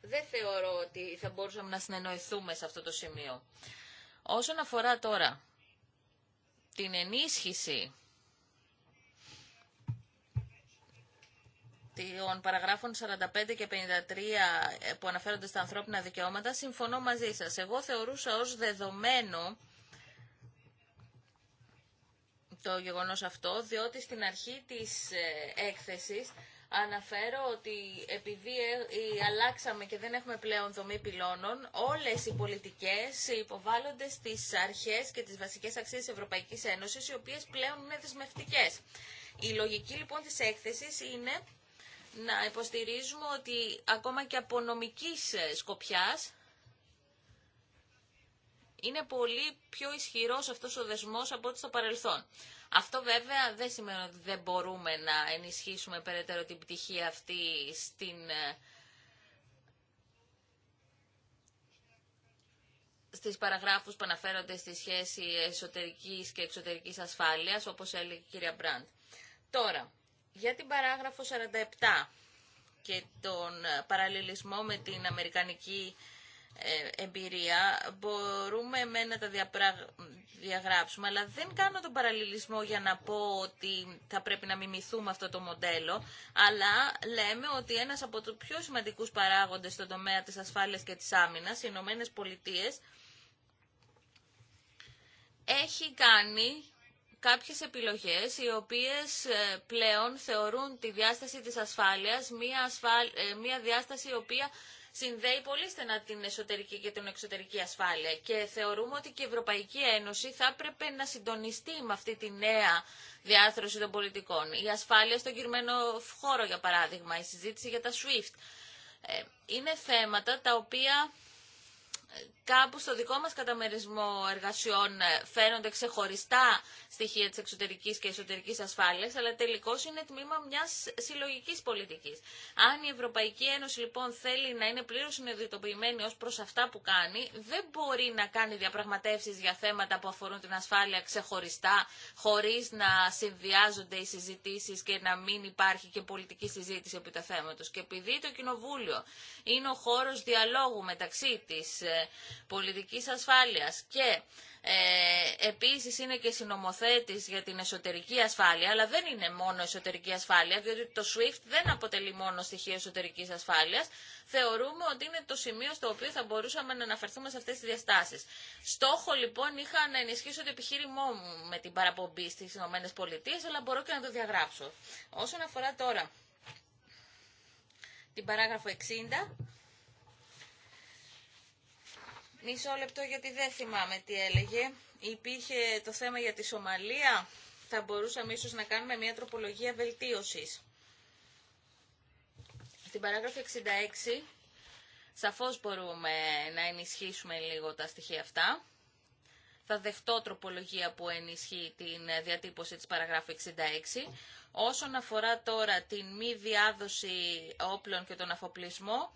δεν θεωρώ ότι θα μπορούσαμε να συνεννοηθούμε σε αυτό το σημείο. Όσον αφορά τώρα την ενίσχυση των παραγράφων 45 και 53 ε, που αναφέρονται στα ανθρώπινα δικαιώματα, συμφωνώ μαζί σας. Εγώ θεωρούσα ως δεδομένο το γεγονός αυτό, διότι στην αρχή της ε, έκθεσης αναφέρω ότι επειδή ε, αλλάξαμε και δεν έχουμε πλέον δομή πυλώνων, όλες οι πολιτικές υποβάλλονται στις αρχές και τις βασικές αξίες της Ευρωπαϊκής Ένωσης, οι οποίες πλέον είναι δεσμευτικές. Η λογική λοιπόν της έκθεσης είναι να υποστηρίζουμε ότι ακόμα και από νομική ε, σκοπιά είναι πολύ πιο ισχυρός αυτός ο δεσμός από ό,τι στο παρελθόν. Αυτό βέβαια δεν σημαίνει ότι δεν μπορούμε να ενισχύσουμε περαιτέρω την πτυχή αυτή στην ε, στις παραγράφους που αναφέρονται στη σχέση εσωτερικής και εξωτερικής ασφάλειας, όπως έλεγε η κυρία Μπραντ. Τώρα, για την παράγραφο 47 και τον παραλληλισμό με την αμερικανική ε, εμπειρία μπορούμε με να τα διαγράψουμε αλλά δεν κάνω τον παραλληλισμό για να πω ότι θα πρέπει να μιμηθούμε αυτό το μοντέλο αλλά λέμε ότι ένας από τους πιο σημαντικούς παράγοντες στον τομέα της ασφάλειας και της άμυνας οι Ηνωμένε Πολιτείε έχει κάνει κάποιες επιλογές οι οποίες ε, πλέον θεωρούν τη διάσταση της ασφάλειας μια, ασφάλ... Ε, μια διάσταση η οποία συνδέει πολύ στενά την εσωτερική και την εξωτερική ασφάλεια και θεωρούμε ότι και η Ευρωπαϊκή Ένωση θα έπρεπε να συντονιστεί με αυτή τη νέα διάρθρωση των πολιτικών. Η ασφάλεια στον κυρμένο χώρο, για παράδειγμα, η συζήτηση για τα SWIFT. Ε, είναι θέματα τα οποία κάπου στο δικό μας καταμερισμό εργασιών ε, φαίνονται ξεχωριστά στοιχεία της εξωτερικής και εσωτερικής ασφάλειας, αλλά τελικώς είναι τμήμα μιας συλλογικής πολιτικής. Αν η Ευρωπαϊκή Ένωση λοιπόν θέλει να είναι πλήρως συνειδητοποιημένη ως προς αυτά που κάνει, δεν μπορεί να κάνει διαπραγματεύσεις για θέματα που αφορούν την ασφάλεια ξεχωριστά, χωρίς να συνδυάζονται οι συζητήσεις και να μην υπάρχει και πολιτική συζήτηση επί τα θέματος. Και επειδή το Κοινοβούλιο είναι ο χώρος διαλόγου μεταξύ της ε, πολιτικής ασφάλειας και ε, επίσης είναι και συνομοθέτης για την εσωτερική ασφάλεια, αλλά δεν είναι μόνο εσωτερική ασφάλεια, διότι το SWIFT δεν αποτελεί μόνο στοιχείο εσωτερικής ασφάλειας. Θεωρούμε ότι είναι το σημείο στο οποίο θα μπορούσαμε να αναφερθούμε σε αυτές τις διαστάσεις. Στόχο λοιπόν είχα να ενισχύσω το επιχείρημό μου με την παραπομπή στις ΗΠΑ, αλλά μπορώ και να το διαγράψω. Όσον αφορά τώρα την παράγραφο 60, Μισό λεπτό γιατί δεν θυμάμαι τι έλεγε. Υπήρχε το θέμα για τη Σομαλία. Θα μπορούσαμε ίσως να κάνουμε μια τροπολογία βελτίωσης. Στην παράγραφη 66 σαφώς μπορούμε να ενισχύσουμε λίγο τα στοιχεία αυτά. Θα δεχτώ τροπολογία που ενισχύει την διατύπωση της παραγράφου 66. Όσον αφορά τώρα την μη διάδοση όπλων και τον αφοπλισμό,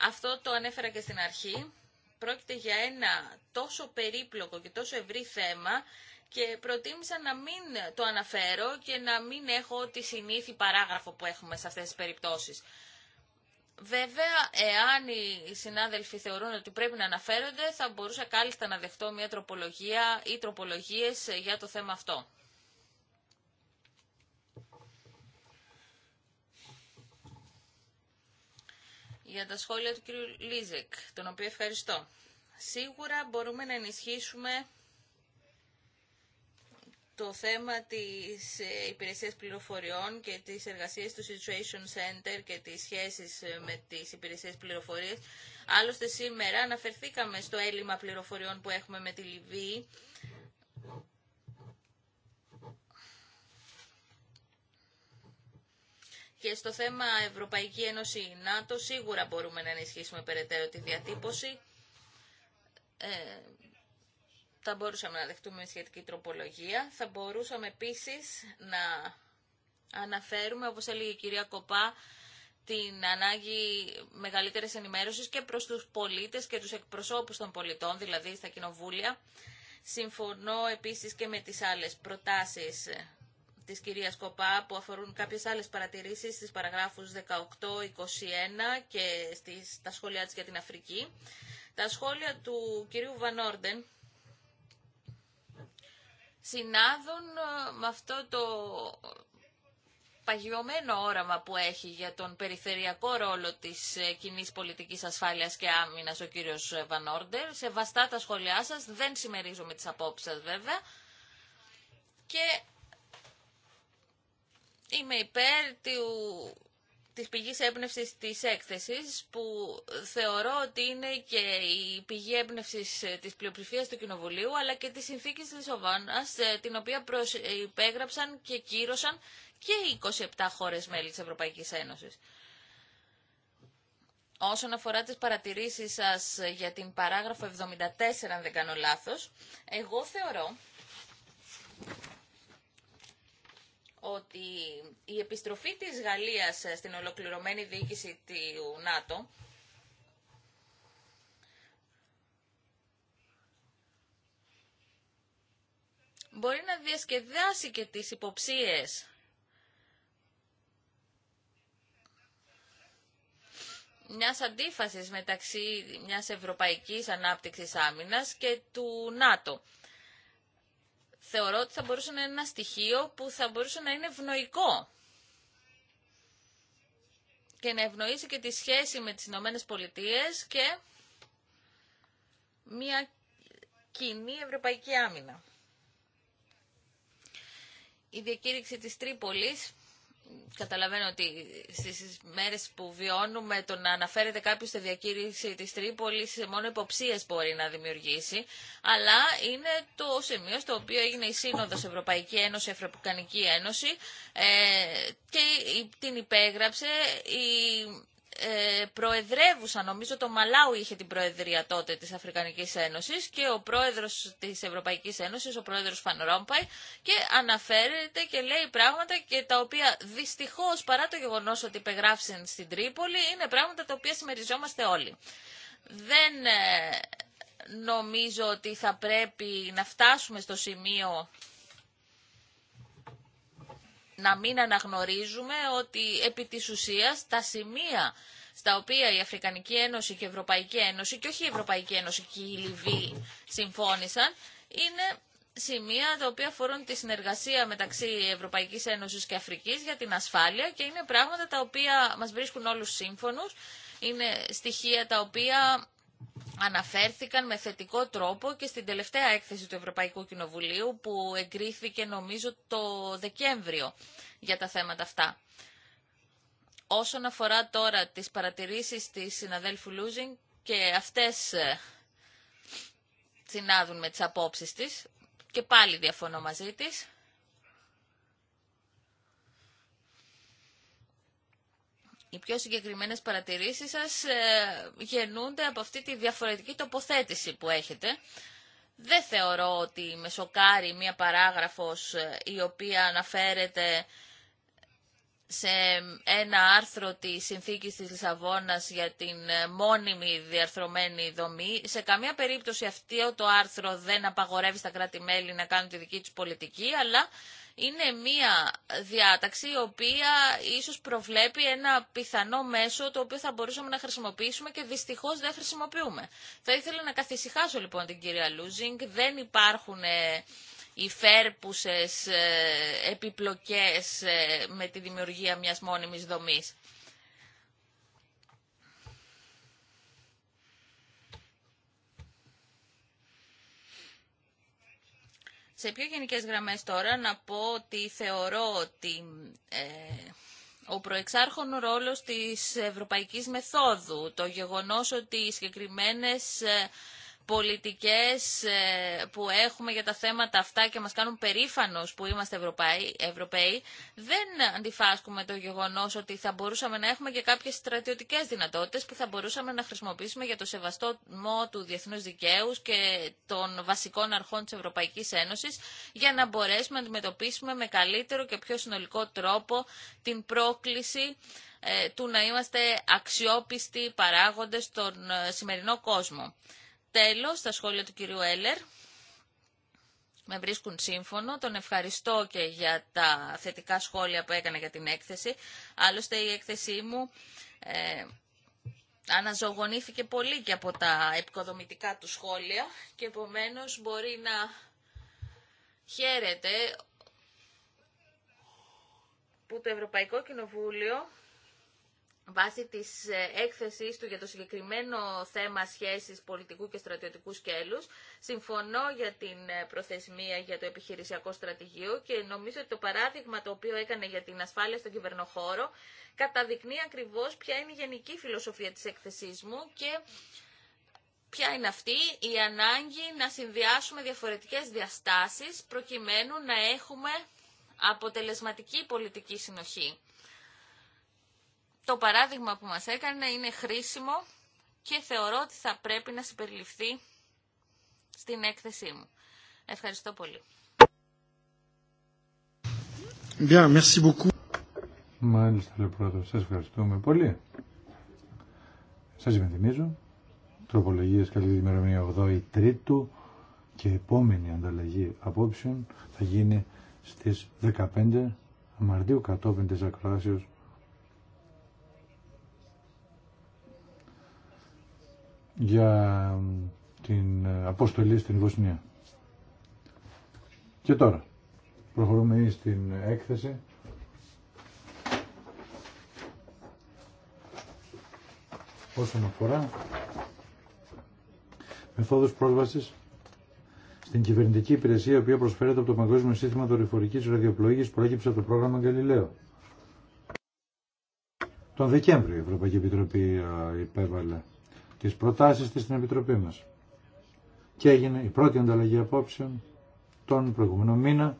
αυτό το ανέφερα και στην αρχή πρόκειται για ένα τόσο περίπλοκο και τόσο ευρύ θέμα και προτίμησα να μην το αναφέρω και να μην έχω τη συνήθη παράγραφο που έχουμε σε αυτές τις περιπτώσεις. Βέβαια, εάν οι συνάδελφοι θεωρούν ότι πρέπει να αναφέρονται, θα μπορούσα κάλλιστα να δεχτώ μια τροπολογία ή τροπολογίες για το θέμα αυτό. για τα σχόλια του κ. Λίζεκ, τον οποίο ευχαριστώ. Σίγουρα μπορούμε να ενισχύσουμε το θέμα της ε, υπηρεσίας πληροφοριών και της εργασίας του Situation Center και τις σχέσεις ε, με τις υπηρεσίες πληροφορίες. Άλλωστε σήμερα αναφερθήκαμε στο έλλειμμα πληροφοριών που έχουμε με τη Λιβύη Και στο θέμα Ευρωπαϊκή Ένωση ΝΑΤΟ σίγουρα μπορούμε να ενισχύσουμε περαιτέρω τη διατύπωση. Ε, θα μπορούσαμε να δεχτούμε σχετική τροπολογία. Θα μπορούσαμε επίσης να αναφέρουμε, όπως έλεγε η κυρία Κοπά, την ανάγκη μεγαλύτερης ενημέρωσης και προς τους πολίτες και τους εκπροσώπους των πολιτών, δηλαδή στα κοινοβούλια. Συμφωνώ επίσης και με τις άλλες προτάσεις της κυρίας Κοπά που αφορούν κάποιες άλλες παρατηρήσεις στις παραγράφους 18, 21 και στις, τα σχόλιά της για την Αφρική. Τα σχόλια του κυρίου Βανόρντεν συνάδουν ε, με αυτό το παγιωμένο όραμα που έχει για τον περιφερειακό ρόλο της ε, κοινή πολιτικής ασφάλειας και άμυνας ο κύριος Βανόρντερ. Σεβαστά τα σχόλιά σας, δεν συμμερίζομαι τις απόψεις σας βέβαια. Και Είμαι υπέρ του, της πηγής έμπνευσης της έκθεσης που θεωρώ ότι είναι και η πηγή έμπνευσης ε, της πλειοψηφίας του Κοινοβουλίου αλλά και της συνθήκης της ΟΒΑΝΑς ε, την οποία υπέγραψαν και κύρωσαν και οι 27 χώρες μέλη της Ευρωπαϊκής Ένωσης. Όσον αφορά τις παρατηρήσεις σας ε, για την παράγραφο 74, αν δεν κάνω λάθος, εγώ θεωρώ ότι η επιστροφή της Γαλλίας ε, στην ολοκληρωμένη διοίκηση του ΝΑΤΟ μπορεί να διασκεδάσει και τις υποψίες μια αντίφασης μεταξύ μιας ευρωπαϊκής ανάπτυξης άμυνας και του ΝΑΤΟ θεωρώ ότι θα μπορούσε να είναι ένα στοιχείο που θα μπορούσε να είναι ευνοϊκό και να ευνοήσει και τη σχέση με τις Ηνωμένε Πολιτείε και μια κοινή ευρωπαϊκή άμυνα. Η διακήρυξη της Τρίπολης καταλαβαίνω ότι στις μέρες που βιώνουμε το να αναφέρεται κάποιο στη διακήρυξη της Τρίπολης μόνο υποψίε μπορεί να δημιουργήσει, αλλά είναι το σημείο στο οποίο έγινε η Σύνοδος Ευρωπαϊκή Ένωση, Ευρωπαϊκή Ένωση ε, και την υπέγραψε η ε, προεδρεύουσα νομίζω το Μαλάου είχε την προεδρία τότε της Αφρικανικής Ένωσης και ο πρόεδρος της Ευρωπαϊκής Ένωσης, ο πρόεδρος Φαν Ρόμπαϊ και αναφέρεται και λέει πράγματα και τα οποία δυστυχώς παρά το γεγονός ότι υπεγράφησαν στην Τρίπολη είναι πράγματα τα οποία συμμεριζόμαστε όλοι. Δεν ε, νομίζω ότι θα πρέπει να φτάσουμε στο σημείο να μην αναγνωρίζουμε ότι επί της ουσίας τα σημεία στα οποία η Αφρικανική Ένωση και η Ευρωπαϊκή Ένωση και όχι η Ευρωπαϊκή Ένωση και η Λιβύη συμφώνησαν είναι σημεία τα οποία αφορούν τη συνεργασία μεταξύ Ευρωπαϊκής Ένωσης και Αφρικής για την ασφάλεια και είναι πράγματα τα οποία μας βρίσκουν όλους σύμφωνους. Είναι στοιχεία τα οποία αναφέρθηκαν με θετικό τρόπο και στην τελευταία έκθεση του Ευρωπαϊκού Κοινοβουλίου που εγκρίθηκε νομίζω το Δεκέμβριο για τα θέματα αυτά. Όσον αφορά τώρα τις παρατηρήσεις της συναδέλφου Λούζινγκ και αυτές ε, συνάδουν με τις απόψεις της και πάλι διαφωνώ μαζί της. Οι πιο συγκεκριμένες παρατηρήσεις σας ε, γεννούνται από αυτή τη διαφορετική τοποθέτηση που έχετε. Δεν θεωρώ ότι με σοκάρει μία παράγραφος ε, η οποία αναφέρεται σε ένα άρθρο της Συνθήκης της Λισαβόνας για την ε, μόνιμη διαρθρωμένη δομή. Σε καμία περίπτωση αυτό το άρθρο δεν απαγορεύει στα κράτη-μέλη να κάνουν τη δική τους πολιτική, αλλά είναι μία διάταξη η οποία ίσως προβλέπει ένα πιθανό μέσο το οποίο θα μπορούσαμε να χρησιμοποιήσουμε και δυστυχώς δεν χρησιμοποιούμε. Θα ήθελα να καθησυχάσω λοιπόν την κυρία Λούζινγκ. Δεν υπάρχουν ε, υφέρπουσες ε, επιπλοκές ε, με τη δημιουργία μιας μόνιμης δομής. Σε πιο γενικές γραμμές τώρα να πω ότι θεωρώ ότι ε, ο προεξάρχον ρόλος της ευρωπαϊκής μεθόδου, το γεγονός ότι οι συγκεκριμένες ε, πολιτικές ε, που έχουμε για τα θέματα αυτά και μας κάνουν περήφανος που είμαστε Ευρωπαίοι, Ευρωπαίοι, δεν αντιφάσκουμε το γεγονός ότι θα μπορούσαμε να έχουμε και κάποιες στρατιωτικές δυνατότητες που θα μπορούσαμε να χρησιμοποιήσουμε για το σεβαστό του διεθνούς δικαίου και των βασικών αρχών της Ευρωπαϊκής Ένωσης για να μπορέσουμε να αντιμετωπίσουμε με καλύτερο και πιο συνολικό τρόπο την πρόκληση ε, του να είμαστε αξιόπιστοι παράγοντες στον ε, σημερινό κόσμο. Τέλος, τα σχόλια του κυρίου Έλερ. Με βρίσκουν σύμφωνο. Τον ευχαριστώ και για τα θετικά σχόλια που έκανα για την έκθεση. Άλλωστε η έκθεσή μου ε, αναζωογονήθηκε πολύ και από τα επικοδομητικά του σχόλια και επομένως μπορεί να χαίρεται που το Ευρωπαϊκό Κοινοβούλιο βάσει της ε, έκθεσής του για το συγκεκριμένο θέμα σχέσης πολιτικού και στρατιωτικού σκέλους. Συμφωνώ για την ε, προθεσμία για το επιχειρησιακό στρατηγείο και νομίζω ότι το παράδειγμα το οποίο έκανε για την ασφάλεια στον κυβερνοχώρο καταδεικνύει ακριβώς ποια είναι η γενική φιλοσοφία της έκθεσής μου και ποια είναι αυτή η ανάγκη να συνδυάσουμε διαφορετικές διαστάσεις προκειμένου να έχουμε αποτελεσματική πολιτική συνοχή. Το παράδειγμα που μας έκανε είναι χρήσιμο και θεωρώ ότι θα πρέπει να συμπεριληφθεί στην έκθεσή μου. Ευχαριστώ πολύ. Bien, merci beaucoup. Μάλιστα, λέω πρώτα. Σας ευχαριστούμε πολύ. Σας υπενθυμίζω. Τροπολογίες καλή την ημερομηνία 8η Τρίτου και επόμενη ανταλλαγή απόψεων θα γίνει στις 15 Μαρτίου κατόπιν της ακροάσεως για την ε, αποστολή στην Βοσνία. Και τώρα προχωρούμε ή στην έκθεση. όσον αφορά μεθόδους πρόσβασης στην κυβερνητική υπηρεσία οποία προσφέρεται από το Παγκόσμιο Σύστημα Δορυφορικής Ραδιοπλοήγης προέκυψε από το πρόγραμμα Γαλιλαίο. Τον Δεκέμβριο η Ευρωπαϊκή Επιτροπή ε, υπέβαλε τις προτάσεις της στην Επιτροπή μας. Και έγινε η πρώτη ανταλλαγή απόψεων τον προηγούμενο μήνα,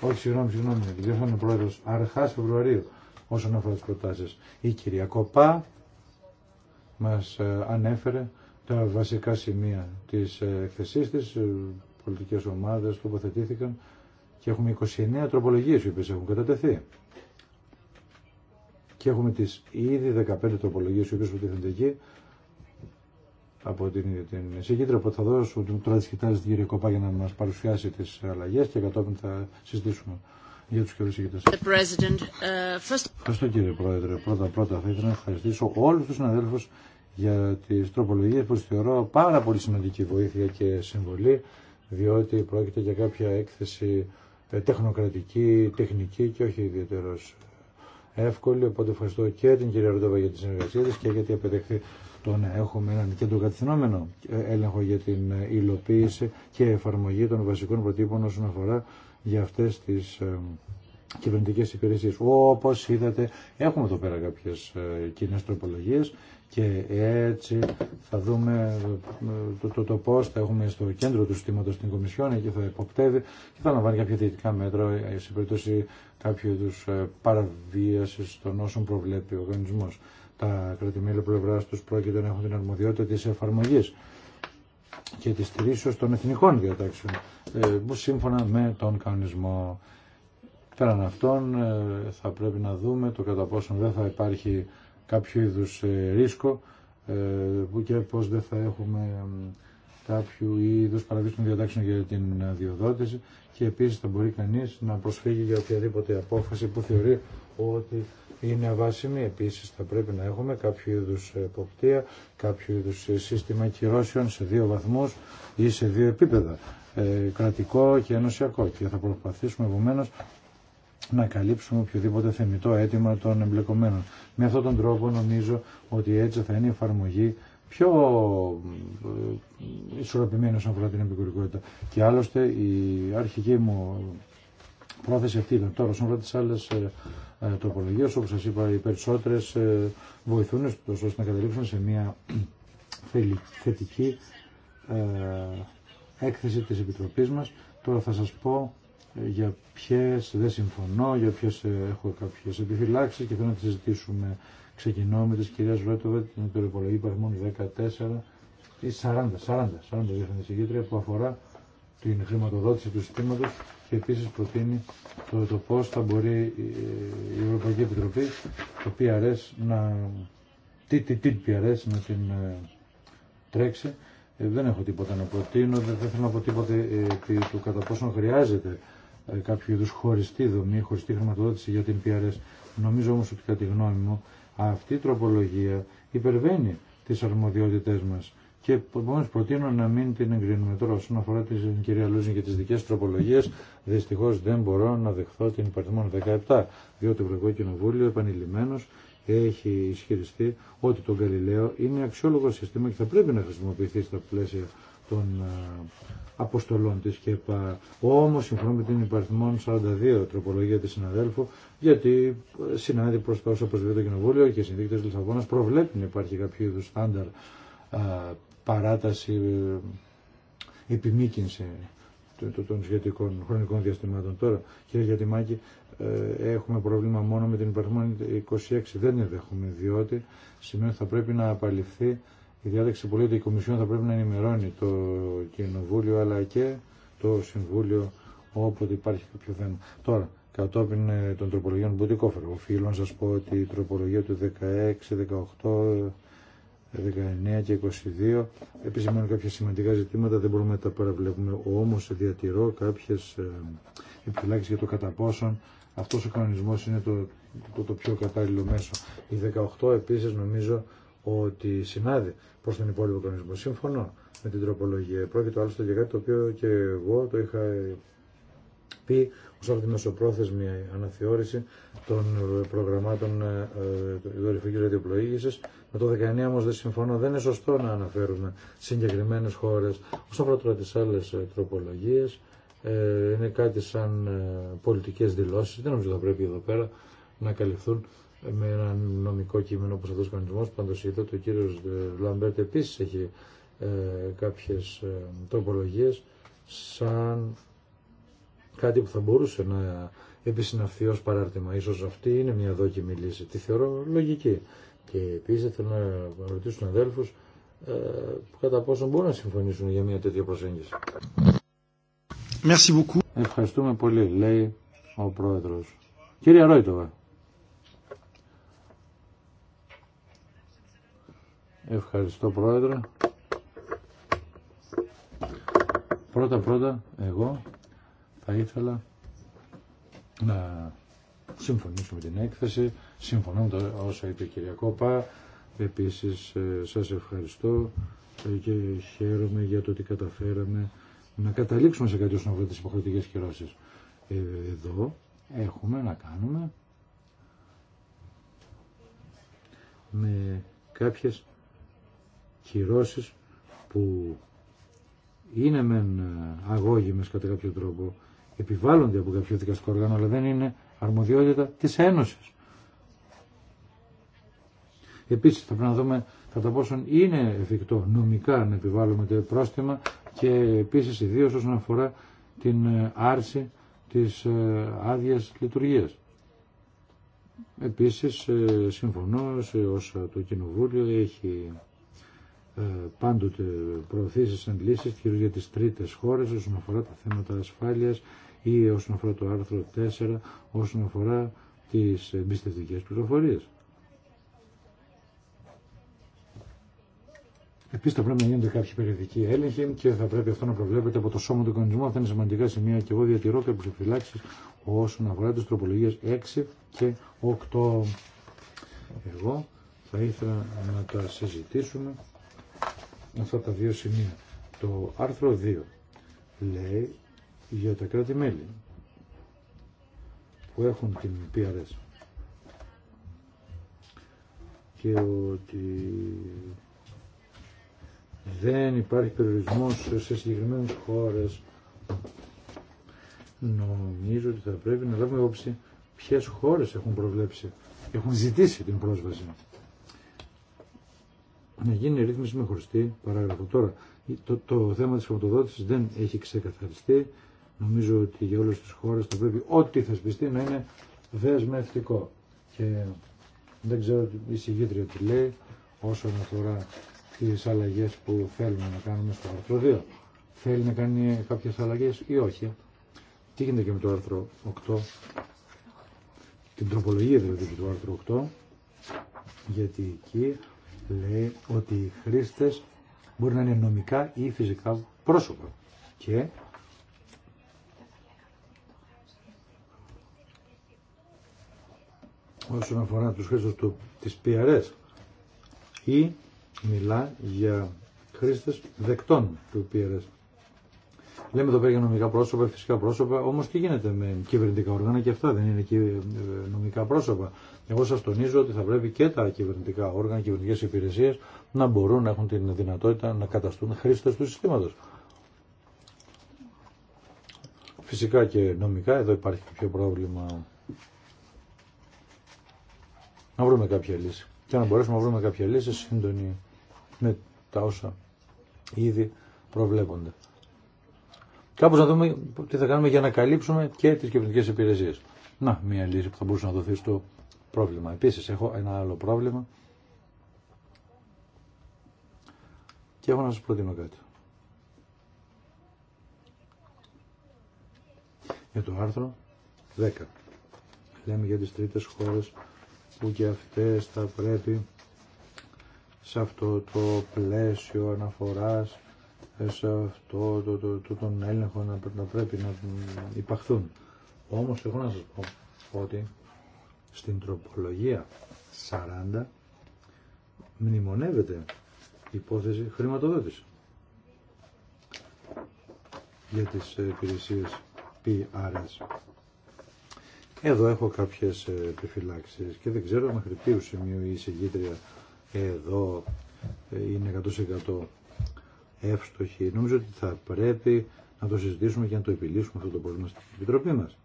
όχι συγγνώμη, συγγνώμη, ο πρόεδρος, αρχάς Φεβρουαρίου όσον αφορά τις προτάσεις. Η κυρία Κοπά μας ε, ανέφερε τα βασικά σημεία της ε, εκθεσής της, ε, πολιτικές ομάδες τοποθετήθηκαν και έχουμε 29 τροπολογίες οι οποίες έχουν κατατεθεί. Και έχουμε τις ήδη 15 τροπολογίες οι οποίες προτίθενται εκεί από την, την συγκίτρια που θα δώσω τώρα Τράτη κοιτάζει την κυρία Κοπά για να μας παρουσιάσει τις αλλαγές και κατόπιν θα συζητήσουμε για τους κύριους uh, first... Ευχαριστώ κύριε Πρόεδρε. Πρώτα πρώτα θα ήθελα να ευχαριστήσω όλους τους συναδέλφους για τις τροπολογίες που θεωρώ πάρα πολύ σημαντική βοήθεια και συμβολή διότι πρόκειται για κάποια έκθεση ε, τεχνοκρατική, τεχνική και όχι ιδιαίτερως εύκολη. Οπότε ευχαριστώ και την κυρία Ροντόβα για τη συνεργασία της και γιατί απεδεχθεί το να έχουμε έναν κέντρο κατευθυνόμενο έλεγχο για την υλοποίηση και εφαρμογή των βασικών προτύπων όσον αφορά για αυτές τις ε, κυβερνητικέ υπηρεσίε. Όπω είδατε, έχουμε εδώ πέρα κάποιε κοινέ τροπολογίε και έτσι θα δούμε ε, το, το, πώ θα έχουμε στο κέντρο του συστήματο την Κομισιόν και θα υποπτεύει και θα λαμβάνει κάποια θετικά μέτρα ε, σε περίπτωση κάποιου είδου παραβίαση των όσων προβλέπει ο οργανισμό τα κρατημέλη πλευρά του πρόκειται να έχουν την αρμοδιότητα τη εφαρμογή και τη στηρίσεω των εθνικών διατάξεων, ε, που σύμφωνα με τον κανονισμό. Πέραν αυτών ε, θα πρέπει να δούμε το κατά πόσο δεν θα υπάρχει κάποιο είδους ε, ρίσκο και πώς δεν θα έχουμε κάποιο είδους παραδείσων διατάξεων για την διοδότηση και επίσης θα μπορεί κανείς να προσφύγει για οποιαδήποτε απόφαση που θεωρεί ότι είναι αβάσιμη. Επίσης θα πρέπει να έχουμε κάποιο είδους εποπτεία, κάποιο είδους σύστημα κυρώσεων σε δύο βαθμούς ή σε δύο επίπεδα, ε, κρατικό και ενωσιακό. Και θα προσπαθήσουμε επομένω να καλύψουμε οποιοδήποτε θεμητό αίτημα των εμπλεκομένων. Με αυτόν τον τρόπο νομίζω ότι έτσι θα είναι η εφαρμογή πιο ε, ισορροπημένη όσον αφορά την επικουρικότητα. Και άλλωστε η αρχική μου πρόθεση αυτή ήταν. Τώρα, σύμφωνα τι άλλε ε, τροπολογίε, όπω σα είπα, οι περισσότερε ε, βοηθούν ώστε να καταλήξουν σε μια θετική ε, έκθεση της Επιτροπής μας. Τώρα θα σας πω για ποιε δεν συμφωνώ, για ποιε έχω κάποιες επιφυλάξεις και θέλω να τις συζητήσουμε. Ξεκινώ με της κυρίας Ρέτοβε, την υπεροπολογή 14 ή 40, 40, 40 διευθυντής που αφορά την χρηματοδότηση του συστήματος και επίσης προτείνει το, το πώς θα μπορεί η Ευρωπαϊκή Επιτροπή, το PRS, να, τι, τι, τι PRS να την ε, τρέξει. Ε, δεν έχω τίποτα να προτείνω, δεν, θέλω να πω τίποτα ε, του κατά πόσο χρειάζεται ε, κάποιο είδου χωριστή δομή, χωριστή χρηματοδότηση για την PRS. Νομίζω όμως ότι κατά τη γνώμη μου αυτή η τροπολογία υπερβαίνει τις αρμοδιότητές μας και επομένω προτείνω να μην την εγκρίνουμε. Τώρα, όσον αφορά την κυρία Λούζιν και τι δικέ τροπολογίε, δυστυχώ δεν μπορώ να δεχθώ την υπαρτιμόνα 17, διότι το Ευρωπαϊκό Κοινοβούλιο επανειλημμένω έχει ισχυριστεί ότι το Γαλιλαίο είναι αξιόλογο σύστημα και θα πρέπει να χρησιμοποιηθεί στα πλαίσια των αποστολών της και Όμως συμφωνώ με την υπαριθμόν 42 τροπολογία της συναδέλφου γιατί ε, συνάδει προς τα όσα προσβεί το Κοινοβούλιο και οι συνδίκτες Λισαβόνας προβλέπουν υπάρχει κάποιο είδου στάνταρ παράταση, ε, επιμήκυνση των σχετικών χρονικών διαστημάτων. Τώρα, κύριε Γιατιμάκη, ε, έχουμε πρόβλημα μόνο με την υπαρχμόνη 26. Δεν ενδέχομαι, διότι σημαίνει ότι θα πρέπει να απαλληφθεί η διάταξη που λέει ότι η Κομισιόν θα πρέπει να ενημερώνει το Κοινοβούλιο αλλά και το Συμβούλιο όποτε υπάρχει κάποιο θέμα. Τώρα, κατόπιν ε, των τροπολογιών Μπουτικόφερ, οφείλω να σας πω ότι η τροπολογία του 16, 18, 19 και 22 επισημάνουν κάποια σημαντικά ζητήματα, δεν μπορούμε να τα παραβλέπουμε. Όμως διατηρώ κάποιες ε, επιφυλάξεις για το κατά πόσον αυτός ο κανονισμός είναι το, το, πιο κατάλληλο μέσο. Η 18 επίσης νομίζω ότι συνάδει προς τον υπόλοιπο κανονισμό. Σύμφωνο με την τροπολογία. Πρόκειται άλλωστε για κάτι το οποίο και εγώ το είχα πει ως αυτή τη μεσοπρόθεσμη αναθεώρηση των προγραμμάτων ε, ε, δορυφικής ραδιοπλοήγησης με το 19 όμω δεν συμφωνώ. Δεν είναι σωστό να αναφέρουμε συγκεκριμένε χώρε. Όσον αφορά τι άλλε τροπολογίε, ε, είναι κάτι σαν ε, πολιτικέ δηλώσει, Δεν νομίζω ότι θα πρέπει εδώ πέρα να καλυφθούν με ένα νομικό κείμενο όπω αυτό ο κανονισμό. Πάντως είδα ότι ο κύριος ε, Λαμπέρτ επίση έχει ε, κάποιες σαν κάτι που θα μπορούσε να επισυναυθεί ως παράρτημα. Ίσως αυτή είναι μια δόκιμη λύση. Τη θεωρώ λογική. Και επίση θέλω να ρωτήσω τους αδέλφου ε, κατά πόσο μπορούν να συμφωνήσουν για μια τέτοια προσέγγιση. Ευχαριστούμε πολύ, λέει ο πρόεδρο. Κύριε Ρόιτοβα. Ευχαριστώ Πρόεδρε. Πρώτα πρώτα εγώ θα ήθελα να συμφωνήσουμε την έκθεση. Συμφωνώ με όσα είπε η κυρία Κόπα. Επίσης ε, σας ευχαριστώ ε, και χαίρομαι για το ότι καταφέραμε να καταλήξουμε σε κάτι όσον αφορά τις υποχρεωτικές κυρώσεις. Ε, εδώ έχουμε να κάνουμε με κάποιες κυρώσεις που είναι μεν αγώγιμες κατά κάποιο τρόπο, επιβάλλονται από κάποιο δικαστικό όργανο, αλλά δεν είναι αρμοδιότητα της Ένωσης. Επίσης θα πρέπει να δούμε κατά πόσον είναι εφικτό νομικά να επιβάλλουμε το πρόστιμα και επίσης ιδίως όσον αφορά την ε, άρση της ε, άδεια λειτουργίας. Επίσης ε, συμφωνώ σε όσα το Κοινοβούλιο έχει πάντοτε προωθήσει σαν λύσεις κυρίως για τις τρίτες χώρες όσον αφορά τα θέματα ασφάλειας ή όσον αφορά το άρθρο 4, όσον αφορά τις εμπιστευτικές πληροφορίες. Επίση, θα πρέπει να γίνονται κάποιοι περιοδικοί έλεγχοι και θα πρέπει αυτό να προβλέπεται από το σώμα του κανονισμού. Αυτά είναι σημαντικά σημεία και εγώ διατηρώ κάποιε επιφυλάξει όσον αφορά τι τροπολογίε 6 και 8. Εγώ θα ήθελα να τα συζητήσουμε αυτά τα δύο σημεία. Το άρθρο 2 λέει για τα κράτη-μέλη που έχουν την PRS και ότι δεν υπάρχει περιορισμός σε συγκεκριμένες χώρες νομίζω ότι θα πρέπει να λάβουμε όψη ποιες χώρες έχουν προβλέψει έχουν ζητήσει την πρόσβαση να γίνει ρύθμιση με χωριστή παράγραφο. Τώρα, το, το θέμα της χρηματοδότησης δεν έχει ξεκαθαριστεί Νομίζω ότι για όλες τις χώρες θα πρέπει ό,τι θεσπιστεί να είναι δεσμευτικό. Και δεν ξέρω η συγγήτρια τι λέει όσον αφορά τις αλλαγές που θέλουμε να κάνουμε στο άρθρο 2. Θέλει να κάνει κάποιες αλλαγές ή όχι. Τι γίνεται και με το άρθρο 8, την τροπολογία δηλαδή του άρθρου 8, γιατί εκεί λέει ότι οι χρήστες μπορεί να είναι νομικά ή φυσικά πρόσωπα. Και όσον αφορά τους χρήστες του, της PRS ή μιλά για χρήστες δεκτών του PRS. Λέμε εδώ πέρα για νομικά πρόσωπα, φυσικά πρόσωπα, όμως τι γίνεται με κυβερνητικά οργάνα και αυτά δεν είναι ε, νομικά πρόσωπα. Εγώ σας τονίζω ότι θα πρέπει και τα κυβερνητικά όργανα, κυβερνητικές υπηρεσίες να μπορούν να έχουν την δυνατότητα να καταστούν χρήστες του συστήματος. Φυσικά και νομικά εδώ υπάρχει πιο πρόβλημα να βρούμε κάποια λύση. Και να μπορέσουμε να βρούμε κάποια λύση σύντονη με τα όσα ήδη προβλέπονται. Κάπως να δούμε τι θα κάνουμε για να καλύψουμε και τις κυβερνητικές υπηρεσίε. Να, μια λύση που θα μπορούσε να δοθεί στο πρόβλημα. Επίσης, έχω ένα άλλο πρόβλημα και έχω να σας προτείνω κάτι. Για το άρθρο 10. Λέμε για τις τρίτες χώρες που και αυτές θα πρέπει σε αυτό το πλαίσιο αναφοράς, σε αυτό το, το, το, τον έλεγχο να, να πρέπει να υπαχθούν. Όμως εγώ να σας πω ότι στην τροπολογία 40 μνημονεύεται υπόθεση χρηματοδότηση για τις υπηρεσίε PRS. Εδώ έχω κάποιες ε, επιφυλάξεις και δεν ξέρω μέχρι ποιου σημείου η εισηγήτρια εδώ ε, είναι 100% εύστοχη. Νομίζω ότι θα πρέπει να το συζητήσουμε και να το επιλύσουμε αυτό το πρόβλημα στην Επιτροπή μας.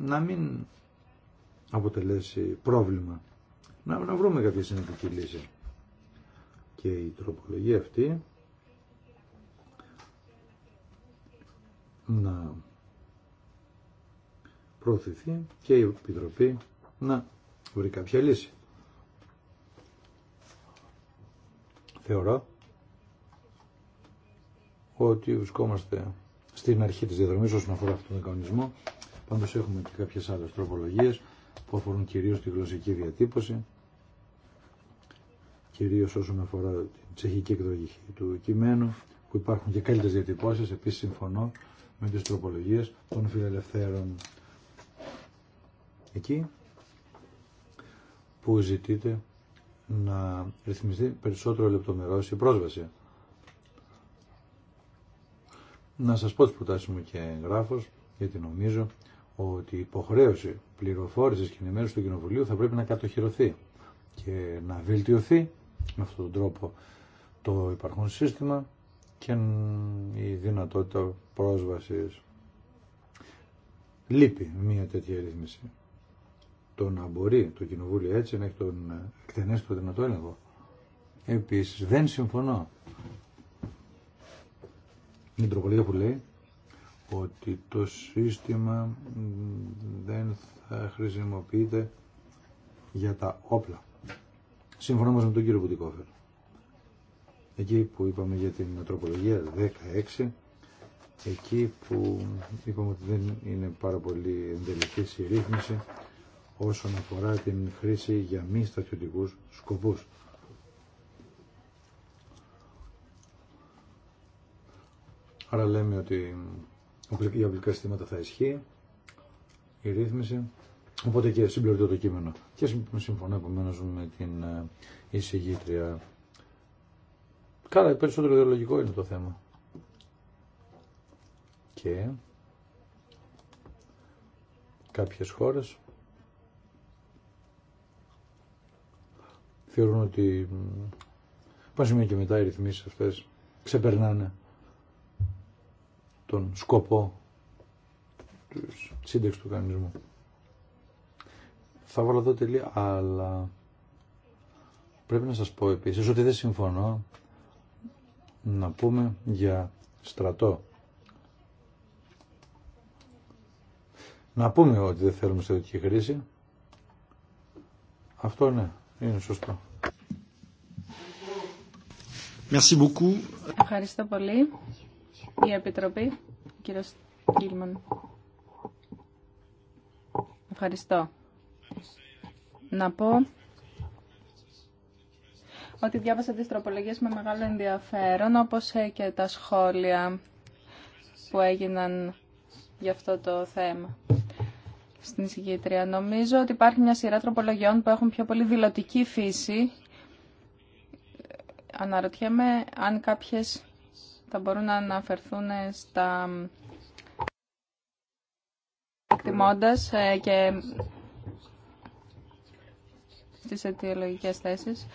Να μην αποτελέσει πρόβλημα. Να, να βρούμε κάποια συνεπική λύση. Και η τροπολογία αυτή να προωθηθεί και η Επιτροπή να βρει κάποια λύση. Θεωρώ ότι βρισκόμαστε στην αρχή της διαδρομής όσον αφορά αυτόν τον κανονισμό. Πάντως έχουμε και κάποιες άλλες τροπολογίες που αφορούν κυρίως τη γλωσσική διατύπωση, κυρίως όσον αφορά την τσεχική εκδοχή του κειμένου, που υπάρχουν και καλύτερες διατυπώσεις, επίσης συμφωνώ με τις τροπολογίες των φιλελευθέρων. Εκεί που ζητείτε να ρυθμιστεί περισσότερο λεπτομερώς η πρόσβαση. Να σας πω τις προτάσεις μου και γράφος γιατί νομίζω ότι η υποχρέωση πληροφόρησης και ενημέρωση του Κοινοβουλίου θα πρέπει να κατοχυρωθεί και να βελτιωθεί με αυτόν τον τρόπο το υπαρχόν σύστημα και η δυνατότητα πρόσβασης. Λείπει μία τέτοια ρύθμιση. Το να μπορεί το Κοινοβούλιο έτσι να έχει τον εκτενέστο δυνατό έλεγχο. Επίσης δεν συμφωνώ Η την τροπολογία που λέει ότι το σύστημα δεν θα χρησιμοποιείται για τα όπλα. Σύμφωνα όμως με τον κύριο Βουτικόφερ. Εκεί που είπαμε για την τροπολογία 16 εκεί που είπαμε ότι δεν είναι πάρα πολύ εντελική η ρύθμιση όσον αφορά την χρήση για μη στρατιωτικούς σκοπούς. Άρα λέμε ότι για οπλικά συστήματα θα ισχύει η ρύθμιση. Οπότε και συμπληρωτώ το κείμενο. Και συμφωνώ επομένω με την ε, εισηγήτρια. Καλά, περισσότερο ιδεολογικό είναι το θέμα και κάποιες χώρες θεωρούν ότι πάνω σημείο και μετά οι ρυθμίσεις αυτές ξεπερνάνε τον σκοπό της σύνταξης του κανονισμού. Θα βάλω εδώ τελεία, αλλά πρέπει να σας πω επίσης ότι δεν συμφωνώ να πούμε για στρατό να πούμε ότι δεν θέλουμε σε στρατιωτική χρήση. Αυτό ναι, είναι σωστό. Merci beaucoup. Ευχαριστώ πολύ. Η Επιτροπή, κύριο Κίλμαν. Ευχαριστώ. Να πω ότι διάβασα τις τροπολογίες με μεγάλο ενδιαφέρον, όπως ε, και τα σχόλια που έγιναν για αυτό το θέμα στην εισηγήτρια. Νομίζω ότι υπάρχει μια σειρά τροπολογιών που έχουν πιο πολύ δηλωτική φύση. Αναρωτιέμαι αν κάποιες θα μπορούν να αναφερθούν στα εκτιμώντας ε, και στις αιτιολογικές θέσεις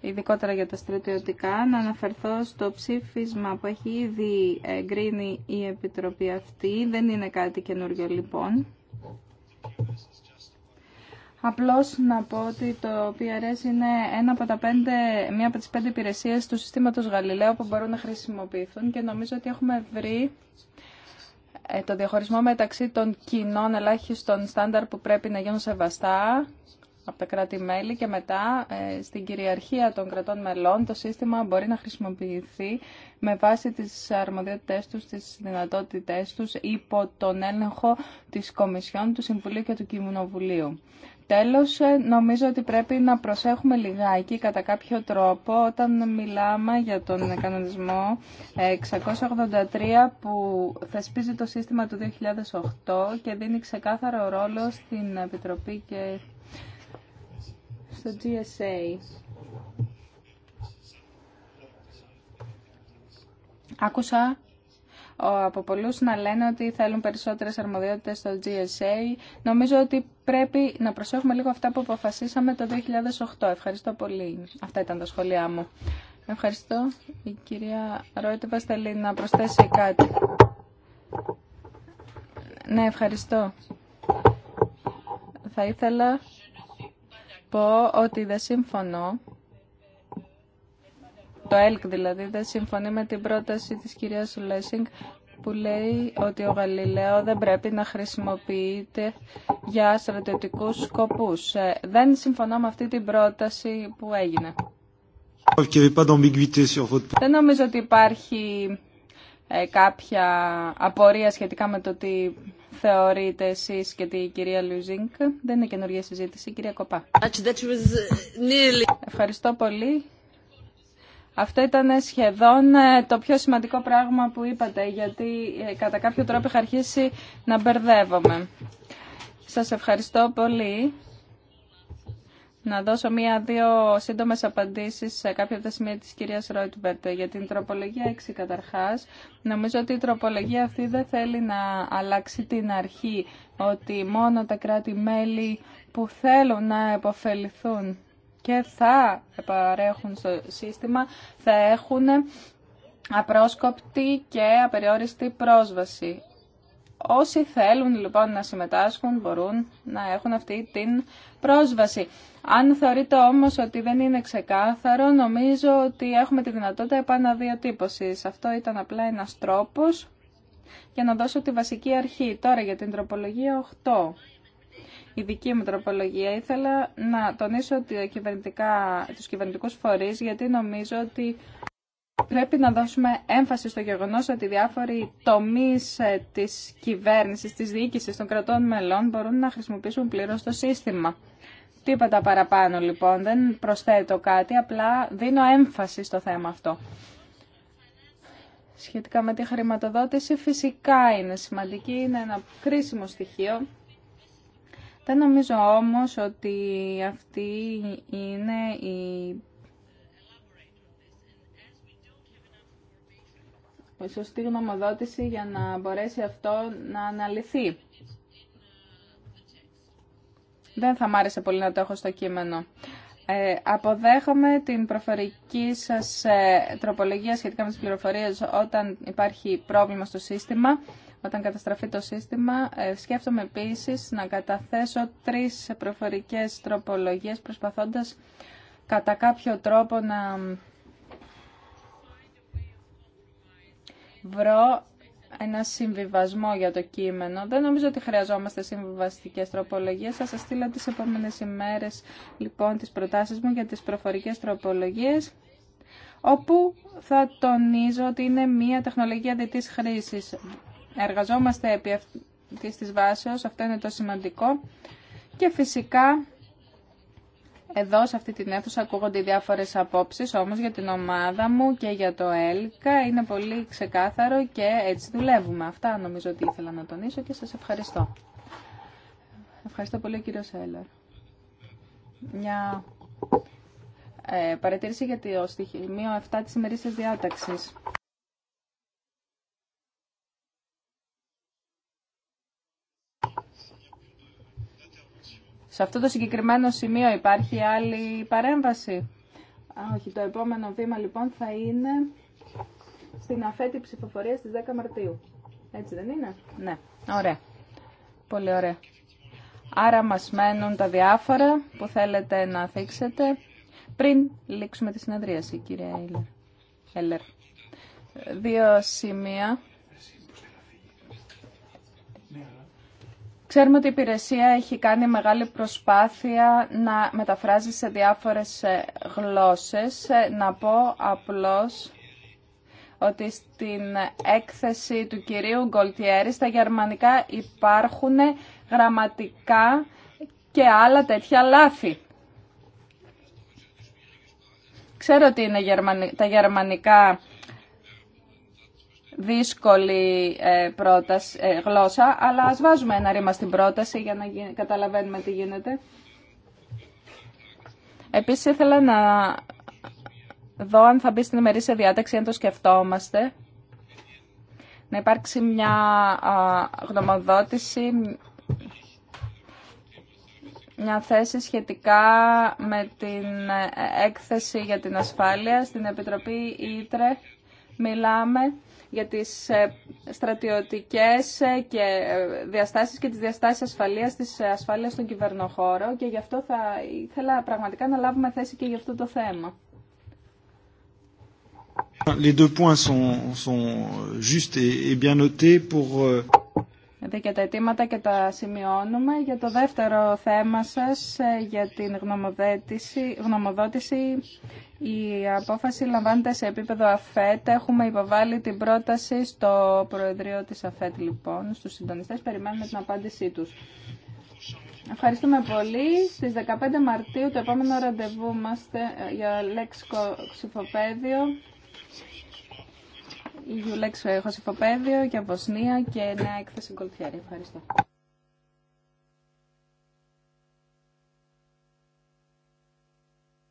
ειδικότερα για τα στρατιωτικά, να αναφερθώ στο ψήφισμα που έχει ήδη εγκρίνει η Επιτροπή αυτή. Δεν είναι κάτι καινούριο λοιπόν. Απλώς να πω ότι το PRS είναι ένα από τα μία από τις πέντε υπηρεσίες του συστήματος Γαλιλαίου που μπορούν να χρησιμοποιηθούν και νομίζω ότι έχουμε βρει ε, το διαχωρισμό μεταξύ των κοινών ελάχιστων στάνταρ που πρέπει να γίνουν σεβαστά από τα κράτη-μέλη και μετά ε, στην κυριαρχία των κρατών μελών το σύστημα μπορεί να χρησιμοποιηθεί με βάση τις αρμοδιότητές τους, τις δυνατότητές τους υπό τον έλεγχο της Κομισιόν, του Συμβουλίου και του Κοινοβουλίου. Τέλος, ε, νομίζω ότι πρέπει να προσέχουμε λιγάκι κατά κάποιο τρόπο όταν μιλάμε για τον κανονισμό 683 ε, που θεσπίζει το σύστημα του 2008 και δίνει ξεκάθαρο ρόλο στην Επιτροπή και στο GSA. Άκουσα από πολλούς να λένε ότι θέλουν περισσότερες αρμοδιότητες στο GSA. Νομίζω ότι πρέπει να προσέχουμε λίγο αυτά που αποφασίσαμε το 2008. Ευχαριστώ πολύ. Αυτά ήταν τα σχόλιά μου. Ευχαριστώ. Η κυρία Ρόιτε θέλει να προσθέσει κάτι. Ναι, ευχαριστώ. Θα ήθελα πω ότι δεν συμφωνώ, το ΕΛΚ δηλαδή, δεν συμφωνεί με την πρόταση της κυρίας Λέσινγκ που λέει ότι ο Γαλιλαίο δεν πρέπει να χρησιμοποιείται για στρατιωτικούς σκοπούς. Ε, δεν συμφωνώ με αυτή την πρόταση που έγινε. Δεν νομίζω ότι υπάρχει ε, κάποια απορία σχετικά με το ότι θεωρείτε εσείς και την κυρία Λουζίνκ. Δεν είναι καινούργια συζήτηση, κυρία Κοπά. Ευχαριστώ πολύ. Αυτό ήταν σχεδόν ε, το πιο σημαντικό πράγμα που είπατε, γιατί ε, κατά κάποιο τρόπο είχα αρχίσει να μπερδεύομαι. Σας ευχαριστώ πολύ να δώσω μία-δύο σύντομες απαντήσεις σε κάποια από τα σημεία της κυρίας Ρόιτμπερτ για την τροπολογία 6 καταρχάς. Νομίζω ότι η τροπολογία αυτή δεν θέλει να αλλάξει την αρχή ότι μόνο τα κράτη-μέλη που θέλουν να επωφεληθούν και θα παρέχουν στο σύστημα θα έχουν απρόσκοπτη και απεριόριστη πρόσβαση. Όσοι θέλουν λοιπόν να συμμετάσχουν μπορούν να έχουν αυτή την πρόσβαση. Αν θεωρείτε όμως ότι δεν είναι ξεκάθαρο, νομίζω ότι έχουμε τη δυνατότητα επαναδιατύπωσης. Αυτό ήταν απλά ένας τρόπος για να δώσω τη βασική αρχή. Τώρα για την τροπολογία 8. Η δική μου τροπολογία ήθελα να τονίσω ότι τους κυβερνητικούς φορείς γιατί νομίζω ότι Πρέπει να δώσουμε έμφαση στο γεγονός ότι διάφοροι τομεί ε, της κυβέρνησης, της διοίκησης των κρατών μελών μπορούν να χρησιμοποιήσουν πλήρως το σύστημα. Τίποτα παραπάνω λοιπόν, δεν προσθέτω κάτι, απλά δίνω έμφαση στο θέμα αυτό. Σχετικά με τη χρηματοδότηση, φυσικά είναι σημαντική, είναι ένα κρίσιμο στοιχείο. Δεν νομίζω όμως ότι αυτή είναι η σωστή γνωμοδότηση για να μπορέσει αυτό να αναλυθεί. Δεν θα μ' άρεσε πολύ να το έχω στο κείμενο. Ε, αποδέχομαι την προφορική σας ε, τροπολογία σχετικά με τις πληροφορίες όταν υπάρχει πρόβλημα στο σύστημα, όταν καταστραφεί το σύστημα. Ε, σκέφτομαι επίσης να καταθέσω τρεις προφορικές τροπολογίες προσπαθώντας κατά κάποιο τρόπο να βρω ένα συμβιβασμό για το κείμενο. Δεν νομίζω ότι χρειαζόμαστε συμβιβαστικές τροπολογίες. Θα σας στείλω τις επόμενες ημέρες λοιπόν τις προτάσεις μου για τις προφορικές τροπολογίες όπου θα τονίζω ότι είναι μια τεχνολογία διτής χρήσης. Εργαζόμαστε επί αυτής της βάσεως, αυτό είναι το σημαντικό. Και φυσικά εδώ σε αυτή την αίθουσα ακούγονται οι διάφορες απόψεις, όμως για την ομάδα μου και για το ΕΛΚΑ είναι πολύ ξεκάθαρο και έτσι δουλεύουμε. Αυτά νομίζω ότι ήθελα να τονίσω και σας ευχαριστώ. Ευχαριστώ πολύ κύριο Σέλλερ. Μια ε, παρατήρηση για το στοιχημείο 7 της της διάταξης. Σε αυτό το συγκεκριμένο σημείο υπάρχει άλλη παρέμβαση. Όχι, το επόμενο βήμα λοιπόν θα είναι στην αφέτη ψηφοφορία στις 10 Μαρτίου. Έτσι δεν είναι? Ναι. Ωραία. Πολύ ωραία. Άρα μας μένουν τα διάφορα που θέλετε να θίξετε πριν λήξουμε τη συνεδρίαση, κύριε Έλλερ. Δύο σημεία Ξέρουμε ότι η υπηρεσία έχει κάνει μεγάλη προσπάθεια να μεταφράζει σε διάφορες ε, γλώσσες. Ε, να πω απλώς ότι στην έκθεση του κυρίου Γκολτιέρη στα γερμανικά υπάρχουν γραμματικά και άλλα τέτοια λάθη. Ξέρω ότι είναι τα γερμανικά δύσκολη ε, πρόταση, ε, γλώσσα, αλλά ας βάζουμε ένα ρήμα στην πρόταση για να καταλαβαίνουμε τι γίνεται. Επίσης ήθελα να δω αν θα μπει στην ημερήσια διάταξη, αν το σκεφτόμαστε, να υπάρξει μια γνωμοδότηση, μια θέση σχετικά με την ε, έκθεση για την ασφάλεια στην Επιτροπή Ήτρε. Μιλάμε για τις ε, στρατιωτικές ε, και ε, διαστάσεις και τις διαστάσεις ασφαλείας της ασφάλειας στον κυβερνοχώρο και γι' αυτό θα ήθελα πραγματικά να λάβουμε θέση και για αυτό το θέμα. Les deux points sont, sont justes et, bien notés pour... Euh, και τα αιτήματα και τα σημειώνουμε. Για το δεύτερο θέμα σας, για την γνωμοδότηση η απόφαση λαμβάνεται σε επίπεδο ΑΦΕΤ. Έχουμε υποβάλει την πρόταση στο Προεδρείο της ΑΦΕΤ, λοιπόν, στους συντονιστές. Περιμένουμε την απάντησή τους. Ευχαριστούμε πολύ. Στις 15 Μαρτίου το επόμενο ραντεβού μας ε, για λέξικο ψηφοπαίδιο. έχω ε, Χωσιφοπέδιο για Βοσνία και νέα έκθεση Γκολτιέρη. Ευχαριστώ.